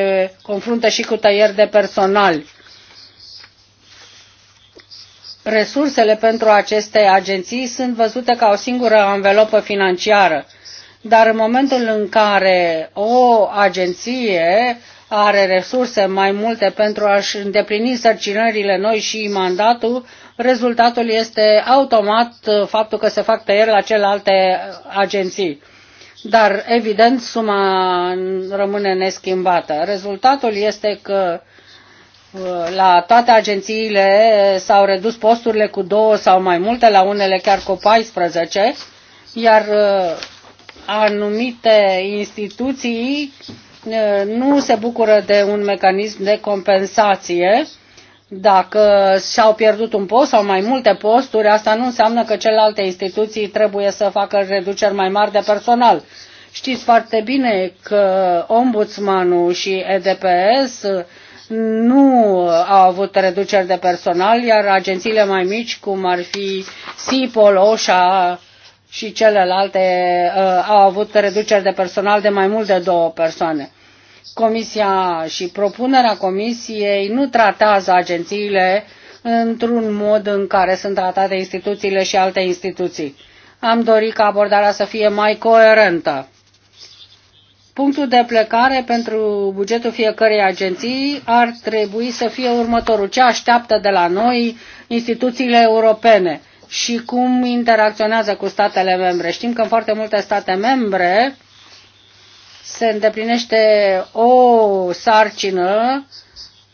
confruntă și cu tăieri de personal. Resursele pentru aceste agenții sunt văzute ca o singură anvelopă financiară, dar în momentul în care o agenție are resurse mai multe pentru a-și îndeplini sărcinările noi și mandatul, rezultatul este automat uh, faptul că se fac tăieri la celelalte uh, agenții dar evident suma rămâne neschimbată. Rezultatul este că uh, la toate agențiile s-au redus posturile cu două sau mai multe, la unele chiar cu 14, iar uh, anumite instituții uh, nu se bucură de un mecanism de compensație dacă s-au pierdut un post sau mai multe posturi, asta nu înseamnă că celelalte instituții trebuie să facă reduceri mai mari de personal. Știți foarte bine că ombudsmanul și EDPS nu au avut reduceri de personal, iar agențiile mai mici, cum ar fi SIPOL, OSHA și celelalte, uh, au avut reduceri de personal de mai mult de două persoane. Comisia și propunerea Comisiei nu tratează agențiile într-un mod în care sunt tratate instituțiile și alte instituții. Am dorit ca abordarea să fie mai coerentă. Punctul de plecare pentru bugetul fiecărei agenții ar trebui să fie următorul. Ce așteaptă de la noi instituțiile europene și cum interacționează cu statele membre? Știm că în foarte multe state membre se îndeplinește o sarcină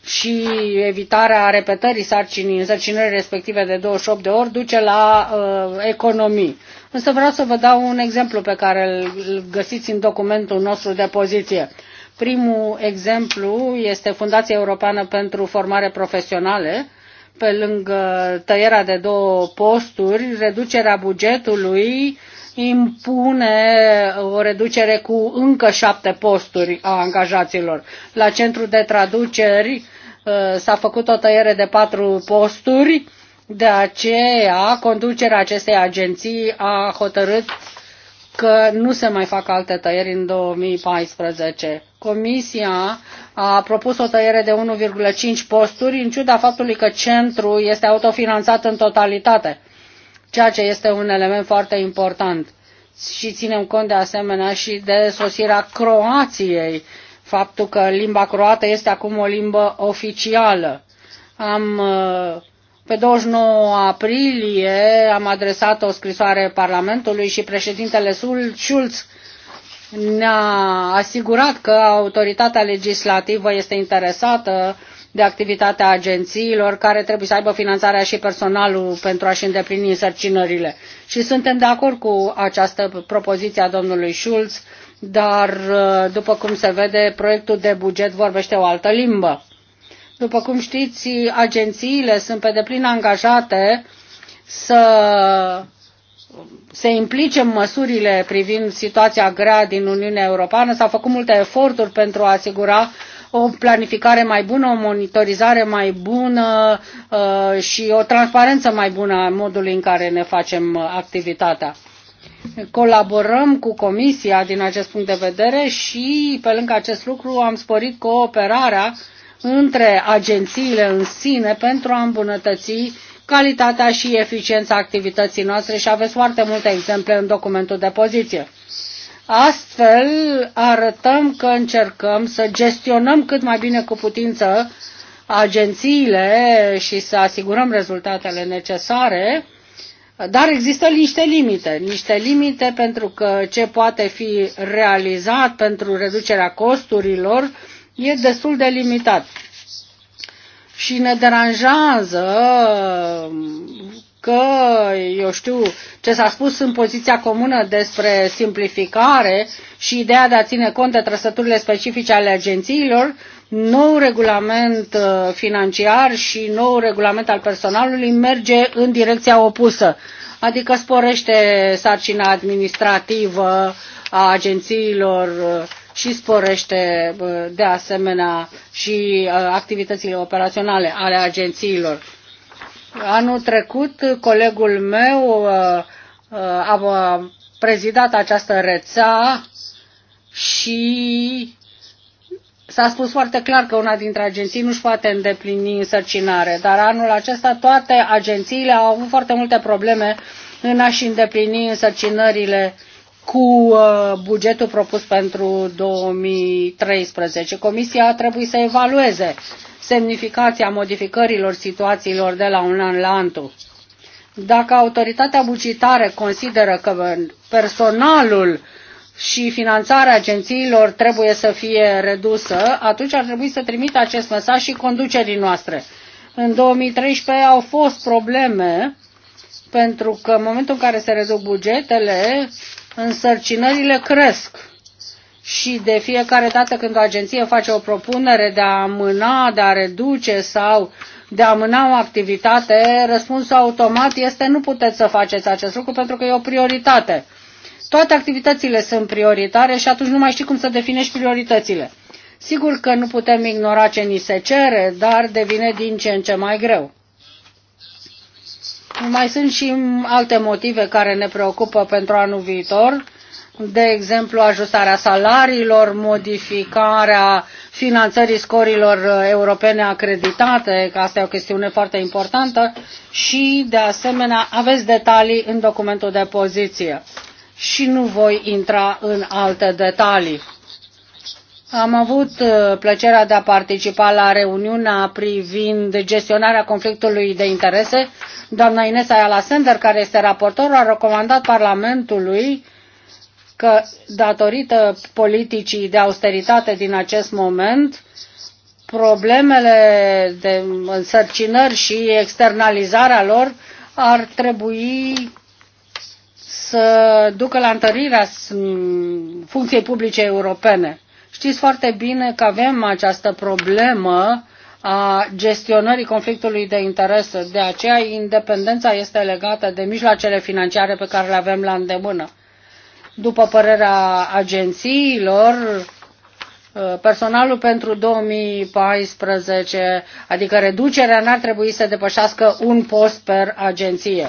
și evitarea repetării sarcinii, însărcinării respective de 28 de ori, duce la uh, economii. Însă vreau să vă dau un exemplu pe care îl găsiți în documentul nostru de poziție. Primul exemplu este Fundația Europeană pentru Formare Profesionale, pe lângă tăierea de două posturi, reducerea bugetului impune o reducere cu încă șapte posturi a angajaților. La centru de traduceri uh, s-a făcut o tăiere de patru posturi, de aceea conducerea acestei agenții a hotărât că nu se mai fac alte tăieri în 2014. Comisia a propus o tăiere de 1,5 posturi, în ciuda faptului că centru este autofinanțat în totalitate ceea ce este un element foarte important. Și ținem cont de asemenea și de sosirea Croației, faptul că limba croată este acum o limbă oficială. Am, uh, pe 29 aprilie am adresat o scrisoare Parlamentului și președintele Schulz ne-a asigurat că autoritatea legislativă este interesată de a agențiilor care trebuie să aibă finanțarea și personalul pentru a-și îndeplini însărcinările. Și suntem de acord cu această propoziție a domnului Schulz, dar uh, după cum se vede, proiectul de buget vorbește o altă limbă. După cum știți, agențiile sunt pe deplin angajate să se implice în măsurile privind situația grea din Uniunea Europeană. S-au făcut multe eforturi pentru a asigura o planificare mai bună, o monitorizare mai bună uh, și o transparență mai bună a modului în care ne facem activitatea. Colaborăm cu Comisia din acest punct de vedere și, pe lângă acest lucru, am sporit cooperarea între agențiile în sine pentru a îmbunătăți calitatea și eficiența activității noastre și aveți foarte multe exemple în documentul de poziție. Astfel arătăm că încercăm să gestionăm cât mai bine cu putință agențiile și să asigurăm rezultatele necesare, dar există niște limite, niște limite pentru că ce poate fi realizat pentru reducerea costurilor e destul de limitat. Și ne deranjează că, eu știu, ce s-a spus în poziția comună despre simplificare și ideea de a ține cont de trăsăturile specifice ale agențiilor, nou regulament uh, financiar și nou regulament al personalului merge în direcția opusă, adică sporește sarcina administrativă a agențiilor uh, și sporește uh, de asemenea și activitățile operaționale ale agențiilor Anul trecut, colegul meu uh, uh, a prezidat această rețea și s-a spus foarte clar că una dintre agenții nu-și poate îndeplini însărcinare, dar anul acesta toate agențiile au avut foarte multe probleme în a-și îndeplini însărcinările cu uh, bugetul propus pentru 2013. Comisia trebuie să evalueze semnificația modificărilor situațiilor de la un an la altul. Dacă autoritatea bugetară consideră că personalul și finanțarea agențiilor trebuie să fie redusă, atunci ar trebui să trimită acest mesaj și conducerii noastre. În 2013 au fost probleme pentru că în momentul în care se reduc bugetele, însărcinările cresc și de fiecare dată când o agenție face o propunere de a amâna, de a reduce sau de a amâna o activitate, răspunsul automat este nu puteți să faceți acest lucru pentru că e o prioritate. Toate activitățile sunt prioritare și atunci nu mai știi cum să definești prioritățile. Sigur că nu putem ignora ce ni se cere, dar devine din ce în ce mai greu. Mai sunt și alte motive care ne preocupă pentru anul viitor de exemplu ajustarea salariilor, modificarea finanțării scorilor uh, europene acreditate, că asta e o chestiune foarte importantă, și de asemenea aveți detalii în documentul de poziție. Și nu voi intra în alte detalii. Am avut uh, plăcerea de a participa la reuniunea privind gestionarea conflictului de interese. Doamna Inesa Alasender, care este raportor, a recomandat Parlamentului uh, că datorită politicii de austeritate din acest moment, problemele de însărcinări și externalizarea lor ar trebui să ducă la întărirea funcției publice europene. Știți foarte bine că avem această problemă a gestionării conflictului de interese. De aceea, independența este legată de mijloacele financiare pe care le avem la îndemână. După părerea agențiilor, uh, personalul pentru 2014, adică reducerea n-ar trebui să depășească un post per agenție.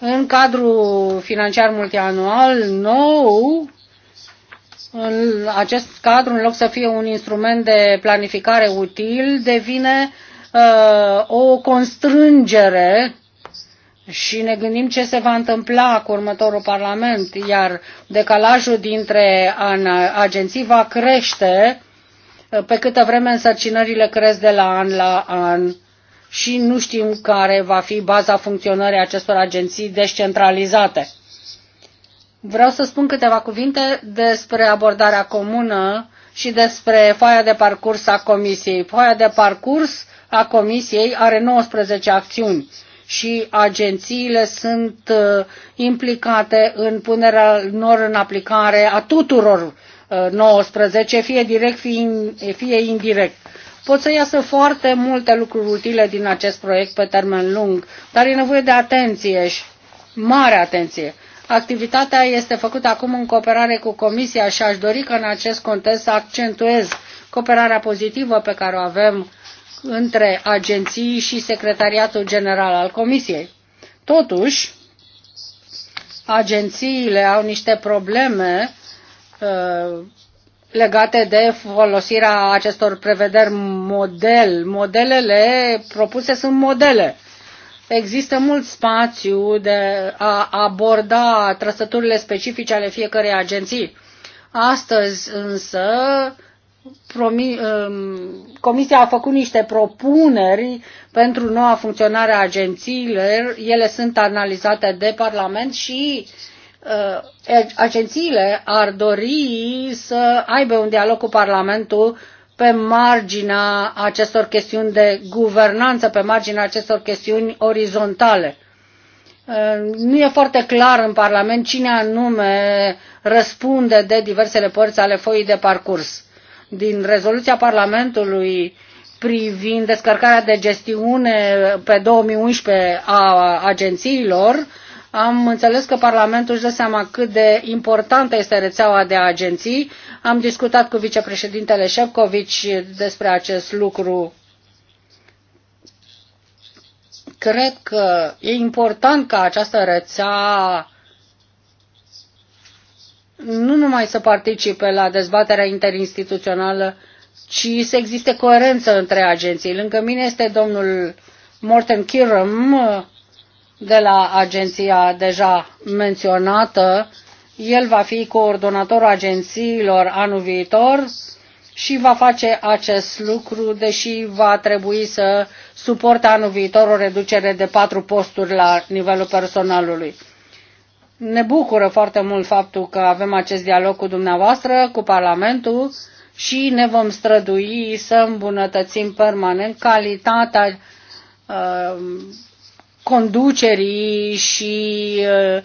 În cadrul financiar multianual nou, în acest cadru, în loc să fie un instrument de planificare util, devine uh, o constrângere și ne gândim ce se va întâmpla cu următorul Parlament, iar decalajul dintre agenții va crește uh, pe câtă vreme însărcinările cresc de la an la an și nu știm care va fi baza funcționării acestor agenții descentralizate. Vreau să spun câteva cuvinte despre abordarea comună și despre foaia de parcurs a Comisiei. Foaia de parcurs a Comisiei are 19 acțiuni și agențiile sunt uh, implicate în punerea lor în aplicare a tuturor 19, uh, fie direct, fie indirect. Pot să iasă foarte multe lucruri utile din acest proiect pe termen lung, dar e nevoie de atenție și mare atenție. Activitatea este făcută acum în cooperare cu Comisia și aș dori că în acest context să accentuez cooperarea pozitivă pe care o avem între agenții și Secretariatul General al Comisiei. Totuși, agențiile au niște probleme uh, legate de folosirea acestor prevederi model. Modelele propuse sunt modele. Există mult spațiu de a aborda trăsăturile specifice ale fiecărei agenții. Astăzi însă Um, comisia a făcut niște propuneri pentru noua funcționare a agențiilor. Ele sunt analizate de Parlament și uh, agențiile ar dori să aibă un dialog cu Parlamentul pe marginea acestor chestiuni de guvernanță, pe marginea acestor chestiuni orizontale. Uh, nu e foarte clar în Parlament cine anume răspunde de diversele părți ale foii de parcurs din rezoluția Parlamentului privind descărcarea de gestiune pe 2011 a agențiilor, am înțeles că Parlamentul își dă seama cât de importantă este rețeaua de agenții. Am discutat cu vicepreședintele Șefcovici despre acest lucru. Cred că e important ca această rețea nu numai să participe la dezbaterea interinstituțională, ci să existe coerență între agenții. Lângă mine este domnul Morten Kirum, de la agenția deja menționată. El va fi coordonatorul agențiilor anul viitor și va face acest lucru, deși va trebui să suporte anul viitor o reducere de patru posturi la nivelul personalului. Ne bucură foarte mult faptul că avem acest dialog cu dumneavoastră, cu Parlamentul și ne vom strădui să îmbunătățim permanent calitatea uh, conducerii și uh,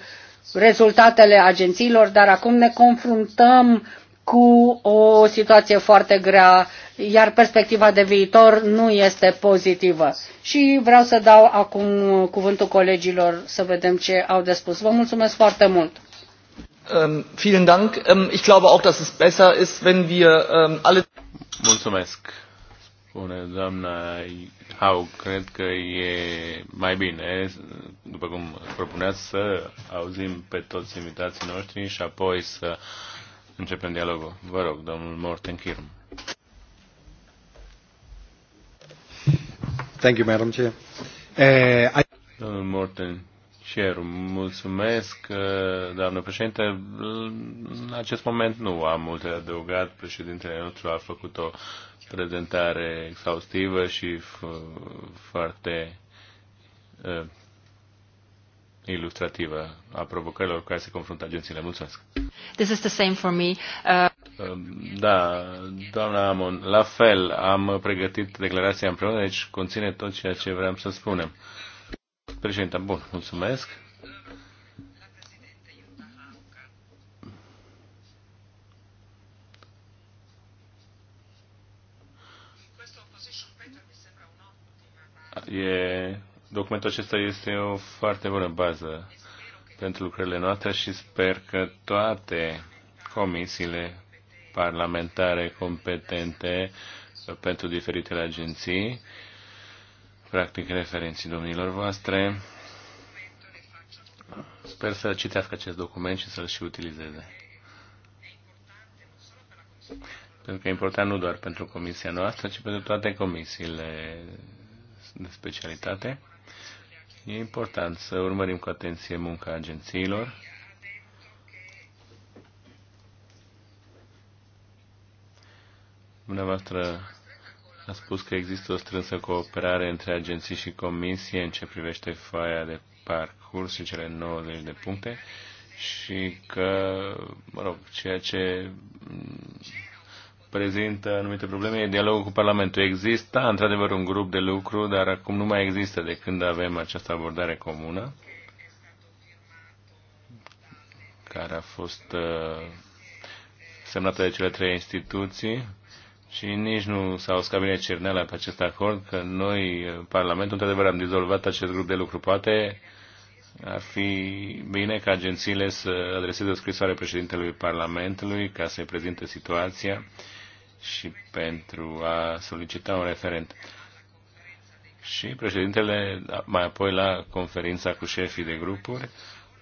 rezultatele agențiilor, dar acum ne confruntăm cu o situație foarte grea, iar perspectiva de viitor nu este pozitivă. Și vreau să dau acum cuvântul colegilor să vedem ce au de spus. Vă mulțumesc foarte mult! Um, vielen Dank. Um, ich glaube auch, dass es besser ist, wenn wir um, alle. Mulțumesc. Spune doamna Hau, cred că e mai bine, după cum propuneați, să auzim pe toți invitații noștri și apoi să începem dialogul. Vă rog, domnul Morten Kirm. Thank you, Madam Chair. Uh, I... Domnul Morten Chair, mulțumesc, eh, doamnă președinte. În acest moment nu am multe de adăugat. Președintele nostru a făcut o prezentare exhaustivă și foarte eh, ilustrativă a provocărilor cu care se confruntă agențiile. Mulțumesc! This is the same for me. Uh... Da, doamna Amon, la fel, am pregătit declarația împreună, deci conține tot ceea ce vreau să spunem. Președinte, bun, mulțumesc. E documentul acesta este o foarte bună bază pentru lucrările noastre și sper că toate comisiile parlamentare competente pentru diferitele agenții, practic referenții domnilor voastre, sper să citească acest document și să-l și utilizeze. Pentru că e important nu doar pentru comisia noastră, ci pentru toate comisiile de specialitate. E important să urmărim cu atenție munca agențiilor. Dumneavoastră a spus că există o strânsă cooperare între agenții și comisie în ce privește foaia de parcurs și cele 90 de puncte și că, mă rog, ceea ce prezintă anumite probleme, e dialogul cu Parlamentul. există, într-adevăr, un grup de lucru, dar acum nu mai există de când avem această abordare comună, care a fost uh, semnată de cele trei instituții și nici nu s-au scabinet cerneala pe acest acord, că noi, Parlamentul, într-adevăr, am dizolvat acest grup de lucru. Poate ar fi bine ca agențiile să adreseze o scrisoare președintelui Parlamentului ca să prezinte situația și pentru a solicita un referent. Și președintele, mai apoi la conferința cu șefii de grupuri,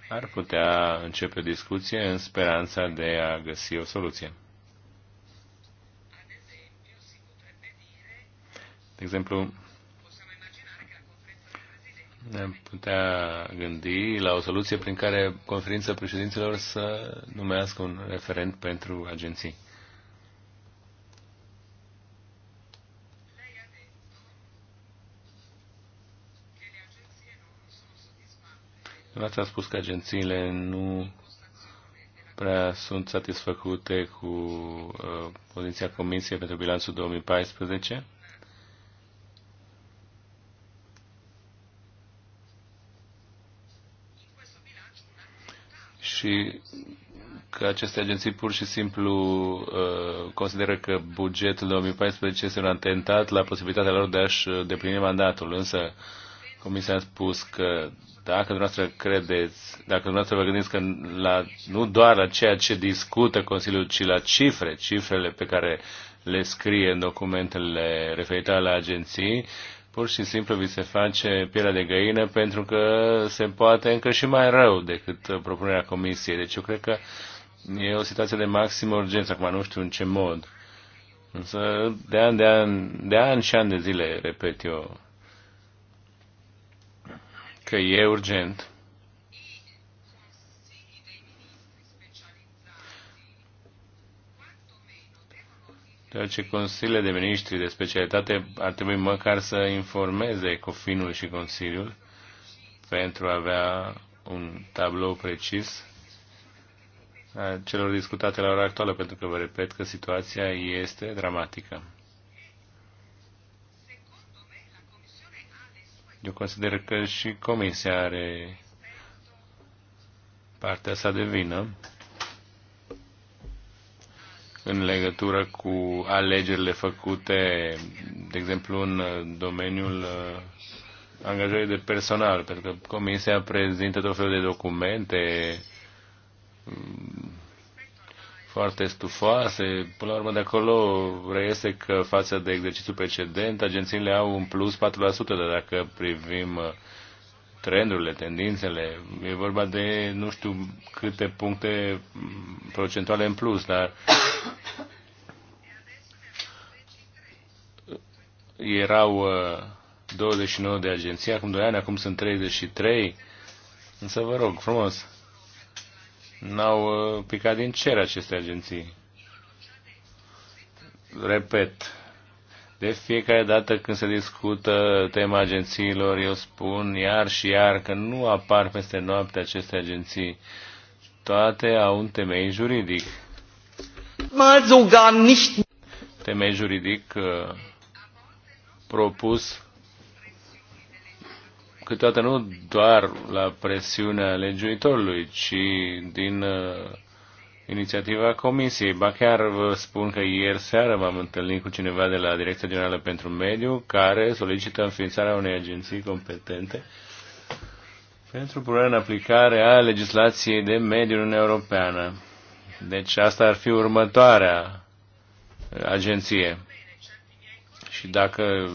ar putea începe o discuție în speranța de a găsi o soluție. De exemplu, ne putea gândi la o soluție prin care conferința președinților să numească un referent pentru agenții. Nu ați spus că agențiile nu prea sunt satisfăcute cu uh, poziția Comisiei pentru bilanțul 2014. Și că aceste agenții pur și simplu uh, consideră că bugetul 2014 este un atentat la posibilitatea lor de a-și uh, deplini mandatul. Însă Comisia a spus că dacă dumneavoastră credeți, dacă dumneavoastră vă gândiți că la, nu doar la ceea ce discută Consiliul, ci la cifre, cifrele pe care le scrie în documentele referitoare la agenții, pur și simplu vi se face pielea de găină pentru că se poate încă și mai rău decât propunerea Comisiei. Deci eu cred că e o situație de maximă urgență, acum nu știu în ce mod. Însă de an, de an, de an și an de zile, repet eu, că e urgent. Deoarece Consiliile de Ministri de Specialitate ar trebui măcar să informeze Cofinul și Consiliul pentru a avea un tablou precis a celor discutate la ora actuală, pentru că vă repet că situația este dramatică. Eu consider că și Comisia are partea sa de vină în legătură cu alegerile făcute, de exemplu, în domeniul uh, angajării de personal, pentru că Comisia prezintă tot felul de documente foarte stufoase. Până la urmă, de acolo reiese că față de exercițiul precedent, agențiile au un plus 4%, dar dacă privim uh, trendurile, tendințele, e vorba de nu știu câte puncte mm, procentuale în plus, dar [coughs] erau 29 uh, de agenții, acum 2 ani, acum sunt 33. Însă vă rog frumos, N-au uh, picat din cer aceste agenții. Repet, de fiecare dată când se discută tema agențiilor, eu spun iar și iar că nu apar peste noapte aceste agenții. Toate au un temei juridic. Temei juridic uh, propus câteodată nu doar la presiunea legiuitorului, ci din uh, inițiativa Comisiei. Ba chiar vă spun că ieri seară m-am întâlnit cu cineva de la Direcția Generală pentru Mediu care solicită înființarea unei agenții competente pentru punerea în aplicare a legislației de mediu în Europeană. Deci asta ar fi următoarea agenție. Și dacă,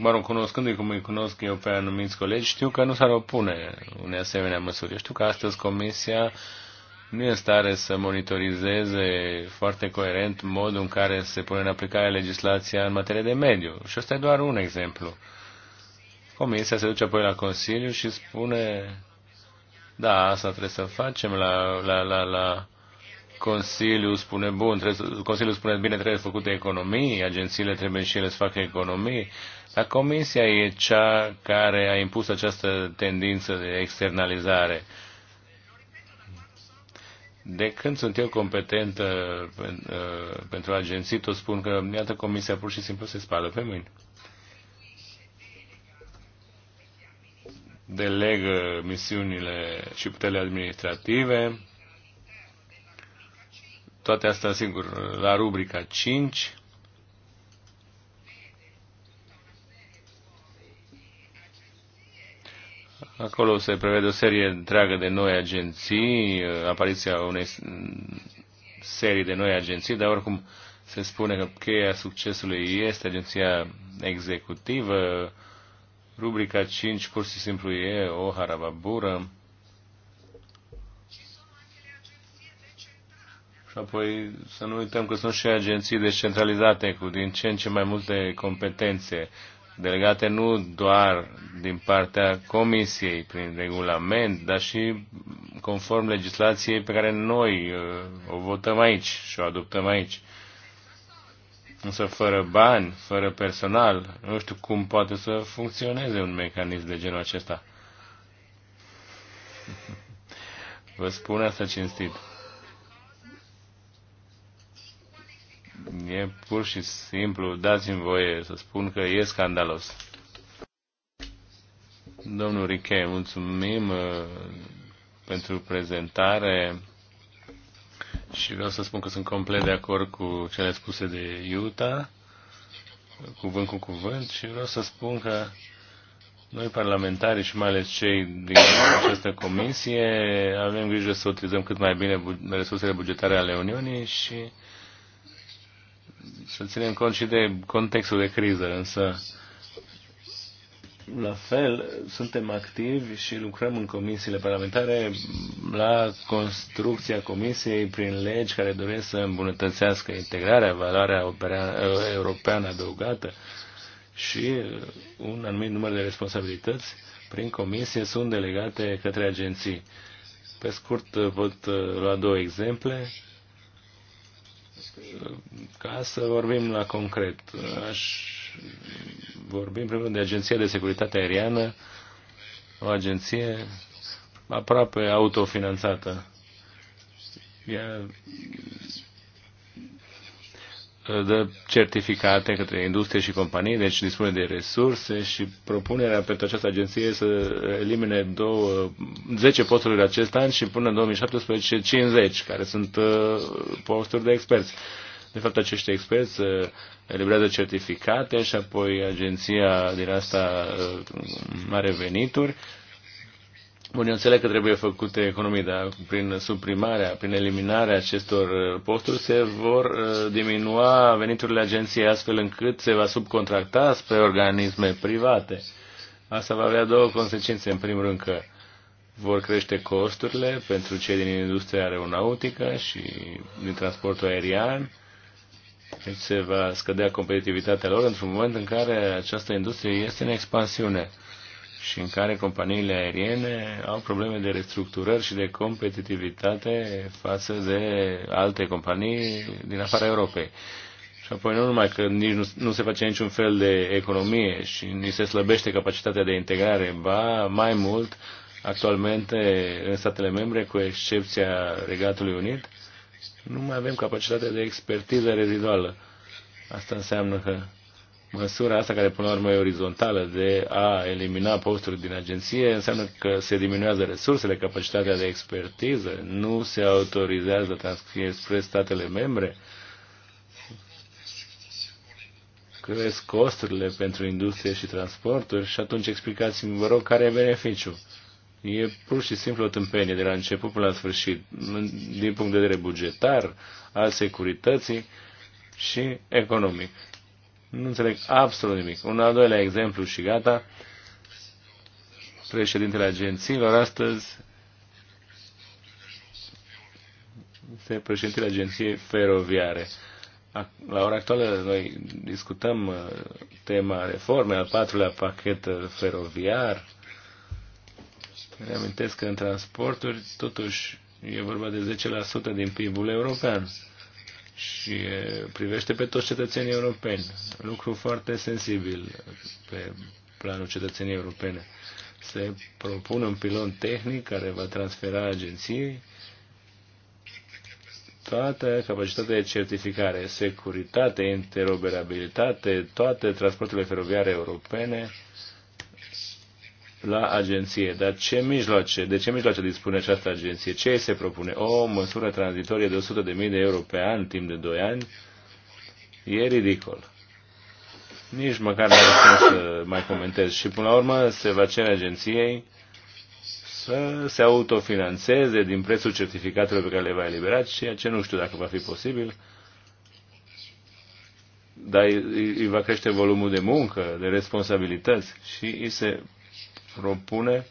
mă rog, cunoscându-i cum îi cunosc eu pe anumiți colegi, știu că nu s-ar opune unei asemenea măsuri. Eu știu că astăzi Comisia nu e în stare să monitorizeze foarte coerent modul în care se pune în aplicare legislația în materie de mediu. Și ăsta e doar un exemplu. Comisia se duce apoi la Consiliu și spune, da, asta trebuie să facem la, la, la, la Consiliul spune, bun, trebuie, Consiliul spune, bine, trebuie făcute economii, agențiile trebuie și ele să facă economii, dar Comisia e cea care a impus această tendință de externalizare. De când sunt eu competentă uh, pentru agenții, tot spun că, iată, Comisia pur și simplu se spală pe mâini. Delegă misiunile și puterile administrative, toate astea, sigur, la rubrica 5. Acolo se prevede o serie întreagă de noi agenții, apariția unei serii de noi agenții, dar oricum se spune că cheia succesului este agenția executivă. Rubrica 5 pur și simplu e o harababură. Apoi să nu uităm că sunt și agenții descentralizate cu din ce în ce mai multe competențe delegate nu doar din partea Comisiei prin regulament, dar și conform legislației pe care noi uh, o votăm aici și o adoptăm aici. Însă fără bani, fără personal, nu știu cum poate să funcționeze un mecanism de genul acesta. [laughs] Vă spun asta cinstit. E pur și simplu, dați-mi voie să spun că e scandalos. Domnul Riche, mulțumim uh, pentru prezentare și vreau să spun că sunt complet de acord cu cele spuse de Iuta, cuvânt cu cuvânt, și vreau să spun că noi parlamentarii și mai ales cei din această comisie avem grijă să utilizăm cât mai bine resursele bugetare ale Uniunii și să ținem cont și de contextul de criză, însă la fel suntem activi și lucrăm în comisiile parlamentare la construcția comisiei prin legi care doresc să îmbunătățească integrarea, valoarea europeană adăugată și un anumit număr de responsabilități prin comisie sunt delegate către agenții. Pe scurt, pot uh, lua două exemple. Ca să vorbim la concret, aș vorbi în primul de Agenția de Securitate Aeriană, o agenție aproape autofinanțată. Ea dă certificate către industrie și companii, deci dispune de resurse și propunerea pentru această agenție să elimine două, 10 posturi de acest an și până în 2017 50, care sunt uh, posturi de experți. De fapt, acești experți uh, eliberează certificate și apoi agenția din asta uh, are venituri Bun, eu înțeleg că trebuie făcute economii, dar prin suprimarea, prin eliminarea acestor uh, posturi se vor uh, diminua veniturile agenției astfel încât se va subcontracta spre organisme private. Asta va avea două consecințe. În primul rând că vor crește costurile pentru cei din industria aeronautică și din transportul aerian. Deci se va scădea competitivitatea lor într-un moment în care această industrie este în expansiune și în care companiile aeriene au probleme de restructurări și de competitivitate față de alte companii din afara Europei. Și apoi nu numai că nici nu, nu se face niciun fel de economie și ni se slăbește capacitatea de integrare, ba mai mult, actualmente în statele membre, cu excepția Regatului Unit, nu mai avem capacitatea de expertiză reziduală. Asta înseamnă că măsura asta, care până la urmă e orizontală, de a elimina posturi din agenție, înseamnă că se diminuează resursele, capacitatea de expertiză, nu se autorizează transcrie spre statele membre, cresc costurile pentru industrie și transporturi și atunci explicați-mi, vă rog, care e beneficiul. E pur și simplu o tâmpenie de la început până la sfârșit, din punct de vedere bugetar, al securității și economic. Nu înțeleg absolut nimic. Un al doilea exemplu și gata. Președintele agențiilor astăzi este președintele agenției feroviare. La ora actuală noi discutăm uh, tema reforme, al patrulea pachet uh, feroviar. Reamintesc că în transporturi totuși e vorba de 10% din PIB-ul european și privește pe toți cetățenii europeni. Lucru foarte sensibil pe planul cetățenii europene. Se propune un pilon tehnic care va transfera agenției toată capacitatea de certificare, securitate, interoperabilitate, toate transporturile feroviare europene, la agenție. Dar ce mijloace, de ce mijloace dispune această agenție? Ce se propune? O măsură tranzitorie de 100.000 de euro pe an, timp de 2 ani, e ridicol. Nici măcar nu am să mai comentez. Și până la urmă se va cere agenției să se autofinanțeze din prețul certificatelor pe care le va elibera, ceea ce nu știu dacă va fi posibil, dar îi va crește volumul de muncă, de responsabilități și îi se propune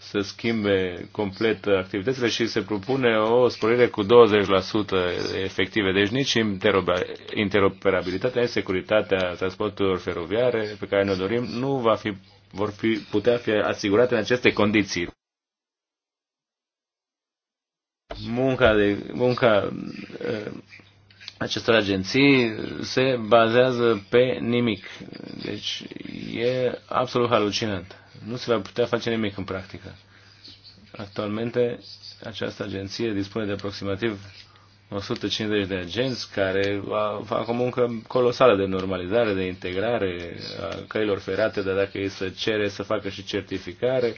să schimbe complet activitățile și se propune o sporire cu 20% efective. Deci nici interoperabilitatea în securitatea transporturilor feroviare pe care ne dorim nu va fi, vor fi, putea fi asigurate în aceste condiții. Munca, de, munca uh, acestor agenții se bazează pe nimic. Deci e absolut halucinant nu se va putea face nimic în practică. Actualmente, această agenție dispune de aproximativ 150 de agenți care fac o muncă colosală de normalizare, de integrare a căilor ferate, dar dacă ei să cere să facă și certificare,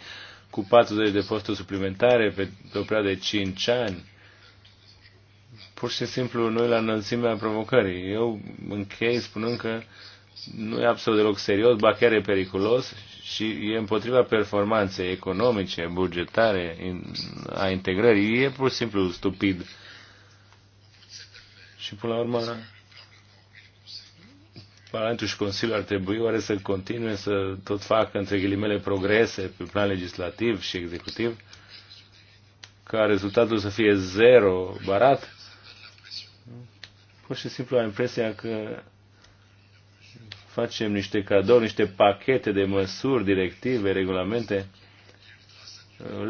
cu 40 de posturi suplimentare pe, pe o perioadă de 5 ani, pur și simplu noi la înălțimea provocării. Eu închei spunând că nu e absolut deloc serios, ba chiar e periculos și e împotriva performanței economice, bugetare, a integrării. E pur și simplu stupid. Și până la urmă, Parlamentul și Consiliul ar trebui oare să continue să tot facă, între ghilimele, progrese pe plan legislativ și executiv, ca rezultatul să fie zero barat? Pur și simplu am impresia că facem niște cadouri, niște pachete de măsuri, directive, regulamente,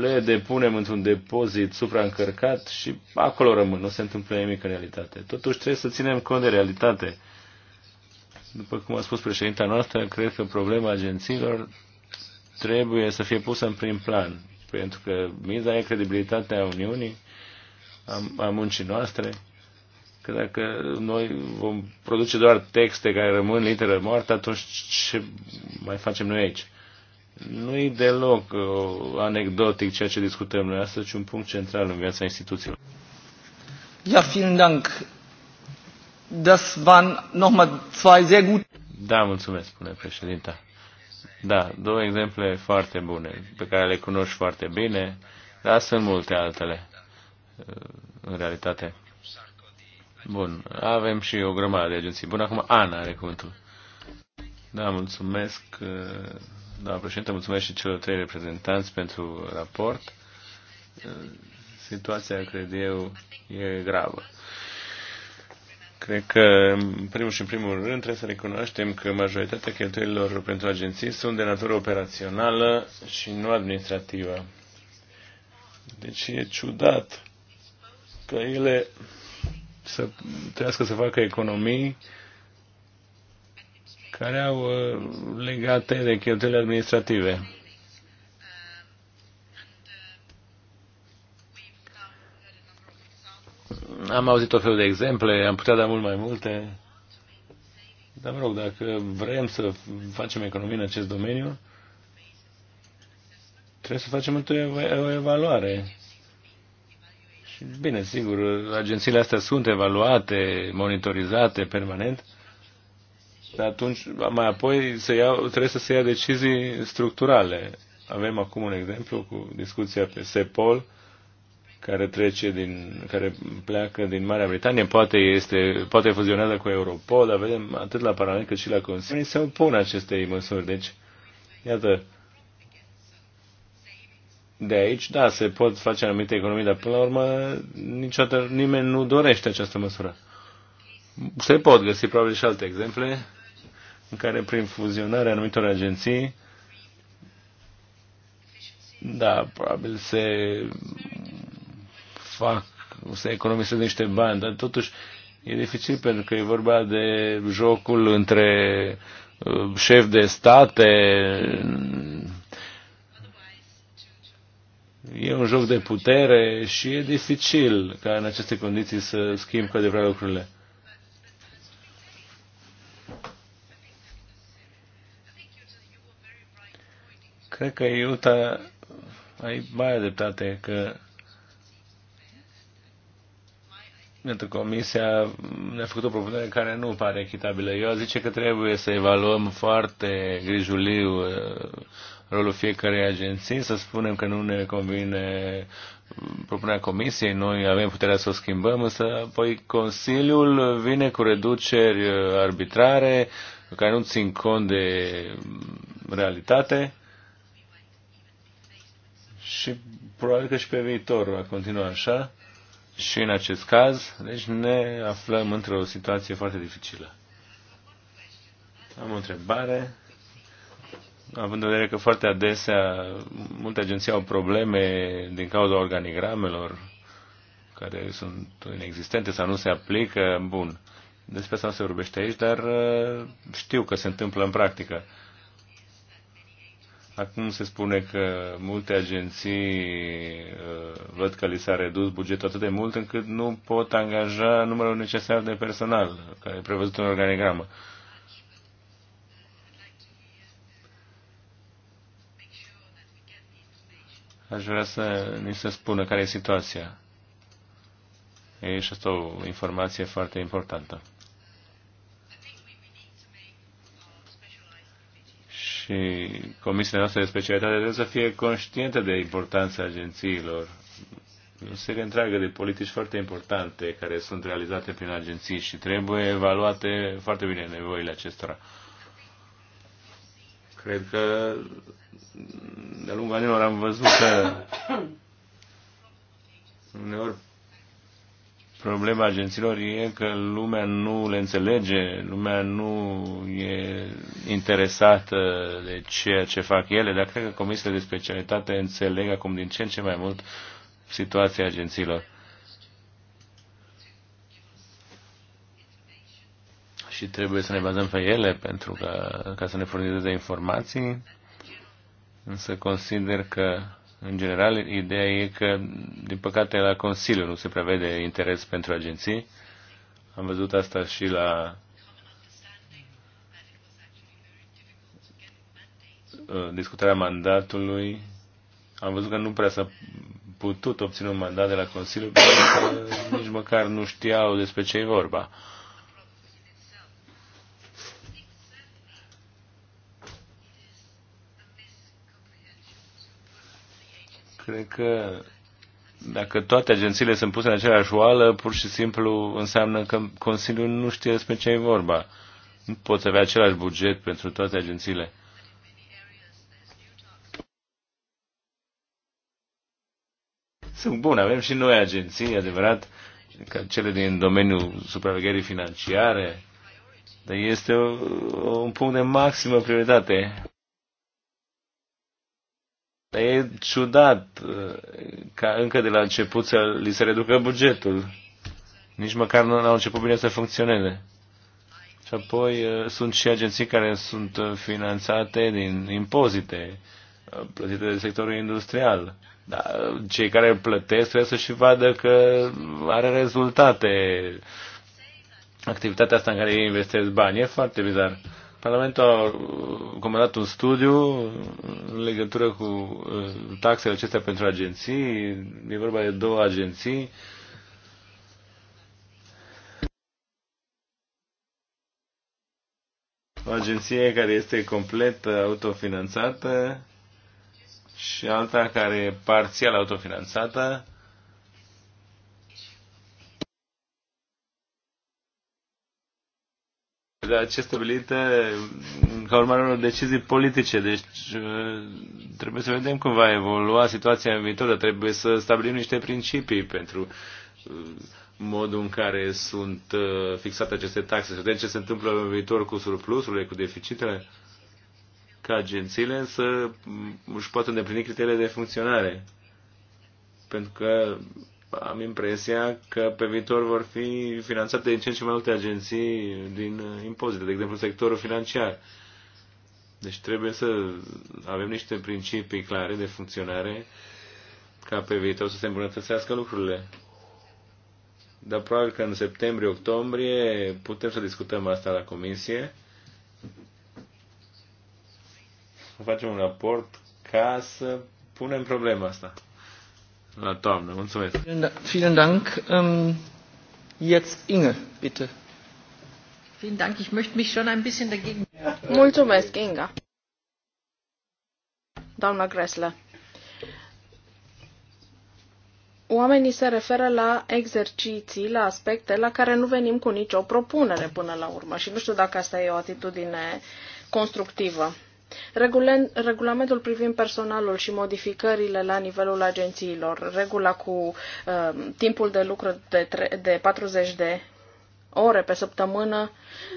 le depunem într-un depozit supraîncărcat și acolo rămân, nu se întâmplă nimic în realitate. Totuși trebuie să ținem cont de realitate. După cum a spus președinta noastră, cred că problema agențiilor trebuie să fie pusă în prim plan, pentru că miza e credibilitatea Uniunii, a, a muncii noastre că dacă noi vom produce doar texte care rămân literă moarte, atunci ce mai facem noi aici? Nu e deloc uh, anecdotic ceea ce discutăm noi astăzi, ci un punct central în viața instituțiilor. Ja, vielen Dank. Das waren nochmal zwei sehr gute. Da, mulțumesc, spune președinta. Da, două exemple foarte bune, pe care le cunoști foarte bine, dar sunt multe altele, uh, în realitate. Bun, avem și o grămadă de agenții. Bun, acum Ana are cuvântul. Da, mulțumesc, uh, doamna președinte, mulțumesc și celor trei reprezentanți pentru raport. Uh, situația, cred eu, e gravă. Cred că, în primul și în primul rând, trebuie să recunoaștem că majoritatea cheltuielilor pentru agenții sunt de natură operațională și nu administrativă. Deci e ciudat că ele să trească să facă economii care au uh, legate de cheltuielile administrative. Am auzit o fel de exemple, am putea da mult mai multe. Dar mă rog, dacă vrem să facem economie în acest domeniu, trebuie să facem o evaluare și bine, sigur, agențiile astea sunt evaluate, monitorizate permanent, dar atunci, mai apoi, se iau, trebuie să se ia decizii structurale. Avem acum un exemplu cu discuția pe SEPOL, care trece din, care pleacă din Marea Britanie, poate este, poate fuzionează cu Europol, dar vedem atât la Parlament cât și la Consiliu, se opun acestei măsuri. Deci, iată, de aici, da, se pot face anumite economii, dar până la urmă niciodată nimeni nu dorește această măsură. Se pot găsi probabil și alte exemple în care prin fuzionarea anumitor agenții da, probabil se fac, se economisează niște bani, dar totuși e dificil pentru că e vorba de jocul între uh, șef de state, E un joc de putere și e dificil ca în aceste condiții să schimb cu adevărat lucrurile. Cred că Iuta ai mai dreptate că pentru Comisia ne-a făcut o propunere care nu pare echitabilă. Eu zice că trebuie să evaluăm foarte grijuliu rolul fiecarei agenții, să spunem că nu ne convine propunerea comisiei, noi avem puterea să o schimbăm, însă apoi Consiliul vine cu reduceri arbitrare care nu țin cont de realitate și probabil că și pe viitor va continua așa și în acest caz, deci ne aflăm într-o situație foarte dificilă. Am o întrebare având în vedere că foarte adesea multe agenții au probleme din cauza organigramelor care sunt inexistente sau nu se aplică, bun, despre asta nu se vorbește aici, dar uh, știu că se întâmplă în practică. Acum se spune că multe agenții uh, văd că li s-a redus bugetul atât de mult încât nu pot angaja numărul necesar de personal care e prevăzut în organigramă. aș vrea să ni se spună care e situația. E și asta o informație foarte importantă. Și comisiile noastre de specialitate trebuie să fie conștiente de importanța agențiilor. O serie întreagă de politici foarte importante care sunt realizate prin agenții și trebuie evaluate foarte bine nevoile acestora. Cred că de-a lungul anilor am văzut că uneori problema agenților e că lumea nu le înțelege, lumea nu e interesată de ceea ce fac ele, dar cred că comisiile de specialitate înțeleg acum din ce în ce mai mult situația agențiilor. și trebuie să ne bazăm pe ele pentru că, ca să ne furnizeze informații, însă consider că, în general, ideea e că, din păcate, la Consiliu nu se prevede interes pentru agenții. Am văzut asta și la uh, discutarea mandatului. Am văzut că nu prea s-a putut obține un mandat de la Consiliu, pentru că nici măcar nu știau despre ce e vorba. Cred că dacă toate agențiile sunt puse în aceeași oală, pur și simplu înseamnă că Consiliul nu știe despre ce e vorba. Nu poți avea același buget pentru toate agențiile. Sunt bune, avem și noi agenții, adevărat, ca cele din domeniul supravegherii financiare, dar este o, un punct de maximă prioritate. E ciudat uh, ca încă de la început să li se reducă bugetul. Nici măcar nu au început bine să funcționeze. Și apoi uh, sunt și agenții care sunt uh, finanțate din impozite plătite de sectorul industrial. Dar cei care plătesc trebuie să și vadă că are rezultate activitatea asta în care ei investesc bani. E foarte bizar. Parlamentul a comandat un studiu în legătură cu uh, taxele acestea pentru agenții. E vorba de două agenții. O agenție care este complet autofinanțată și alta care e parțial autofinanțată la ce stabilită ca urmare unor decizii politice. Deci uh, trebuie să vedem cum va evolua situația în viitor, dar trebuie să stabilim niște principii pentru uh, modul în care sunt uh, fixate aceste taxe, să vedem ce se întâmplă în viitor cu surplusurile, cu deficitele, ca agențiile să mm, își poată îndeplini criteriile de funcționare. Pentru că am impresia că pe viitor vor fi finanțate din ce în ce mai multe agenții din uh, impozite, de exemplu sectorul financiar. Deci trebuie să avem niște principii clare de funcționare ca pe viitor să se îmbunătățească lucrurile. Dar probabil că în septembrie-octombrie putem să discutăm asta la comisie. Să facem un raport ca să punem problema asta la toamnă. Mulțumesc. Vielen da-, Dank. Ähm, jetzt Inge, bitte. Vielen Dank. Ich möchte mich schon ein bisschen dagegen. Mulțumesc, Inga. Doamna Gresle. Oamenii se referă la exerciții, la aspecte la care nu venim cu nicio propunere până la urmă și nu știu dacă asta e o atitudine constructivă. Regulamentul privind personalul și modificările la nivelul agențiilor, regula cu uh, timpul de lucru de, de 40 de ore pe săptămână.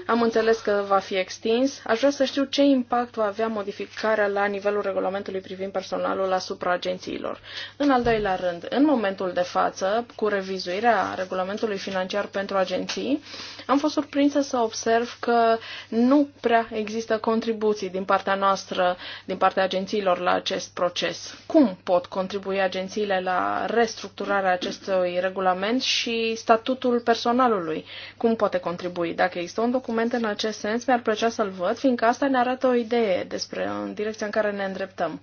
Am înțeles că va fi extins. Aș vrea să știu ce impact va avea modificarea la nivelul regulamentului privind personalul asupra agențiilor. În al doilea rând, în momentul de față, cu revizuirea regulamentului financiar pentru agenții, am fost surprinsă să observ că nu prea există contribuții din partea noastră, din partea agențiilor la acest proces. Cum pot contribui agențiile la restructurarea acestui regulament și statutul personalului? Cum cum poate contribui. Dacă există un document în acest sens, mi-ar plăcea să-l văd, fiindcă asta ne arată o idee despre în direcția în care ne îndreptăm.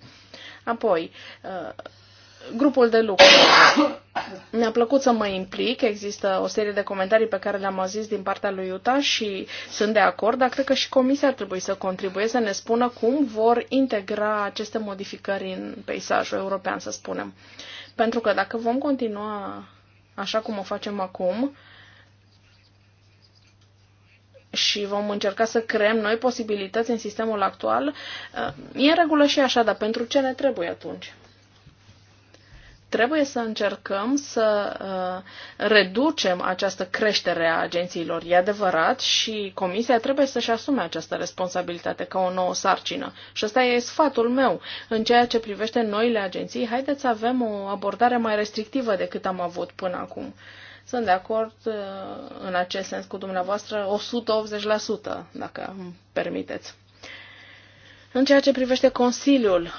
Apoi, uh, grupul de lucru. Mi-a plăcut să mă implic, există o serie de comentarii pe care le-am auzit din partea lui Iuta și sunt de acord, dar cred că și comisia ar trebui să contribuie să ne spună cum vor integra aceste modificări în peisajul european, să spunem. Pentru că dacă vom continua așa cum o facem acum, și vom încerca să creăm noi posibilități în sistemul actual, uh, e în regulă și așa, dar pentru ce ne trebuie atunci? Trebuie să încercăm să uh, reducem această creștere a agențiilor. E adevărat și Comisia trebuie să-și asume această responsabilitate ca o nouă sarcină. Și ăsta e sfatul meu. În ceea ce privește noile agenții, haideți să avem o abordare mai restrictivă decât am avut până acum. Sunt de acord uh, în acest sens cu dumneavoastră 180%, dacă îmi permiteți. În ceea ce privește Consiliul,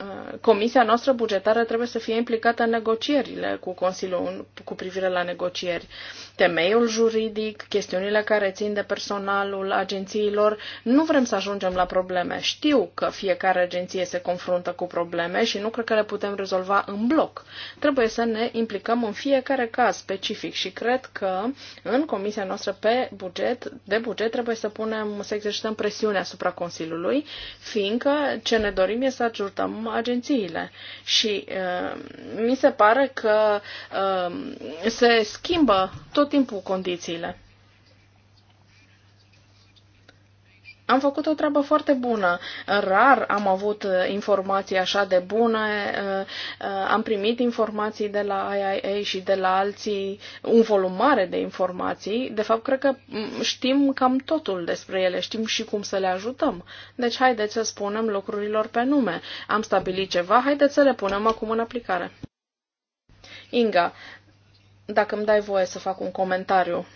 Uh, Comisia noastră bugetară trebuie să fie implicată în negocierile cu Consiliul cu privire la negocieri. Temeiul juridic, chestiunile care țin de personalul agențiilor, nu vrem să ajungem la probleme. Știu că fiecare agenție se confruntă cu probleme și nu cred că le putem rezolva în bloc. Trebuie să ne implicăm în fiecare caz specific și cred că în Comisia noastră pe buget, de buget trebuie să punem, să exercităm presiune asupra Consiliului, fiindcă ce ne dorim este să ajutăm agențiile. Și uh, mi se pare că uh, se schimbă tot timpul condițiile. Am făcut o treabă foarte bună. Rar am avut uh, informații așa de bune. Uh, uh, am primit informații de la IIA și de la alții, un volum mare de informații. De fapt, cred că mm, știm cam totul despre ele, știm și cum să le ajutăm. Deci, haideți să spunem lucrurilor pe nume. Am stabilit ceva, haideți să le punem acum în aplicare. Inga, dacă îmi dai voie să fac un comentariu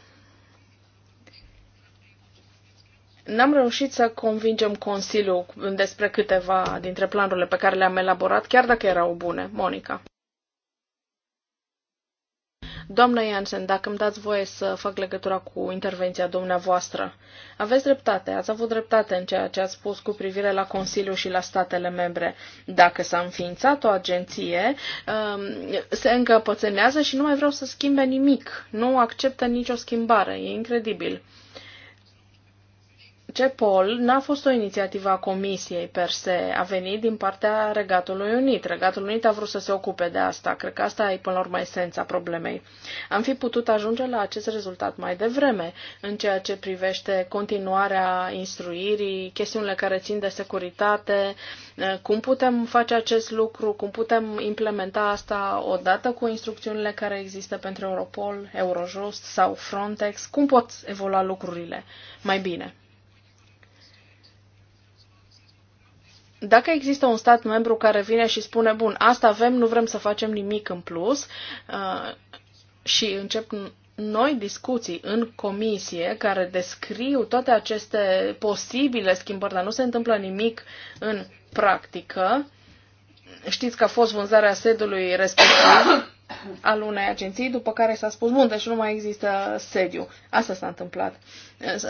N-am reușit să convingem Consiliul despre câteva dintre planurile pe care le-am elaborat, chiar dacă erau bune. Monica. Doamna Jansen, dacă îmi dați voie să fac legătura cu intervenția dumneavoastră, aveți dreptate, ați avut dreptate în ceea ce ați spus cu privire la Consiliu și la statele membre. Dacă s-a înființat o agenție, um, se încăpățânează și nu mai vreau să schimbe nimic. Nu acceptă nicio schimbare. E incredibil. CEPOL n-a fost o inițiativă a Comisiei per se, a venit din partea Regatului Unit. Regatul Unit a vrut să se ocupe de asta. Cred că asta e până la urmă esența problemei. Am fi putut ajunge la acest rezultat mai devreme în ceea ce privește continuarea instruirii, chestiunile care țin de securitate, cum putem face acest lucru, cum putem implementa asta odată cu instrucțiunile care există pentru Europol, Eurojust sau Frontex, cum pot evolua lucrurile mai bine. dacă există un stat membru care vine și spune, bun, asta avem, nu vrem să facem nimic în plus uh, și încep noi discuții în comisie care descriu toate aceste posibile schimbări, dar nu se întâmplă nimic în practică, știți că a fost vânzarea sedului respectiv, al unei agenții, după care s-a spus, bun, deci nu mai există sediu. Asta s-a întâmplat.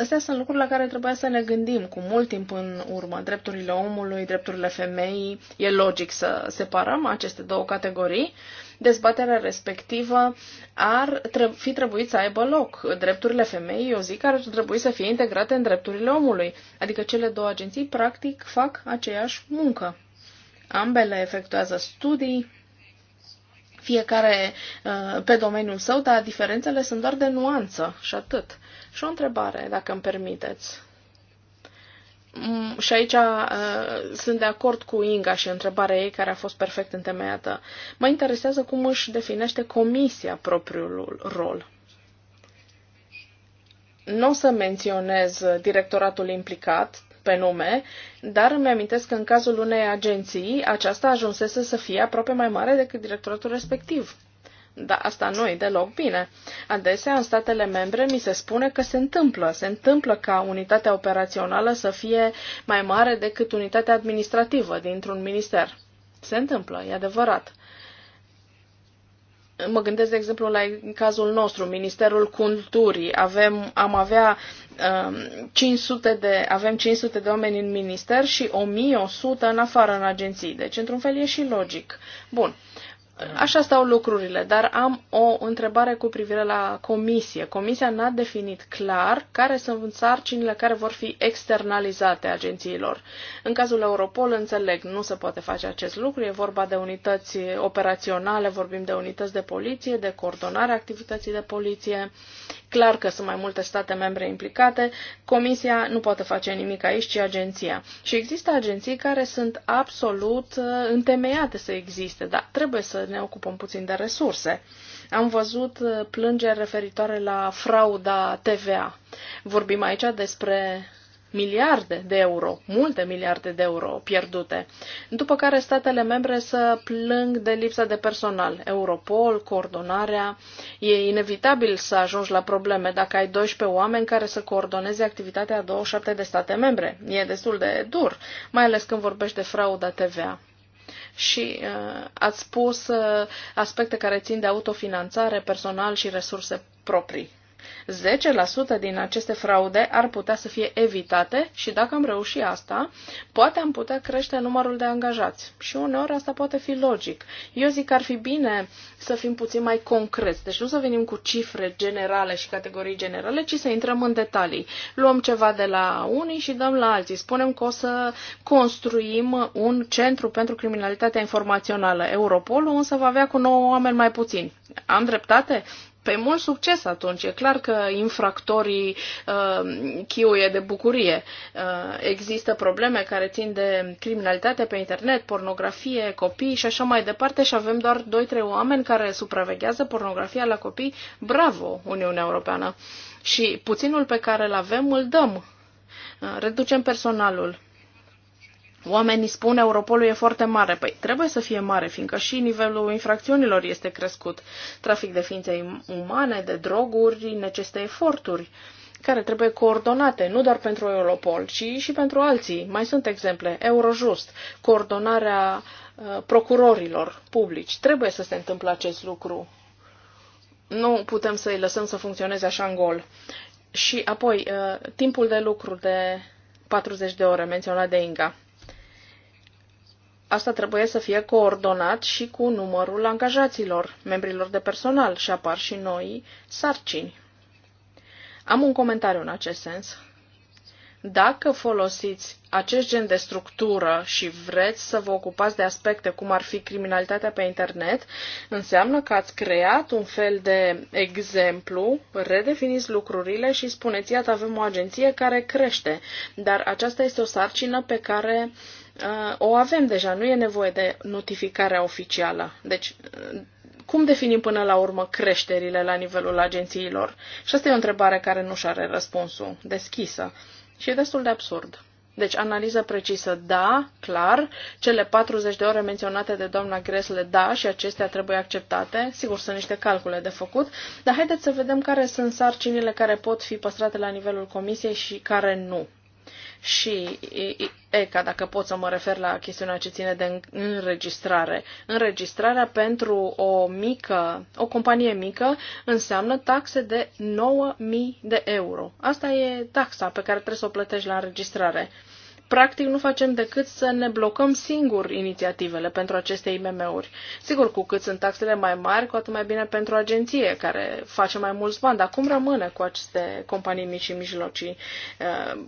Astea sunt lucruri la care trebuia să ne gândim cu mult timp în urmă. Drepturile omului, drepturile femeii, e logic să separăm aceste două categorii. Dezbaterea respectivă ar fi trebuit să aibă loc. Drepturile femeii, eu zic, ar trebui să fie integrate în drepturile omului. Adică cele două agenții, practic, fac aceeași muncă. Ambele efectuează studii, fiecare uh, pe domeniul său, dar diferențele sunt doar de nuanță și atât. Și o întrebare, dacă îmi permiteți. Mm, și aici uh, sunt de acord cu Inga și întrebarea ei care a fost perfect întemeiată. Mă interesează cum își definește comisia propriul rol nu o să menționez directoratul implicat, pe nume, dar îmi amintesc că în cazul unei agenții aceasta ajunsese să fie aproape mai mare decât directoratul respectiv. Da, asta nu e deloc bine. Adesea, în statele membre, mi se spune că se întâmplă. Se întâmplă ca unitatea operațională să fie mai mare decât unitatea administrativă dintr-un minister. Se întâmplă, e adevărat. Mă gândesc, de exemplu, la cazul nostru, Ministerul Culturii. Avem, am avea 500 um, de, avem 500 de oameni în minister și 1100 în afară în agenții. Deci, într-un fel, e și logic. Bun. Așa stau lucrurile, dar am o întrebare cu privire la comisie. Comisia n-a definit clar care sunt sarcinile care vor fi externalizate agențiilor. În cazul Europol, înțeleg, nu se poate face acest lucru, e vorba de unități operaționale, vorbim de unități de poliție, de coordonare activității de poliție. Clar că sunt mai multe state membre implicate, comisia nu poate face nimic aici, ci agenția. Și există agenții care sunt absolut uh, întemeiate să existe, dar trebuie să ne ocupăm puțin de resurse. Am văzut uh, plângeri referitoare la frauda TVA. Vorbim aici despre miliarde de euro, multe miliarde de euro pierdute, după care statele membre să plâng de lipsa de personal, Europol, coordonarea. E inevitabil să ajungi la probleme dacă ai 12 oameni care să coordoneze activitatea a 27 de state membre. E destul de dur, mai ales când vorbești de frauda TVA și uh, ați spus uh, aspecte care țin de autofinanțare, personal și resurse proprii. 10% din aceste fraude ar putea să fie evitate și dacă am reușit asta, poate am putea crește numărul de angajați. Și uneori asta poate fi logic. Eu zic că ar fi bine să fim puțin mai concreți. Deci nu să venim cu cifre generale și categorii generale, ci să intrăm în detalii. Luăm ceva de la unii și dăm la alții. Spunem că o să construim un centru pentru criminalitatea informațională. Europolul însă va avea cu 9 oameni mai puțin. Am dreptate? pe mult succes atunci. E clar că infractorii uh, chiuie de bucurie. Uh, există probleme care țin de criminalitate pe internet, pornografie, copii și așa mai departe și avem doar 2-3 oameni care supraveghează pornografia la copii. Bravo, Uniunea Europeană! Și puținul pe care îl avem îl dăm. Uh, reducem personalul Oamenii spun Europolul e foarte mare. Păi trebuie să fie mare, fiindcă și nivelul infracțiunilor este crescut. Trafic de ființe umane, de droguri, necesită eforturi care trebuie coordonate, nu doar pentru Europol, ci și pentru alții. Mai sunt exemple. Eurojust, coordonarea uh, procurorilor publici. Trebuie să se întâmple acest lucru. Nu putem să îi lăsăm să funcționeze așa în gol. Și apoi, uh, timpul de lucru de 40 de ore menționat de Inga asta trebuie să fie coordonat și cu numărul angajaților, membrilor de personal și apar și noi sarcini. Am un comentariu în acest sens. Dacă folosiți acest gen de structură și vreți să vă ocupați de aspecte cum ar fi criminalitatea pe internet, înseamnă că ați creat un fel de exemplu, redefiniți lucrurile și spuneți, iată, avem o agenție care crește, dar aceasta este o sarcină pe care uh, Uh, o avem deja, nu e nevoie de notificarea oficială. Deci, uh, cum definim până la urmă creșterile la nivelul agențiilor? Și asta e o întrebare care nu și are răspunsul deschisă și e destul de absurd. Deci, analiză precisă, da, clar, cele 40 de ore menționate de doamna Gresle, da, și acestea trebuie acceptate. Sigur, sunt niște calcule de făcut, dar haideți să vedem care sunt sarcinile care pot fi păstrate la nivelul comisiei și care nu și e ca dacă pot să mă refer la chestiunea ce ține de înregistrare. Înregistrarea pentru o mică, o companie mică înseamnă taxe de 9.000 de euro. Asta e taxa pe care trebuie să o plătești la înregistrare practic nu facem decât să ne blocăm singur inițiativele pentru aceste IMM-uri. Sigur, cu cât sunt taxele mai mari, cu atât mai bine pentru agenție, care face mai mulți bani. Dar cum rămâne cu aceste companii mici și mijlocii? Uh,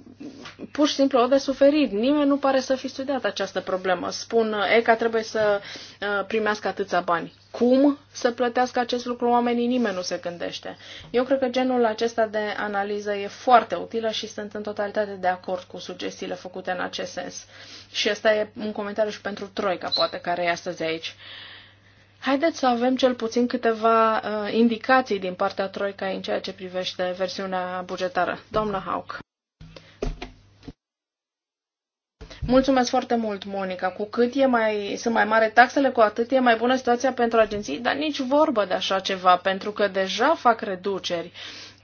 pur și simplu o de suferit. Nimeni nu pare să fi studiat această problemă. Spun, ECA că trebuie să uh, primească atâția bani cum să plătească acest lucru oamenii, nimeni nu se gândește. Eu cred că genul acesta de analiză e foarte utilă și sunt în totalitate de acord cu sugestiile făcute în acest sens. Și asta e un comentariu și pentru Troica, poate, care e astăzi aici. Haideți să avem cel puțin câteva uh, indicații din partea Troica în ceea ce privește versiunea bugetară. Doamna Hauk. Mulțumesc foarte mult, Monica. Cu cât e mai, sunt mai mare taxele, cu atât e mai bună situația pentru agenții, dar nici vorbă de așa ceva, pentru că deja fac reduceri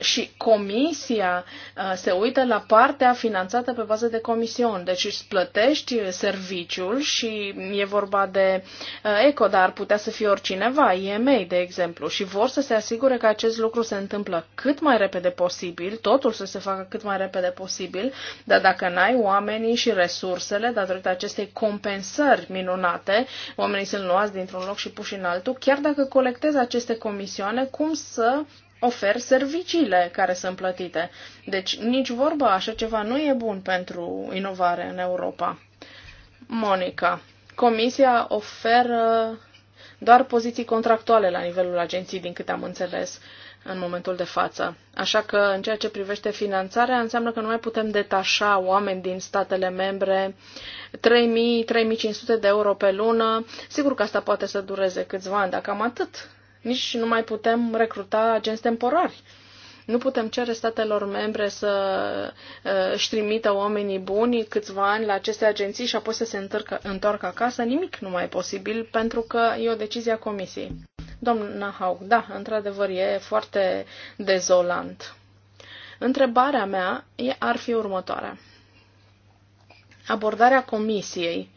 și comisia uh, se uită la partea finanțată pe bază de comision. Deci îți plătești serviciul și e vorba de uh, ECO, dar putea să fie oricineva, IMA, de exemplu, și vor să se asigure că acest lucru se întâmplă cât mai repede posibil, totul să se facă cât mai repede posibil, dar dacă n-ai oamenii și resursele, datorită acestei compensări minunate, oamenii sunt luați dintr-un loc și puși în altul, chiar dacă colectezi aceste comisioane, cum să ofer serviciile care sunt plătite. Deci nici vorba, așa ceva nu e bun pentru inovare în Europa. Monica, Comisia oferă doar poziții contractuale la nivelul agenției, din câte am înțeles în momentul de față. Așa că, în ceea ce privește finanțarea, înseamnă că nu mai putem detașa oameni din statele membre 3.000-3.500 de euro pe lună. Sigur că asta poate să dureze câțiva ani, dar cam atât nici nu mai putem recruta agenți temporari. Nu putem cere statelor membre să uh, își trimită oamenii buni câțiva ani la aceste agenții și apoi să se întorcă, întoarcă acasă. Nimic nu mai e posibil pentru că e o decizie a Comisiei. Doamna Haug, da, într-adevăr e foarte dezolant. Întrebarea mea ar fi următoarea. Abordarea Comisiei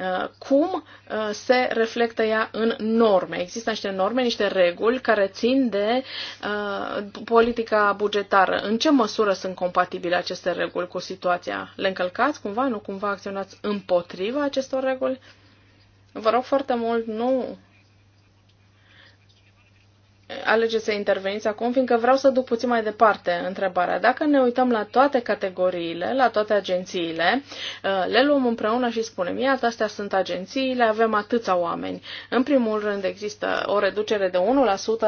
Uh, cum uh, se reflectă ea în norme. Există niște norme, niște reguli care țin de uh, politica bugetară. În ce măsură sunt compatibile aceste reguli cu situația? Le încălcați cumva? Nu cumva acționați împotriva acestor reguli? Vă rog foarte mult, nu alege să interveniți acum, fiindcă vreau să duc puțin mai departe întrebarea. Dacă ne uităm la toate categoriile, la toate agențiile, uh, le luăm împreună și spunem, iată, astea sunt agențiile, avem atâția oameni. În primul rând există o reducere de 1%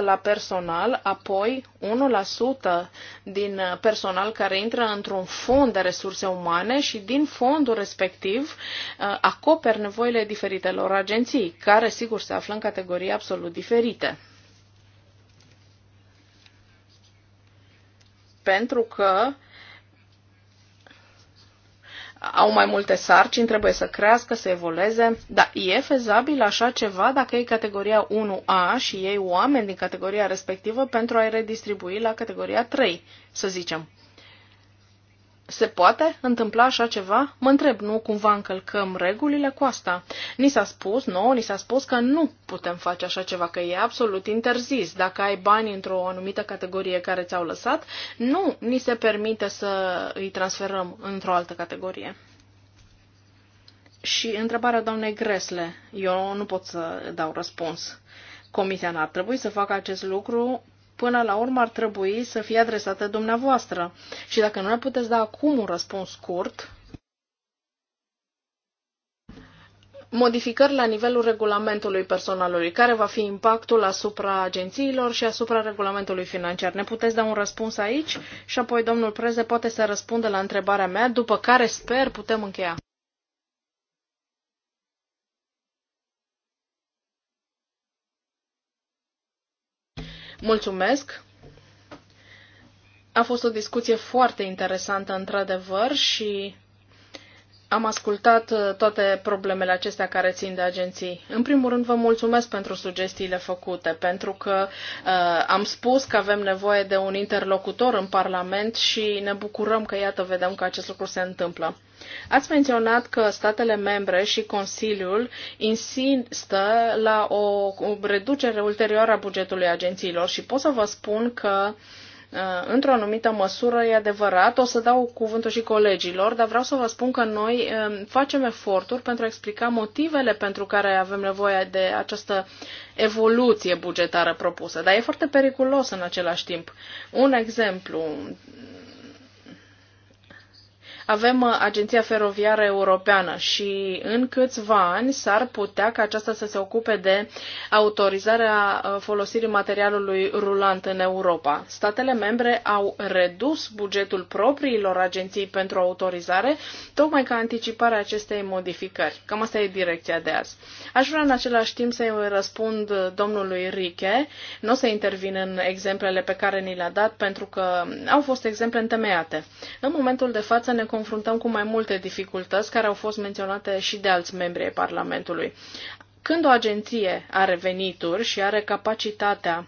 la personal, apoi 1% din personal care intră într-un fond de resurse umane și din fondul respectiv uh, acoper nevoile diferitelor agenții, care sigur se află în categorii absolut diferite. pentru că au mai multe sarcini, trebuie să crească, să evolueze. Dar e fezabil așa ceva dacă e categoria 1A și ei oameni din categoria respectivă pentru a-i redistribui la categoria 3, să zicem. Se poate întâmpla așa ceva? Mă întreb, nu cumva încălcăm regulile cu asta? Ni s-a spus, Nu, ni s-a spus că nu putem face așa ceva, că e absolut interzis. Dacă ai bani într-o anumită categorie care ți-au lăsat, nu ni se permite să îi transferăm într-o altă categorie. Și întrebarea doamnei Gresle, eu nu pot să dau răspuns. Comisia n-ar trebui să facă acest lucru până la urmă ar trebui să fie adresată dumneavoastră. Și dacă nu ne puteți da acum un răspuns scurt, modificări la nivelul regulamentului personalului, care va fi impactul asupra agențiilor și asupra regulamentului financiar. Ne puteți da un răspuns aici și apoi domnul Preze poate să răspundă la întrebarea mea, după care sper putem încheia. Mulțumesc! A fost o discuție foarte interesantă, într-adevăr, și am ascultat uh, toate problemele acestea care țin de agenții. În primul rând, vă mulțumesc pentru sugestiile făcute, pentru că uh, am spus că avem nevoie de un interlocutor în Parlament și ne bucurăm că, iată, vedem că acest lucru se întâmplă. Ați menționat că statele membre și Consiliul insistă la o reducere ulterioară a bugetului agențiilor și pot să vă spun că uh, într-o anumită măsură e adevărat, o să dau cuvântul și colegilor, dar vreau să vă spun că noi um, facem eforturi pentru a explica motivele pentru care avem nevoie de această evoluție bugetară propusă, dar e foarte periculos în același timp. Un exemplu, avem uh, Agenția Feroviară Europeană și în câțiva ani s-ar putea ca aceasta să se ocupe de autorizarea uh, folosirii materialului rulant în Europa. Statele membre au redus bugetul propriilor agenții pentru autorizare, tocmai ca anticiparea acestei modificări. Cam asta e direcția de azi. Aș vrea în același timp să-i răspund uh, domnului Riche. Nu o să intervin în exemplele pe care ni le-a dat, pentru că au fost exemple întemeiate. În momentul de față ne confruntăm cu mai multe dificultăți care au fost menționate și de alți membri ai Parlamentului. Când o agenție are venituri și are capacitatea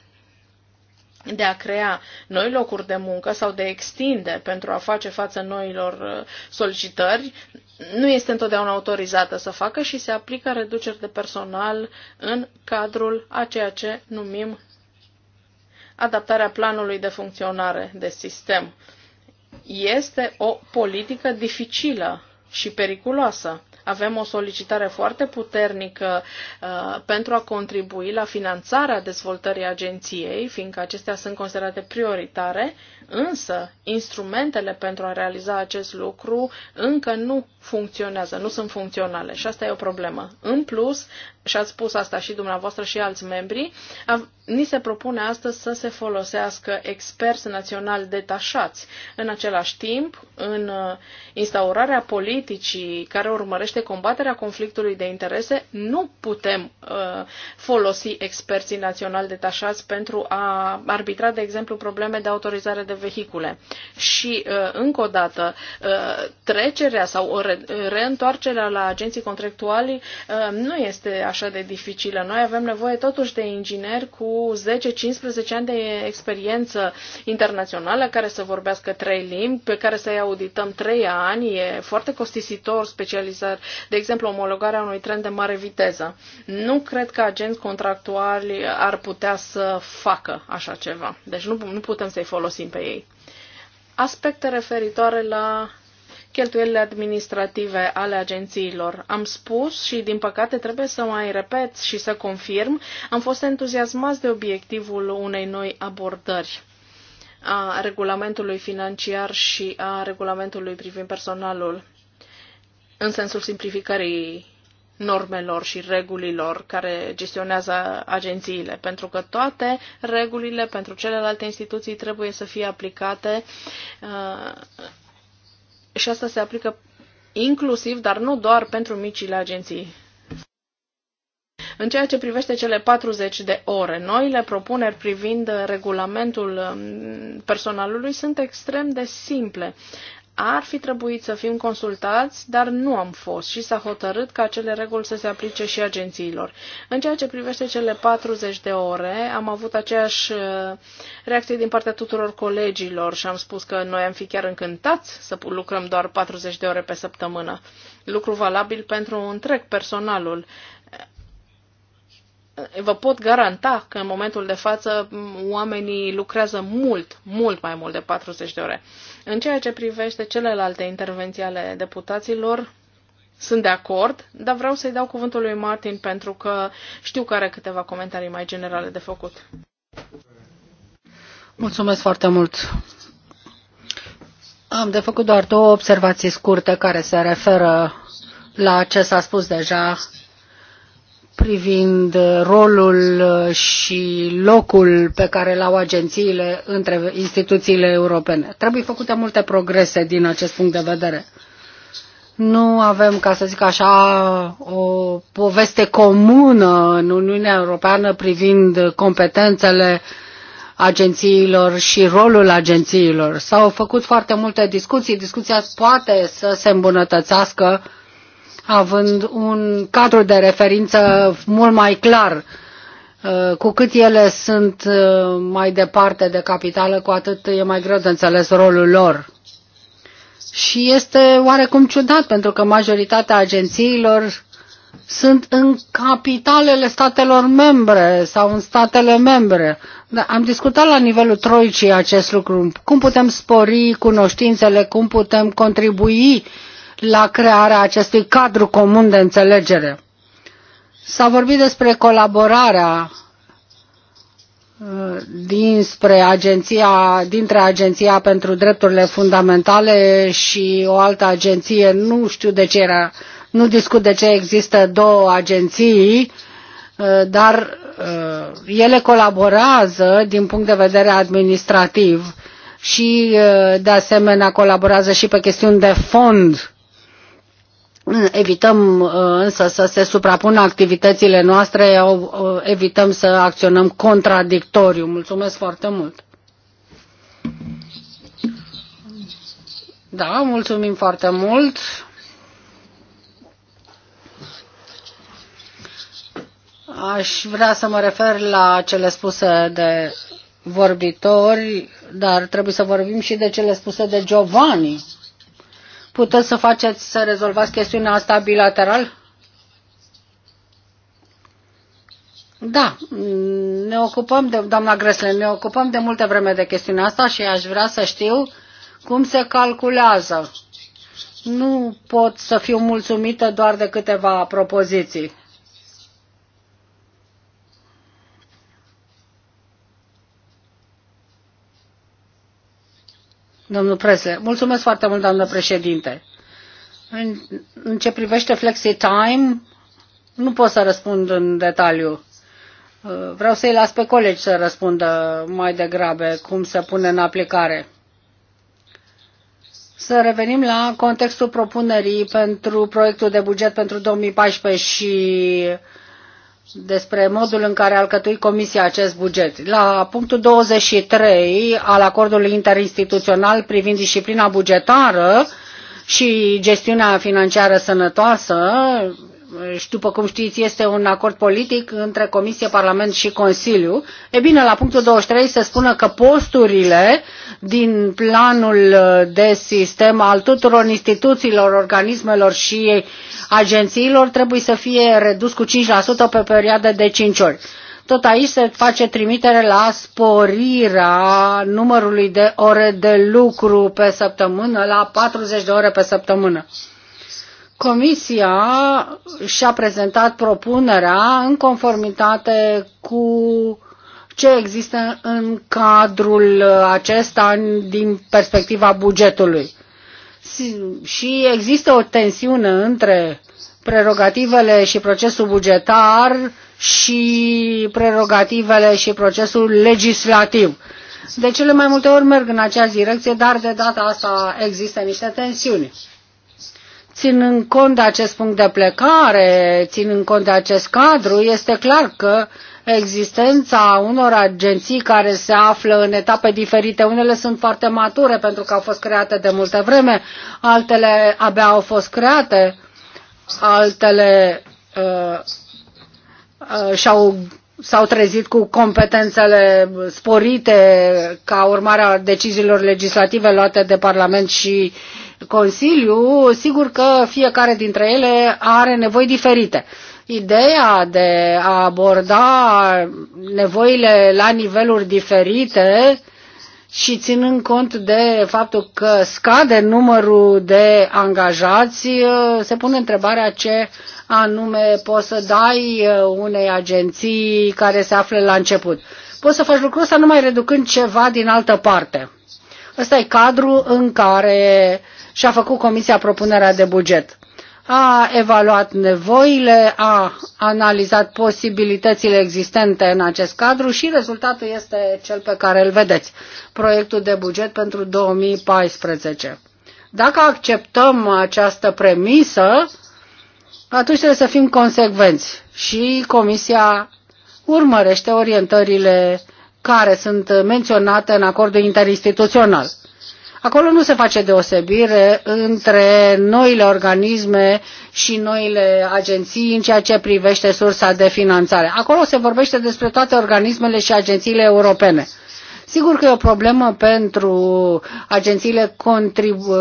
de a crea noi locuri de muncă sau de extinde pentru a face față noilor uh, solicitări, nu este întotdeauna autorizată să facă și se aplică reduceri de personal în cadrul a ceea ce numim adaptarea planului de funcționare de sistem este o politică dificilă și periculoasă. Avem o solicitare foarte puternică uh, pentru a contribui la finanțarea dezvoltării agenției, fiindcă acestea sunt considerate prioritare, însă instrumentele pentru a realiza acest lucru încă nu funcționează, nu sunt funcționale și asta e o problemă. În plus, și ați spus asta și dumneavoastră și alți membri, ni se propune astăzi să se folosească experți naționali detașați. În același timp, în uh, instaurarea politicii care urmărește combaterea conflictului de interese, nu putem uh, folosi experții naționali detașați pentru a arbitra, de exemplu, probleme de autorizare de vehicule. Și, uh, încă o dată, trecerea sau reîntoarcerea la agenții contractuali nu este așa așa de dificilă. Noi avem nevoie totuși de ingineri cu 10-15 ani de experiență internațională care să vorbească trei limbi, pe care să-i audităm trei ani. E foarte costisitor specializat, de exemplu, omologarea unui tren de mare viteză. Nu cred că agenți contractuali ar putea să facă așa ceva. Deci nu, nu putem să-i folosim pe ei. Aspecte referitoare la cheltuielile administrative ale agențiilor. Am spus și, din păcate, trebuie să mai repet și să confirm, am fost entuziasmați de obiectivul unei noi abordări a regulamentului financiar și a regulamentului privind personalul în sensul simplificării normelor și regulilor care gestionează agențiile, pentru că toate regulile pentru celelalte instituții trebuie să fie aplicate uh, și asta se aplică inclusiv, dar nu doar pentru micile agenții. În ceea ce privește cele 40 de ore, noile propuneri privind regulamentul um, personalului sunt extrem de simple ar fi trebuit să fim consultați, dar nu am fost și s-a hotărât ca acele reguli să se aplice și agențiilor. În ceea ce privește cele 40 de ore, am avut aceeași uh, reacție din partea tuturor colegilor și am spus că noi am fi chiar încântați să lucrăm doar 40 de ore pe săptămână. Lucru valabil pentru întreg personalul vă pot garanta că în momentul de față oamenii lucrează mult, mult mai mult de 40 de ore. În ceea ce privește celelalte intervenții ale deputaților, sunt de acord, dar vreau să-i dau cuvântul lui Martin pentru că știu că are câteva comentarii mai generale de făcut. Mulțumesc foarte mult. Am de făcut doar două observații scurte care se referă la ce s-a spus deja privind uh, rolul uh, și locul pe care l-au agențiile între instituțiile europene. Trebuie făcute multe progrese din acest punct de vedere. Nu avem, ca să zic așa, o poveste comună în Uniunea Europeană privind competențele agențiilor și rolul agențiilor. S-au făcut foarte multe discuții. Discuția poate să se îmbunătățească uh, având un cadru de referință mult mai clar. Uh, cu cât ele sunt uh, mai departe de capitală, cu atât e mai greu de înțeles rolul lor. Și este oarecum ciudat, pentru că majoritatea agențiilor sunt în capitalele statelor membre sau în statele membre. Da, am discutat la nivelul troicii acest lucru. Cum putem spori cunoștințele, cum putem contribui uh, la crearea acestui cadru comun de înțelegere. S-a vorbit despre colaborarea uh, dinspre agenția, dintre Agenția pentru Drepturile Fundamentale și o altă agenție, nu știu de ce era, nu discut de ce există două agenții, uh, dar uh, ele colaborează din punct de vedere administrativ și de asemenea colaborează și pe chestiuni de fond Mm, evităm uh, însă să se suprapună activitățile noastre, uh, evităm să acționăm contradictoriu. Mulțumesc foarte mult! Da, mulțumim foarte mult! Aș vrea să mă refer la cele spuse de vorbitori, dar trebuie să vorbim și de cele spuse de Giovanni Puteți să faceți, să rezolvați chestiunea asta bilateral? Da, ne ocupăm de, doamna Gresle, ne ocupăm de multe vreme de chestiunea asta și aș vrea să știu cum se calculează. Nu pot să fiu mulțumită doar de câteva propoziții. Domnul mulțumesc foarte mult, doamnă președinte. În, în ce privește flexi time, nu pot să răspund în detaliu. Uh, vreau să-i las pe colegi să răspundă mai degrabă cum să pune în aplicare. Să revenim la contextul propunerii pentru proiectul de buget pentru 2014 și despre modul în care a alcătuit Comisia acest buget. La punctul 23 al acordului interinstituțional privind disciplina bugetară și gestiunea financiară sănătoasă, și după cum știți, este un acord politic între Comisie, Parlament și Consiliu. E bine, la punctul 23 se spune că posturile din planul de sistem al tuturor instituțiilor, organismelor și agențiilor trebuie să fie redus cu 5% pe perioadă de 5 ori. Tot aici se face trimitere la sporirea numărului de ore de lucru pe săptămână la 40 de ore pe săptămână. Comisia și-a prezentat propunerea în conformitate cu ce există în cadrul acesta din perspectiva bugetului. Și există o tensiune între prerogativele și procesul bugetar și prerogativele și procesul legislativ. De cele mai multe ori merg în aceeași direcție, dar de data asta există niște tensiuni. Ținând cont de acest punct de plecare, ținând cont de acest cadru, este clar că existența unor agenții care se află în etape diferite. Unele sunt foarte mature pentru că au fost create de multă vreme, altele abia au fost create, altele uh, uh, și s-au trezit cu competențele sporite ca urmare a deciziilor legislative luate de Parlament și Consiliu, sigur că fiecare dintre ele are nevoi diferite. Ideea de a aborda nevoile la niveluri diferite și ținând cont de faptul că scade numărul de angajați, se pune întrebarea ce anume poți să dai uh, unei agenții care se află la început. Poți să faci lucrul ăsta numai reducând ceva din altă parte. Ăsta e cadrul în care și a făcut Comisia propunerea de buget. A evaluat nevoile, a analizat posibilitățile existente în acest cadru și rezultatul este cel pe care îl vedeți. Proiectul de buget pentru 2014. Dacă acceptăm această premisă, atunci trebuie să fim consecvenți și Comisia urmărește orientările care sunt menționate în acordul interinstituțional. Acolo nu se face deosebire între noile organisme și noile agenții în ceea ce privește sursa de finanțare. Acolo se vorbește despre toate organismele și agențiile europene. Sigur că e o problemă pentru agențiile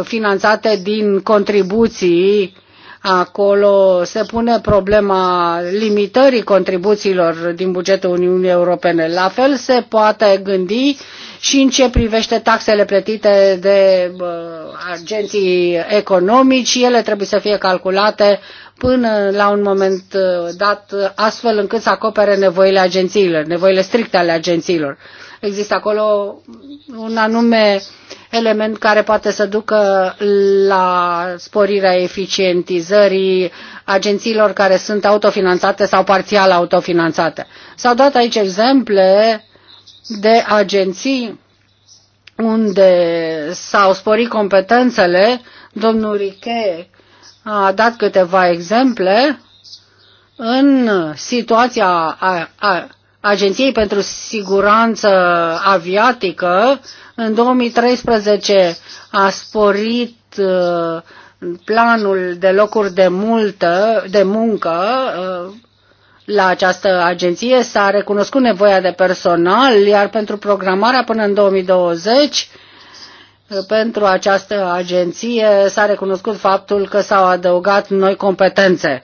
finanțate din contribuții Acolo se pune problema limitării contribuțiilor din bugetul Uniunii Europene. La fel se poate gândi și în ce privește taxele plătite de uh, agenții economici. Ele trebuie să fie calculate până la un moment uh, dat, astfel încât să acopere nevoile agențiilor, nevoile stricte ale agențiilor. Uh, Există acolo un anume element care poate să ducă la sporirea eficientizării agențiilor care sunt autofinanțate sau parțial autofinanțate. S-au dat aici exemple de agenții unde s-au sporit competențele. Domnul Riche a dat câteva exemple în situația a Agenției pentru Siguranță Aviatică, în 2013 a sporit uh, planul de locuri de, multă, de muncă uh, la această agenție, s-a recunoscut nevoia de personal, iar pentru programarea până în 2020 uh, pentru această agenție s-a recunoscut faptul că s-au adăugat noi competențe.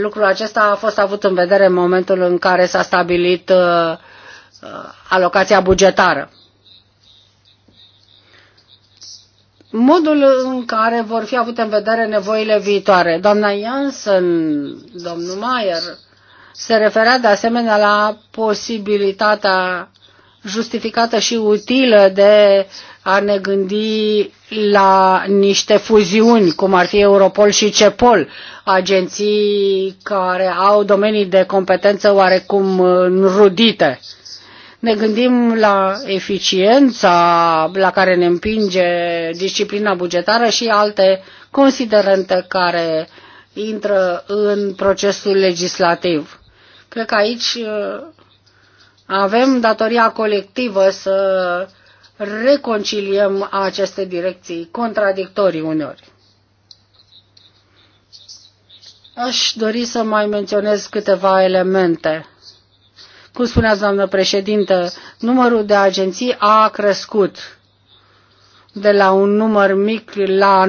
Lucrul acesta a fost avut în vedere în momentul în care s-a stabilit uh, uh, alocația bugetară. Modul în care vor fi avute în vedere nevoile viitoare. Doamna Janssen, domnul Mayer, se referea de asemenea la posibilitatea justificată și utilă de a ne gândi la niște fuziuni, cum ar fi Europol și CEPOL, agenții care au domenii de competență oarecum înrudite. Ne gândim la eficiența la care ne împinge disciplina bugetară și alte considerente care intră în procesul legislativ. Cred că aici uh, avem datoria colectivă să reconciliem aceste direcții contradictorii uneori. Aș dori să mai menționez câteva elemente. Cum spuneați, doamnă președintă, numărul de agenții a crescut de la un număr mic la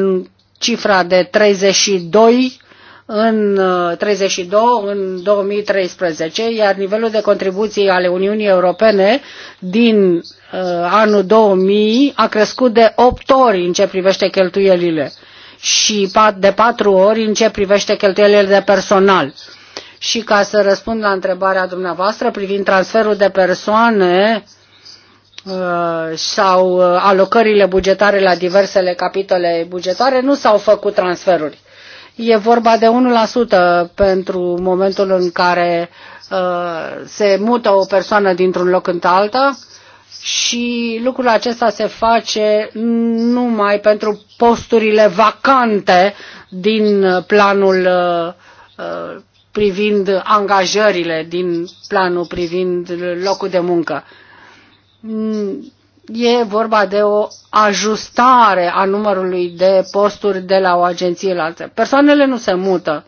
cifra de 32 în 32 în 2013, iar nivelul de contribuții ale Uniunii Europene din Uh, anul 2000 a crescut de 8 ori în ce privește cheltuielile și de 4 ori în ce privește cheltuielile de personal. Și ca să răspund la întrebarea dumneavoastră privind transferul de persoane uh, sau uh, alocările bugetare la diversele capitole bugetare, nu s-au făcut transferuri. E vorba de 1% pentru momentul în care se mută o persoană dintr-un loc în altul și lucrul acesta se face numai pentru posturile vacante din planul uh, uh, privind angajările, din planul privind locul de muncă. Mm, e vorba de o ajustare a numărului de posturi de la o agenție la alta. Persoanele nu se mută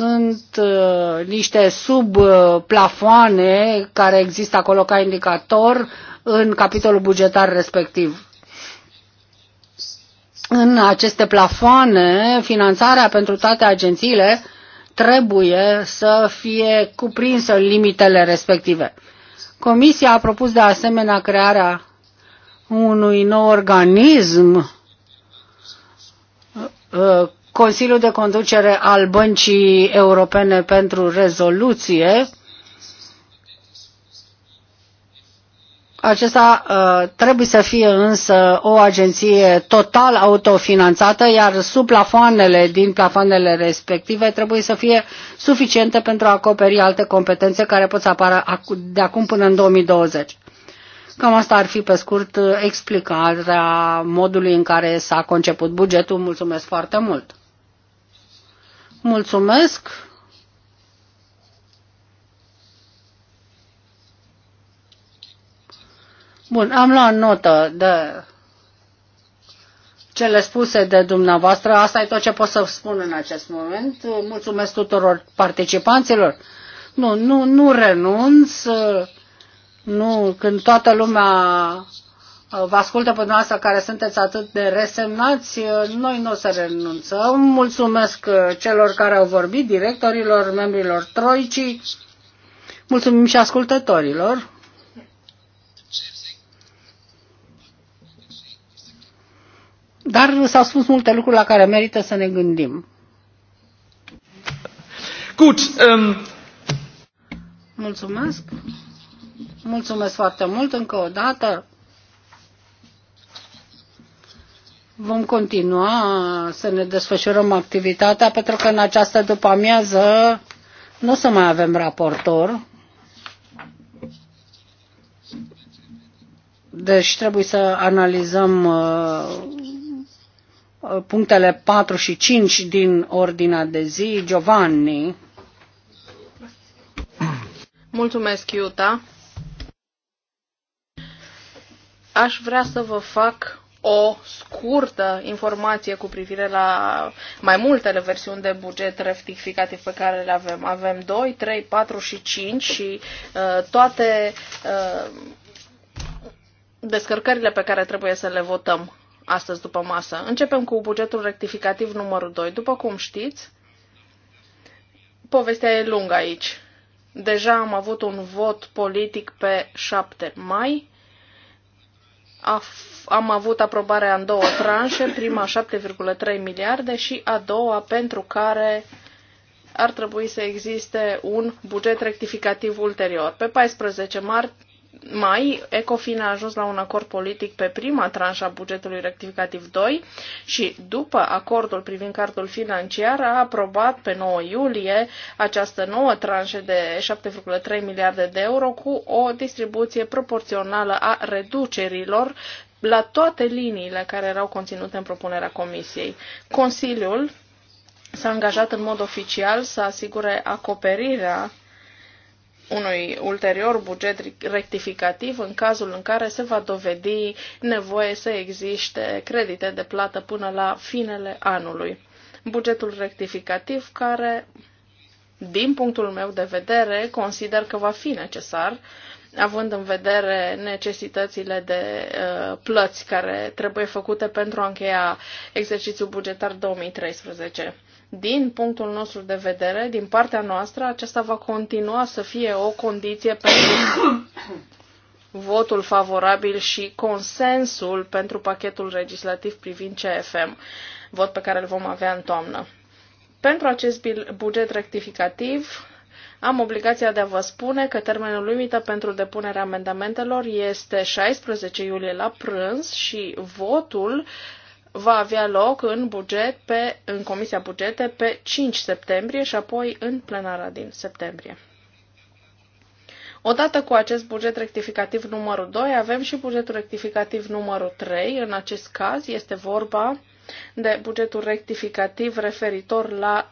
sunt uh, niște subplafoane care există acolo ca indicator în capitolul bugetar respectiv. În aceste plafoane, finanțarea pentru toate agențiile trebuie să fie cuprinsă în limitele respective. Comisia a propus de asemenea crearea unui nou organism uh, Consiliul de Conducere al Băncii Europene pentru Rezoluție. Acesta uh, trebuie să fie însă o agenție total autofinanțată, iar sub din plafoanele respective trebuie să fie suficiente pentru a acoperi alte competențe care pot să apară de acum până în 2020. Cam asta ar fi pe scurt explicarea modului în care s-a conceput bugetul. Mulțumesc foarte mult! Mulțumesc. Bun, am luat notă de cele spuse de dumneavoastră. Asta e tot ce pot să spun în acest moment. Mulțumesc tuturor participanților. Nu, nu, nu renunț. Nu, când toată lumea Uh, vă ascultă pe dumneavoastră care sunteți atât de resemnați, uh, noi nu o să renunțăm. Mulțumesc uh, celor care au vorbit, directorilor, membrilor Troicii. Mulțumim și ascultătorilor. Dar s-au spus multe lucruri la care merită să ne gândim. Gut, um... Mulțumesc. Mulțumesc foarte mult încă o dată. Vom continua să ne desfășurăm activitatea pentru că în această după-amiază nu o să mai avem raportor. Deci trebuie să analizăm uh, punctele 4 și 5 din ordinea de zi. Giovanni. Mulțumesc, Iuta. Aș vrea să vă fac o scurtă informație cu privire la mai multele versiuni de buget rectificativ pe care le avem. Avem 2, 3, 4 și 5 și uh, toate uh, descărcările pe care trebuie să le votăm astăzi după masă. Începem cu bugetul rectificativ numărul 2. După cum știți, povestea e lungă aici. Deja am avut un vot politic pe 7 mai am avut aprobarea în două tranșe, prima 7,3 miliarde și a doua pentru care ar trebui să existe un buget rectificativ ulterior. Pe 14 martie mai, Ecofin a ajuns la un acord politic pe prima tranșă a bugetului rectificativ 2 și după acordul privind cardul financiar a aprobat pe 9 iulie această nouă tranșă de 7,3 miliarde de euro cu o distribuție proporțională a reducerilor la toate liniile care erau conținute în propunerea Comisiei. Consiliul s-a angajat în mod oficial să asigure acoperirea unui ulterior buget rectificativ în cazul în care se va dovedi nevoie să existe credite de plată până la finele anului. Bugetul rectificativ care, din punctul meu de vedere, consider că va fi necesar, având în vedere necesitățile de uh, plăți care trebuie făcute pentru a încheia exercițiul bugetar 2013. Din punctul nostru de vedere, din partea noastră, aceasta va continua să fie o condiție pentru [coughs] votul favorabil și consensul pentru pachetul legislativ privind CFM, vot pe care îl vom avea în toamnă. Pentru acest buget rectificativ, am obligația de a vă spune că termenul limită pentru depunerea amendamentelor este 16 iulie la prânz și votul va avea loc în buget pe, în Comisia Bugete pe 5 septembrie și apoi în plenara din septembrie. Odată cu acest buget rectificativ numărul 2, avem și bugetul rectificativ numărul 3. În acest caz este vorba de bugetul rectificativ referitor la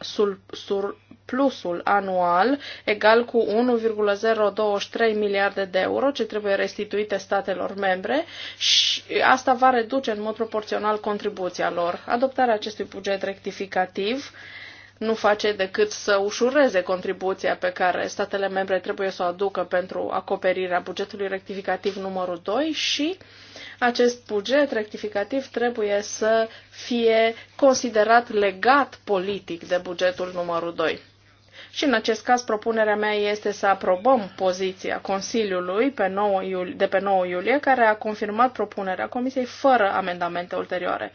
surplusul anual egal cu 1,023 miliarde de euro ce trebuie restituite statelor membre și asta va reduce în mod proporțional contribuția lor. Adoptarea acestui buget rectificativ nu face decât să ușureze contribuția pe care statele membre trebuie să o aducă pentru acoperirea bugetului rectificativ numărul 2 și acest buget rectificativ trebuie să fie considerat legat politic de bugetul numărul 2. Și în acest caz propunerea mea este să aprobăm poziția Consiliului pe 9 iulie, de pe 9 iulie, care a confirmat propunerea Comisiei fără amendamente ulterioare.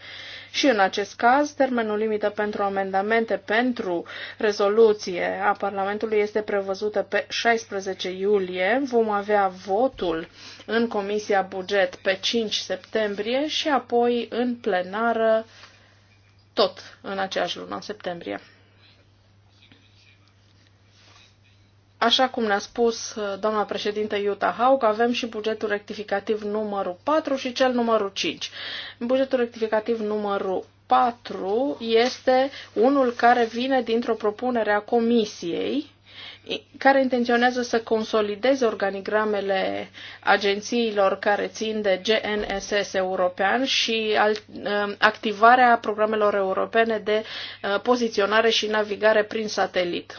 Și în acest caz, termenul limită pentru amendamente pentru rezoluție a Parlamentului este prevăzută pe 16 iulie. Vom avea votul în Comisia Buget pe 5 septembrie și apoi în plenară tot în aceeași lună, în septembrie. Așa cum ne-a spus uh, doamna președinte Iuta Haug, avem și bugetul rectificativ numărul 4 și cel numărul 5. Bugetul rectificativ numărul 4 este unul care vine dintr-o propunere a Comisiei care intenționează să consolideze organigramele agențiilor care țin de GNSS european și uh, activarea programelor europene de uh, poziționare și navigare prin satelit.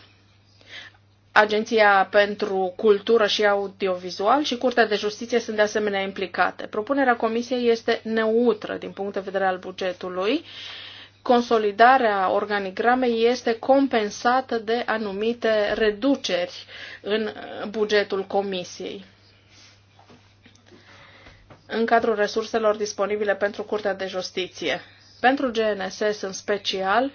Agenția pentru Cultură și Audiovizual și Curtea de Justiție sunt de asemenea implicate. Propunerea Comisiei este neutră din punct de vedere al bugetului. Consolidarea organigramei este compensată de anumite reduceri în bugetul Comisiei. În cadrul resurselor disponibile pentru Curtea de Justiție. Pentru GNSS în special,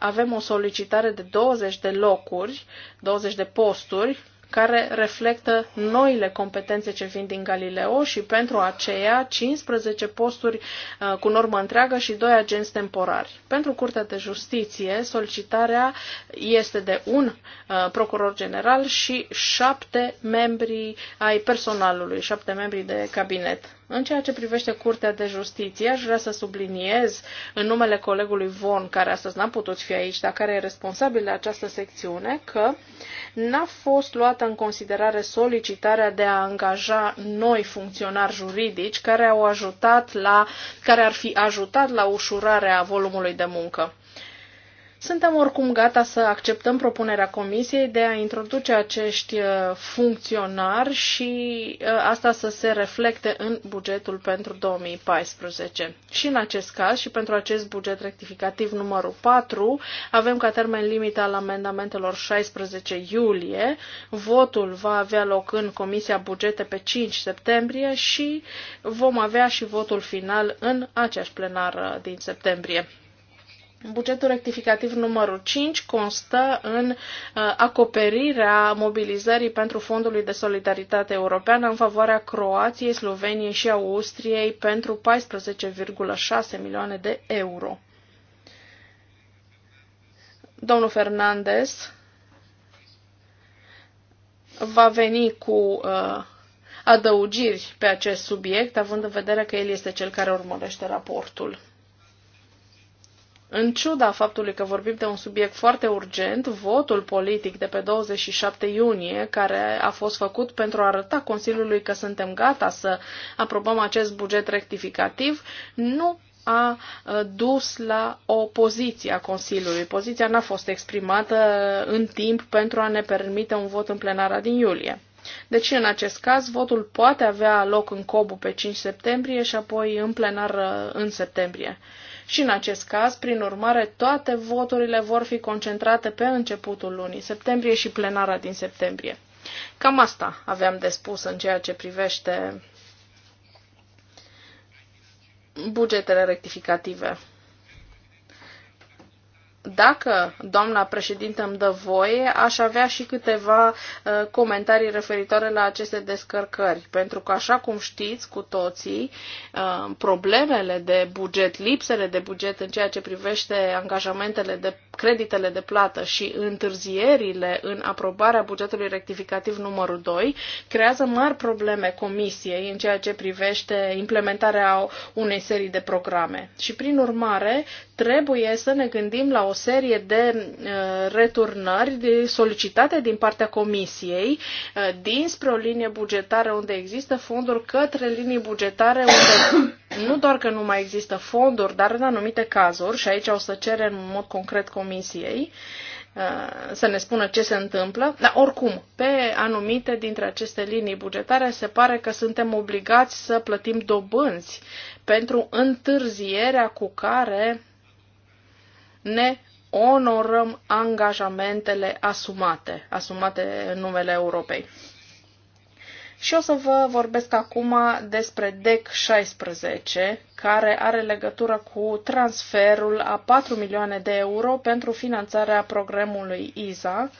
avem o solicitare de 20 de locuri, 20 de posturi, care reflectă noile competențe ce vin din Galileo și pentru aceea 15 posturi uh, cu normă întreagă și 2 agenți temporari. Pentru Curtea de Justiție, solicitarea este de un uh, procuror general și 7 membri ai personalului, 7 membri de cabinet. În ceea ce privește Curtea de Justiție, aș vrea să subliniez în numele colegului Von, care astăzi n-a putut fi aici, dar care e responsabil de această secțiune, că n-a fost luată în considerare solicitarea de a angaja noi funcționari juridici care au ajutat la, care ar fi ajutat la ușurarea volumului de muncă. Suntem oricum gata să acceptăm propunerea Comisiei de a introduce acești uh, funcționari și uh, asta să se reflecte în bugetul pentru 2014. Și în acest caz și pentru acest buget rectificativ numărul 4 avem ca termen limit al amendamentelor 16 iulie. Votul va avea loc în Comisia Bugete pe 5 septembrie și vom avea și votul final în aceeași plenară din septembrie. Bugetul rectificativ numărul 5 constă în uh, acoperirea mobilizării pentru Fondului de Solidaritate Europeană în favoarea Croației, Sloveniei și Austriei pentru 14,6 milioane de euro. Domnul Fernandez va veni cu uh, adăugiri pe acest subiect, având în vedere că el este cel care urmărește raportul. În ciuda faptului că vorbim de un subiect foarte urgent, votul politic de pe 27 iunie, care a fost făcut pentru a arăta Consiliului că suntem gata să aprobăm acest buget rectificativ, nu a dus la o poziție a Consiliului. Poziția n-a fost exprimată uh, în timp pentru a ne permite un vot în plenara din iulie. Deci, în acest caz, votul poate avea loc în COBU pe 5 septembrie și apoi în plenar uh, în septembrie. Și în acest caz, prin urmare, toate voturile vor fi concentrate pe începutul lunii septembrie și plenara din septembrie. Cam asta aveam de spus în ceea ce privește bugetele rectificative dacă doamna președintă îmi dă voie, aș avea și câteva uh, comentarii referitoare la aceste descărcări, pentru că, așa cum știți cu toții, uh, problemele de buget, lipsele de buget în ceea ce privește angajamentele de creditele de plată și întârzierile în aprobarea bugetului rectificativ numărul 2 creează mari probleme comisiei în ceea ce privește implementarea unei serii de programe. Și, prin urmare, trebuie să ne gândim la o o serie de uh, returnări solicitate din partea Comisiei uh, dinspre o linie bugetară unde există fonduri către linii bugetare unde [coughs] nu doar că nu mai există fonduri, dar în anumite cazuri, și aici o să cerem în mod concret Comisiei, uh, să ne spună ce se întâmplă, dar oricum, pe anumite dintre aceste linii bugetare se pare că suntem obligați să plătim dobânzi pentru întârzierea cu care ne onorăm angajamentele asumate, asumate în numele Europei. Și o să vă vorbesc acum despre DEC 16, care are legătură cu transferul a 4 milioane de euro pentru finanțarea programului ISA,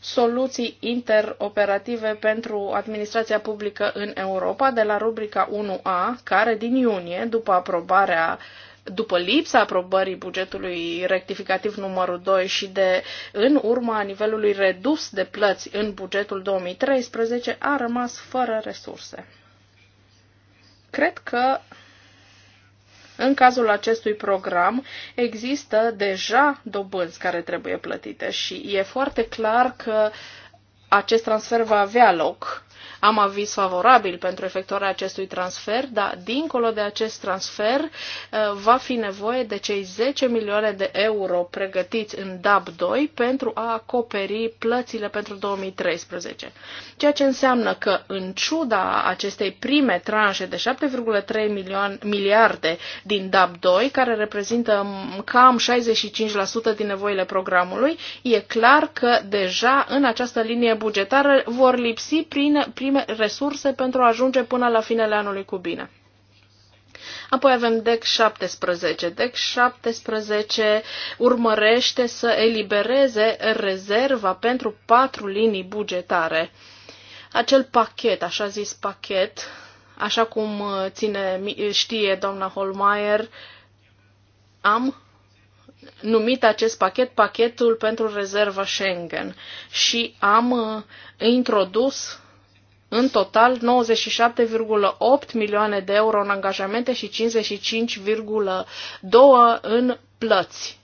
soluții interoperative pentru administrația publică în Europa de la rubrica 1A, care din iunie, după aprobarea uh, după lipsa aprobării bugetului rectificativ numărul 2 și de în urma nivelului redus de plăți în bugetul 2013, a rămas fără resurse. Cred că în cazul acestui program există deja dobânzi care trebuie plătite și e foarte clar că acest transfer va avea loc am avis favorabil pentru efectuarea acestui transfer, dar dincolo de acest transfer uh, va fi nevoie de cei 10 milioane de euro pregătiți în DAB 2 pentru a acoperi plățile pentru 2013. Ceea ce înseamnă că, în ciuda acestei prime tranșe de 7,3 miliarde din DAB 2, care reprezintă cam 65% din nevoile programului, e clar că deja în această linie bugetară vor lipsi prin, prin prime resurse pentru a ajunge până la finele anului cu bine. Apoi avem DEC 17. DEC 17 urmărește să elibereze rezerva pentru patru linii bugetare. Acel pachet, așa zis pachet, așa cum uh, ține, știe doamna Holmeier, am numit acest pachet pachetul pentru rezerva Schengen și am uh, introdus în total, 97,8 milioane de euro în angajamente și 55,2 în plăți.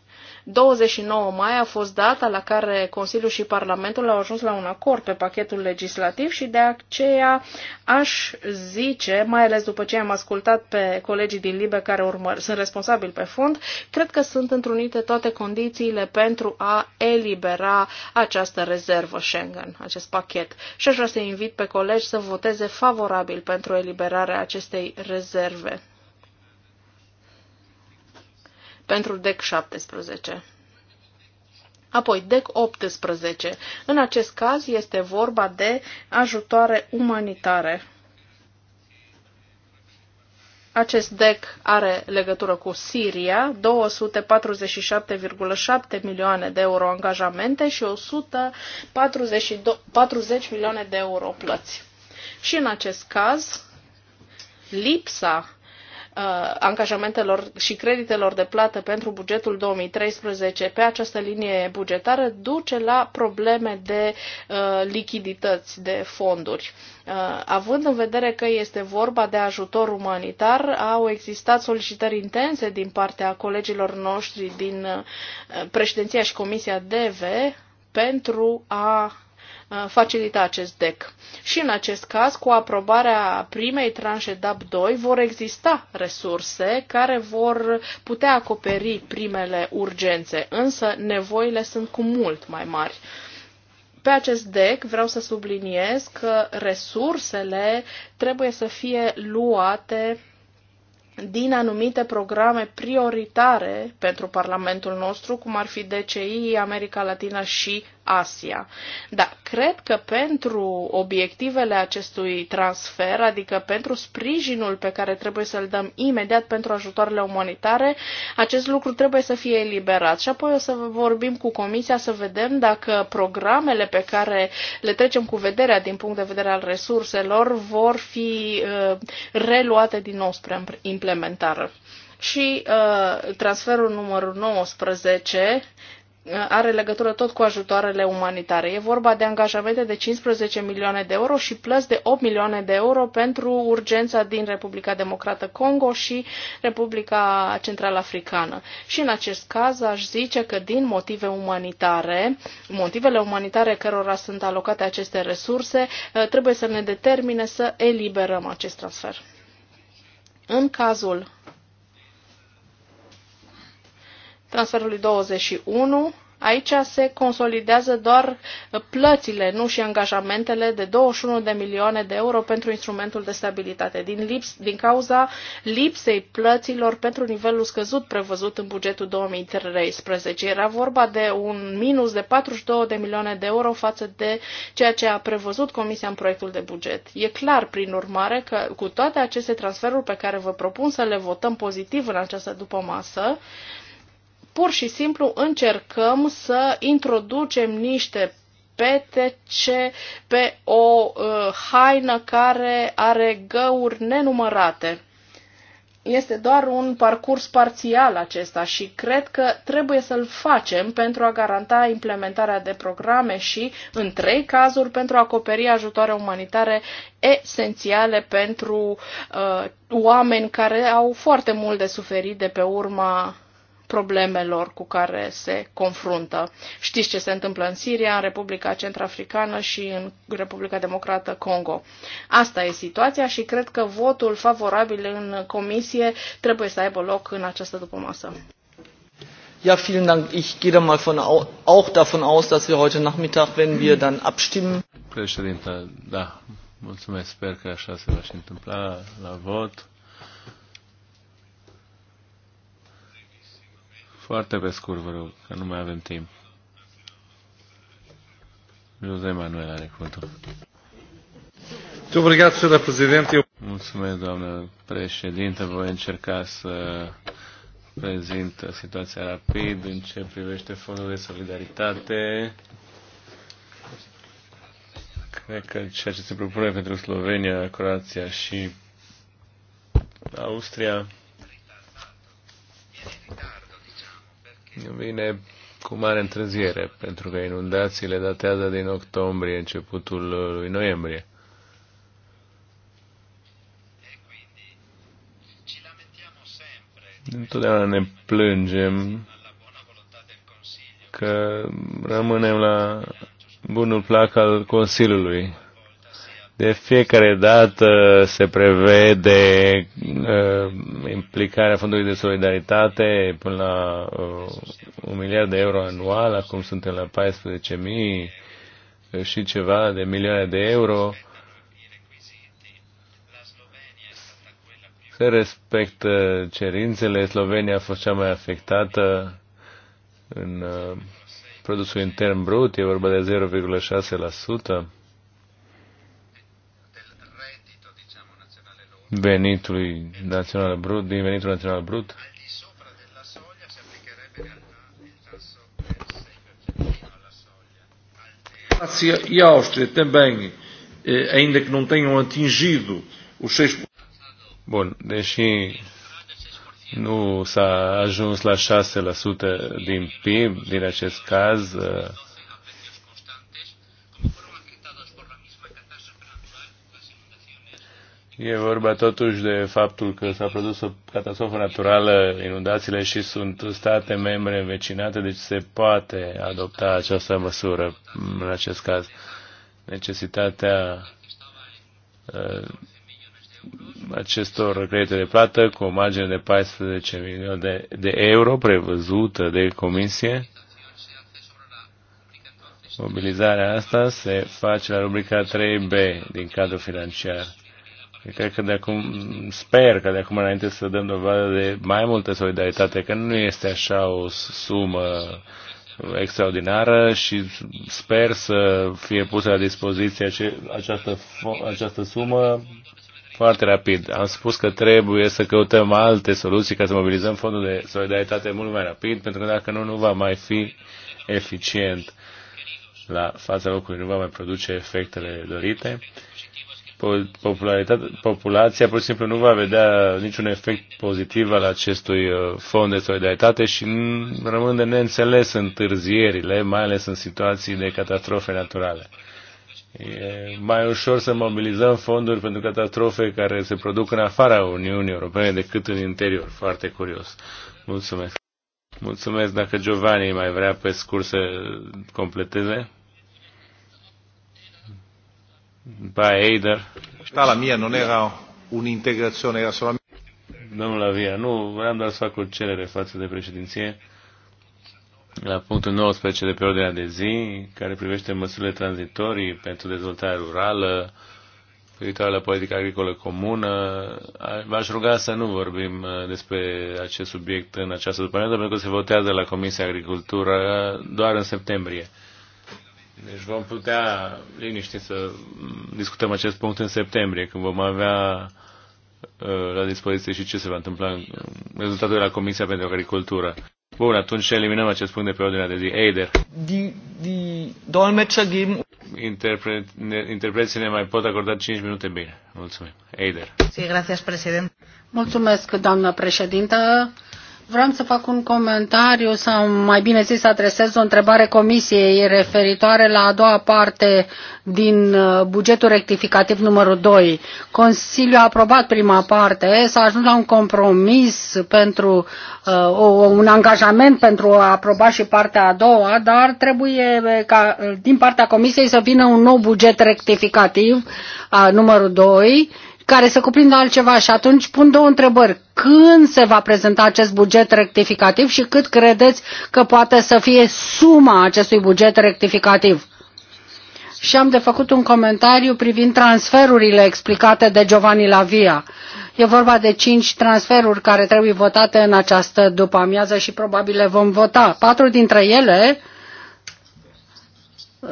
29 mai a fost data la care Consiliul și Parlamentul au ajuns la un acord pe pachetul legislativ și de aceea aș zice, mai ales după ce am ascultat pe colegii din Libe care urmăr, sunt responsabili pe fond, cred că sunt întrunite toate condițiile pentru a elibera această rezervă Schengen, acest pachet. Și aș vrea să invit pe colegi să voteze favorabil pentru eliberarea acestei rezerve pentru DEC 17. Apoi, DEC 18. În acest caz este vorba de ajutoare umanitare. Acest DEC are legătură cu Siria, 247,7 milioane de euro angajamente și 140 milioane de euro plăți. Și în acest caz, lipsa Uh, angajamentelor și creditelor de plată pentru bugetul 2013 pe această linie bugetară duce la probleme de uh, lichidități, de fonduri. Uh, având în vedere că este vorba de ajutor umanitar, au existat solicitări intense din partea colegilor noștri din președinția și Comisia DV pentru a Uh, facilita acest DEC. Și în acest caz, cu aprobarea primei tranșe DAP2, vor exista resurse care vor putea acoperi primele urgențe, însă nevoile sunt cu mult mai mari. Pe acest DEC vreau să subliniez că resursele trebuie să fie luate din anumite programe prioritare pentru Parlamentul nostru, cum ar fi DCI, America Latina și Asia. Da, cred că pentru obiectivele acestui transfer, adică pentru sprijinul pe care trebuie să-l dăm imediat pentru ajutoarele umanitare, acest lucru trebuie să fie eliberat. Și apoi o să vorbim cu Comisia să vedem dacă programele pe care le trecem cu vederea din punct de vedere al resurselor vor fi uh, reluate din nou spre implementare elementară. Și uh, transferul numărul 19 uh, are legătură tot cu ajutoarele umanitare. E vorba de angajamente de 15 milioane de euro și plus de 8 milioane de euro pentru urgența din Republica Democrată Congo și Republica Central Africană. Și în acest caz aș zice că din motive umanitare, motivele umanitare cărora sunt alocate aceste resurse, uh, trebuie să ne determine să eliberăm acest transfer. În cazul transferului 21, Aici se consolidează doar plățile, nu și angajamentele de 21 de milioane de euro pentru instrumentul de stabilitate, din, lips, din cauza lipsei plăților pentru nivelul scăzut prevăzut în bugetul 2013. Era vorba de un minus de 42 de milioane de euro față de ceea ce a prevăzut Comisia în proiectul de buget. E clar, prin urmare, că cu toate aceste transferuri pe care vă propun să le votăm pozitiv în această după masă, pur și simplu încercăm să introducem niște petece pe o uh, haină care are găuri nenumărate. Este doar un parcurs parțial acesta și cred că trebuie să-l facem pentru a garanta implementarea de programe și, în trei cazuri, pentru a acoperi ajutoare umanitare esențiale pentru uh, oameni care au foarte mult de suferit de pe urma problemelor cu care se confruntă. Știți ce se întâmplă în Siria, în Republica Centrafricană și în Republica Democrată Congo. Asta e situația și cred că votul favorabil în comisie trebuie să aibă loc în această dupămasă. Ja, vielen Dank. Ich gehe dann mal von, auch davon aus, dass wir heute Nachmittag, wenn wir dann abstimmen. Președinte, da, mulțumesc. Sper că așa se va și întâmpla la vot. Foarte pe scurt, vă rog, că nu mai avem timp. José Manuel are cuvântul. Mulțumesc, doamnă președinte. Voi încerca să prezint situația rapid în ce privește fondul de solidaritate. Cred că ceea ce se propune pentru Slovenia, Croația și Austria vine cu mare întârziere, pentru că inundațiile datează din octombrie, începutul lui noiembrie. Întotdeauna ne plângem că rămânem la bunul plac al Consiliului de fiecare dată se prevede uh, implicarea Fondului de Solidaritate până la uh, un miliard de euro anual, acum suntem la 14.000 și ceva de milioane de euro. Se respectă cerințele. Slovenia a fost cea mai afectată în uh, produsul intern brut, e vorba de 0,6%. venitului național brut, din venitul național brut, Croácia e Áustria também, eh, ainda que não tenham atingido os 6%. Bun, deși nu s-a ajuns la 6% din PIB, din acest caz, eh, E vorba totuși de faptul că s-a produs o catastrofă naturală, inundațiile și sunt state membre învecinate, deci se poate adopta această măsură în acest caz. Necesitatea uh, acestor credite de plată cu o margine de 14 milioane de, de euro prevăzută de comisie. Mobilizarea asta se face la rubrica 3B din cadrul financiar Cred că de acum, sper că de acum înainte să dăm dovadă de mai multă solidaritate, că nu este așa o sumă extraordinară și sper să fie pusă la dispoziție ace, această, această sumă foarte rapid. Am spus că trebuie să căutăm alte soluții ca să mobilizăm fondul de solidaritate mult mai rapid, pentru că dacă nu, nu va mai fi eficient la fața locului, nu va mai produce efectele dorite populația pur și simplu nu va vedea niciun efect pozitiv al acestui uh, fond de solidaritate și rămân de neînțeles întârzierile, mai ales în situații de catastrofe naturale. E mai ușor să mobilizăm fonduri pentru catastrofe care se produc în afara Uniunii Europene decât în interior. Foarte curios. Mulțumesc. Mulțumesc dacă Giovanni mai vrea pe scurs să completeze. Baeder. Da, la mie nu era un'integrazione, era solamente... Domnul Avia, nu, vreau doar să fac o cerere față de președinție la punctul 19 de pe ordinea de zi, care privește măsurile tranzitorii pentru dezvoltarea rurală, privitoare la politica agricolă comună. V-aș ruga să nu vorbim uh, despre acest subiect în această după pentru că se votează la Comisia Agricultură uh, doar în septembrie. Deci vom putea, liniști să discutăm acest punct în septembrie, când vom avea uh, la dispoziție și ce se va întâmpla în rezultatul de la Comisia pentru Agricultură. Bun, atunci eliminăm acest punct de pe ordinea de zi. Eider. interpreții ne mai pot acorda 5 minute bine. Mulțumim. Eider. Sí, gracias, președinte. Mulțumesc, doamnă președintă. Vreau să fac un comentariu sau mai bine zis să adresez o întrebare comisiei referitoare la a doua parte din uh, bugetul rectificativ numărul 2. Consiliul a aprobat prima parte, s-a ajuns la un compromis pentru uh, un angajament pentru a aproba și partea a doua, dar trebuie uh, ca uh, din partea comisiei să vină un nou buget rectificativ uh, numărul 2 care să cuprindă altceva și atunci pun două întrebări. Când se va prezenta acest buget rectificativ și cât credeți că poate să fie suma acestui buget rectificativ? Și am de făcut un comentariu privind transferurile explicate de Giovanni Lavia. E vorba de cinci transferuri care trebuie votate în această după amiază și probabil le vom vota. Patru dintre ele uh, Uh,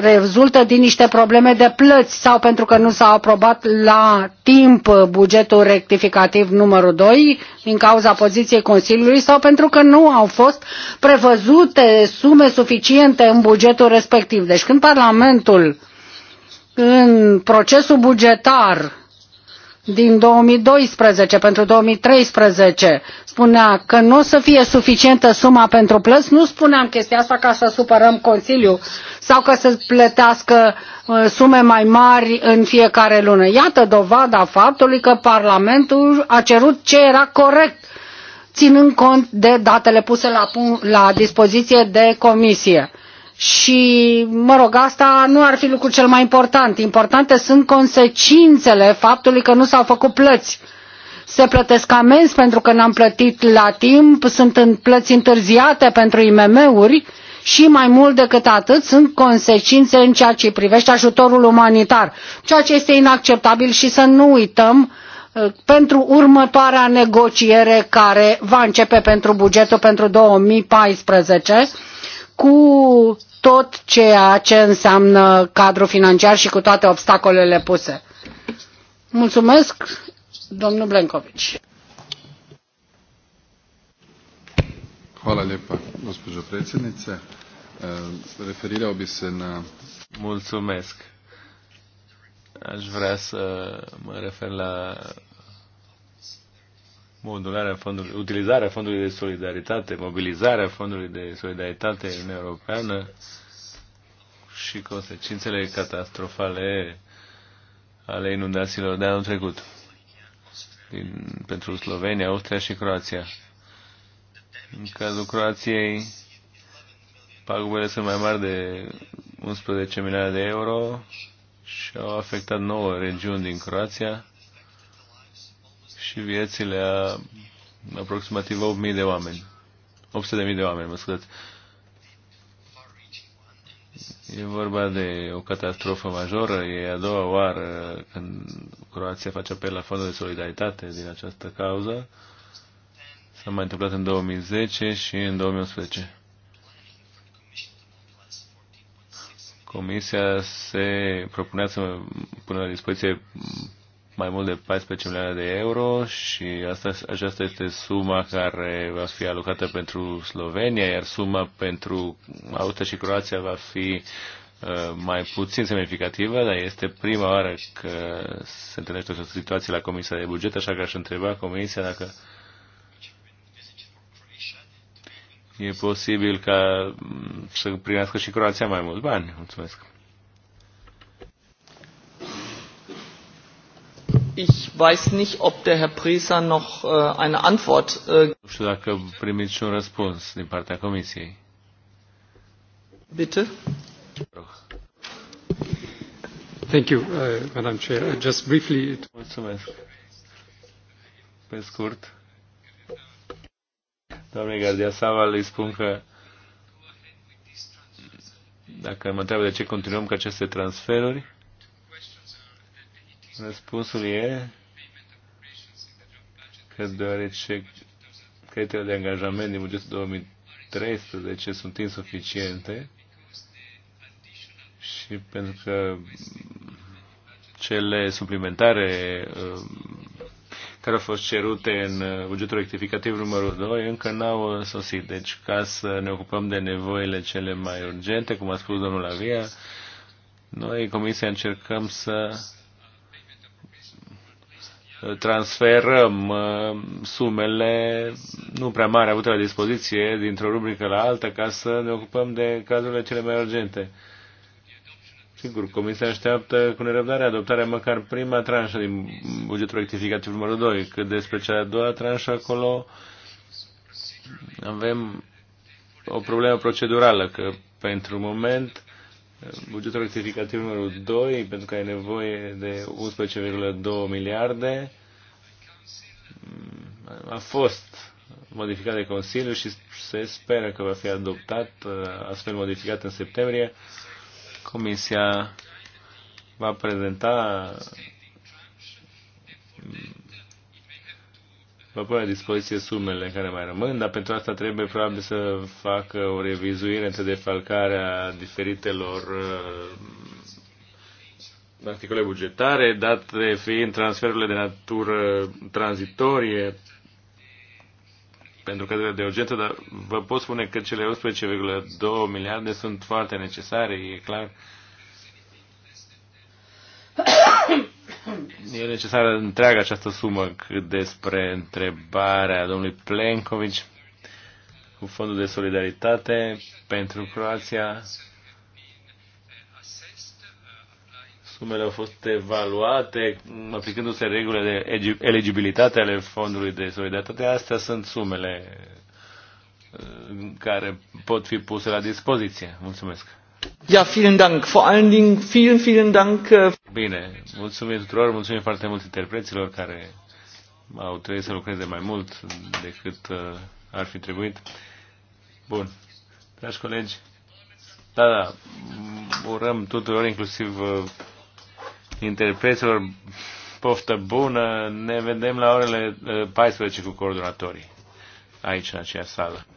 rezultă din niște probleme de plăți sau pentru că nu s-a aprobat la timp bugetul rectificativ numărul 2 din cauza poziției Consiliului sau pentru că nu au fost prevăzute sume suficiente în bugetul respectiv. Deci când Parlamentul în procesul bugetar din 2012 pentru 2013 spunea că nu o să fie suficientă suma pentru plăți, nu spuneam chestia asta ca să supărăm Consiliul sau ca să plătească uh, sume mai mari în fiecare lună. Iată dovada faptului că Parlamentul a cerut ce era corect, ținând cont de datele puse la, la dispoziție de Comisie și, mă rog, asta nu ar fi lucrul cel mai important. Importante sunt consecințele faptului că nu s-au făcut plăți. Se plătesc amenzi pentru că n-am plătit la timp, sunt în plăți întârziate pentru IMM-uri și mai mult decât atât sunt consecințe în ceea ce privește ajutorul umanitar, ceea ce este inacceptabil și să nu uităm uh, pentru următoarea negociere care va începe pentru bugetul pentru 2014 cu tot ceea ce înseamnă cadrul financiar și cu toate obstacolele puse. Mulțumesc, domnul Blencovici. Hvala lepa, gospođo predsjednice. Referirao bi se na... Mulțumesc. Aș vrea să mă refer la modularea fondului, utilizarea fondului de solidaritate, mobilizarea fondului de solidaritate în Europeană și consecințele catastrofale ale inundațiilor de anul trecut din, pentru Slovenia, Austria și Croația. În cazul Croației, pagubele sunt mai mari de 11 milioane de euro și au afectat nouă regiuni din Croația și viețile a aproximativ 8.000 de oameni. 800.000 de oameni, mă scuzați. E vorba de o catastrofă majoră, e a doua oară când Croația face apel la fondul de solidaritate din această cauză. S-a mai întâmplat în 2010 și în 2011. Comisia se propunea să pună la dispoziție mai mult de 14 milioane de euro și asta, aceasta este suma care va fi alocată pentru Slovenia, iar suma pentru Austria și Croația va fi uh, mai puțin semnificativă, dar este prima oară că se întâlnește o situație la Comisia de Buget, așa că aș întreba Comisia dacă e posibil ca să primească și Croația mai mult bani. Mulțumesc. Ich weiß nicht, ob der Herr Presa noch uh, eine Antwort. Uh, Bitte. Thank you, uh, Madam Chair. Uh, just briefly. Pe scurt. Doamne Gardia Sava, le spun că dacă mă întreabă de ce continuăm cu aceste transferuri, Răspunsul e că deoarece creditele de angajament din bugetul 2013 sunt insuficiente și pentru că cele suplimentare um, care au fost cerute în uh, bugetul rectificativ numărul 2 încă n-au uh, sosit. Deci ca să ne ocupăm de nevoile cele mai urgente, cum a spus domnul Avia, noi, Comisia, încercăm să transferăm uh, sumele nu prea mari avute la dispoziție dintr-o rubrică la alta ca să ne ocupăm de cazurile cele mai urgente. Sigur, Comisia așteaptă cu nerăbdare adoptarea măcar prima tranșă din bugetul rectificativ numărul 2, că despre cea a doua tranșă acolo avem o problemă procedurală, că pentru moment Bugetul rectificativ numărul 2, pentru că e nevoie de 11,2 miliarde, mm, a fost modificat de Consiliu și se speră că va fi adoptat, uh, astfel modificat în septembrie. Comisia va prezenta vă pune la dispoziție sumele care mai rămân, dar pentru asta trebuie probabil să facă o revizuire între defalcarea diferitelor uh, articole bugetare, date fiind transferurile de natură tranzitorie, pentru că de urgență, dar vă pot spune că cele 11,2 miliarde sunt foarte necesare, e clar e necesară întreaga această sumă. Cât despre întrebarea domnului Plenković cu fondul de solidaritate pentru Croația, sumele au fost evaluate aplicându-se regulile de eligibilitate ale fondului de solidaritate. Astea sunt sumele uh, care pot fi puse la dispoziție. Mulțumesc. Ja, vielen Dank. Vor allen Dingen vielen, vielen Dank. Äh, Bine, mulțumim tuturor, mulțumim foarte mult interpreților care au trebuit să lucreze mai mult decât uh, ar fi trebuit. Bun. Dragi colegi, da, da, urăm tuturor, inclusiv uh, interpreților, poftă bună. Ne vedem la orele uh, 14 cu coordonatorii aici, în aceeași sală.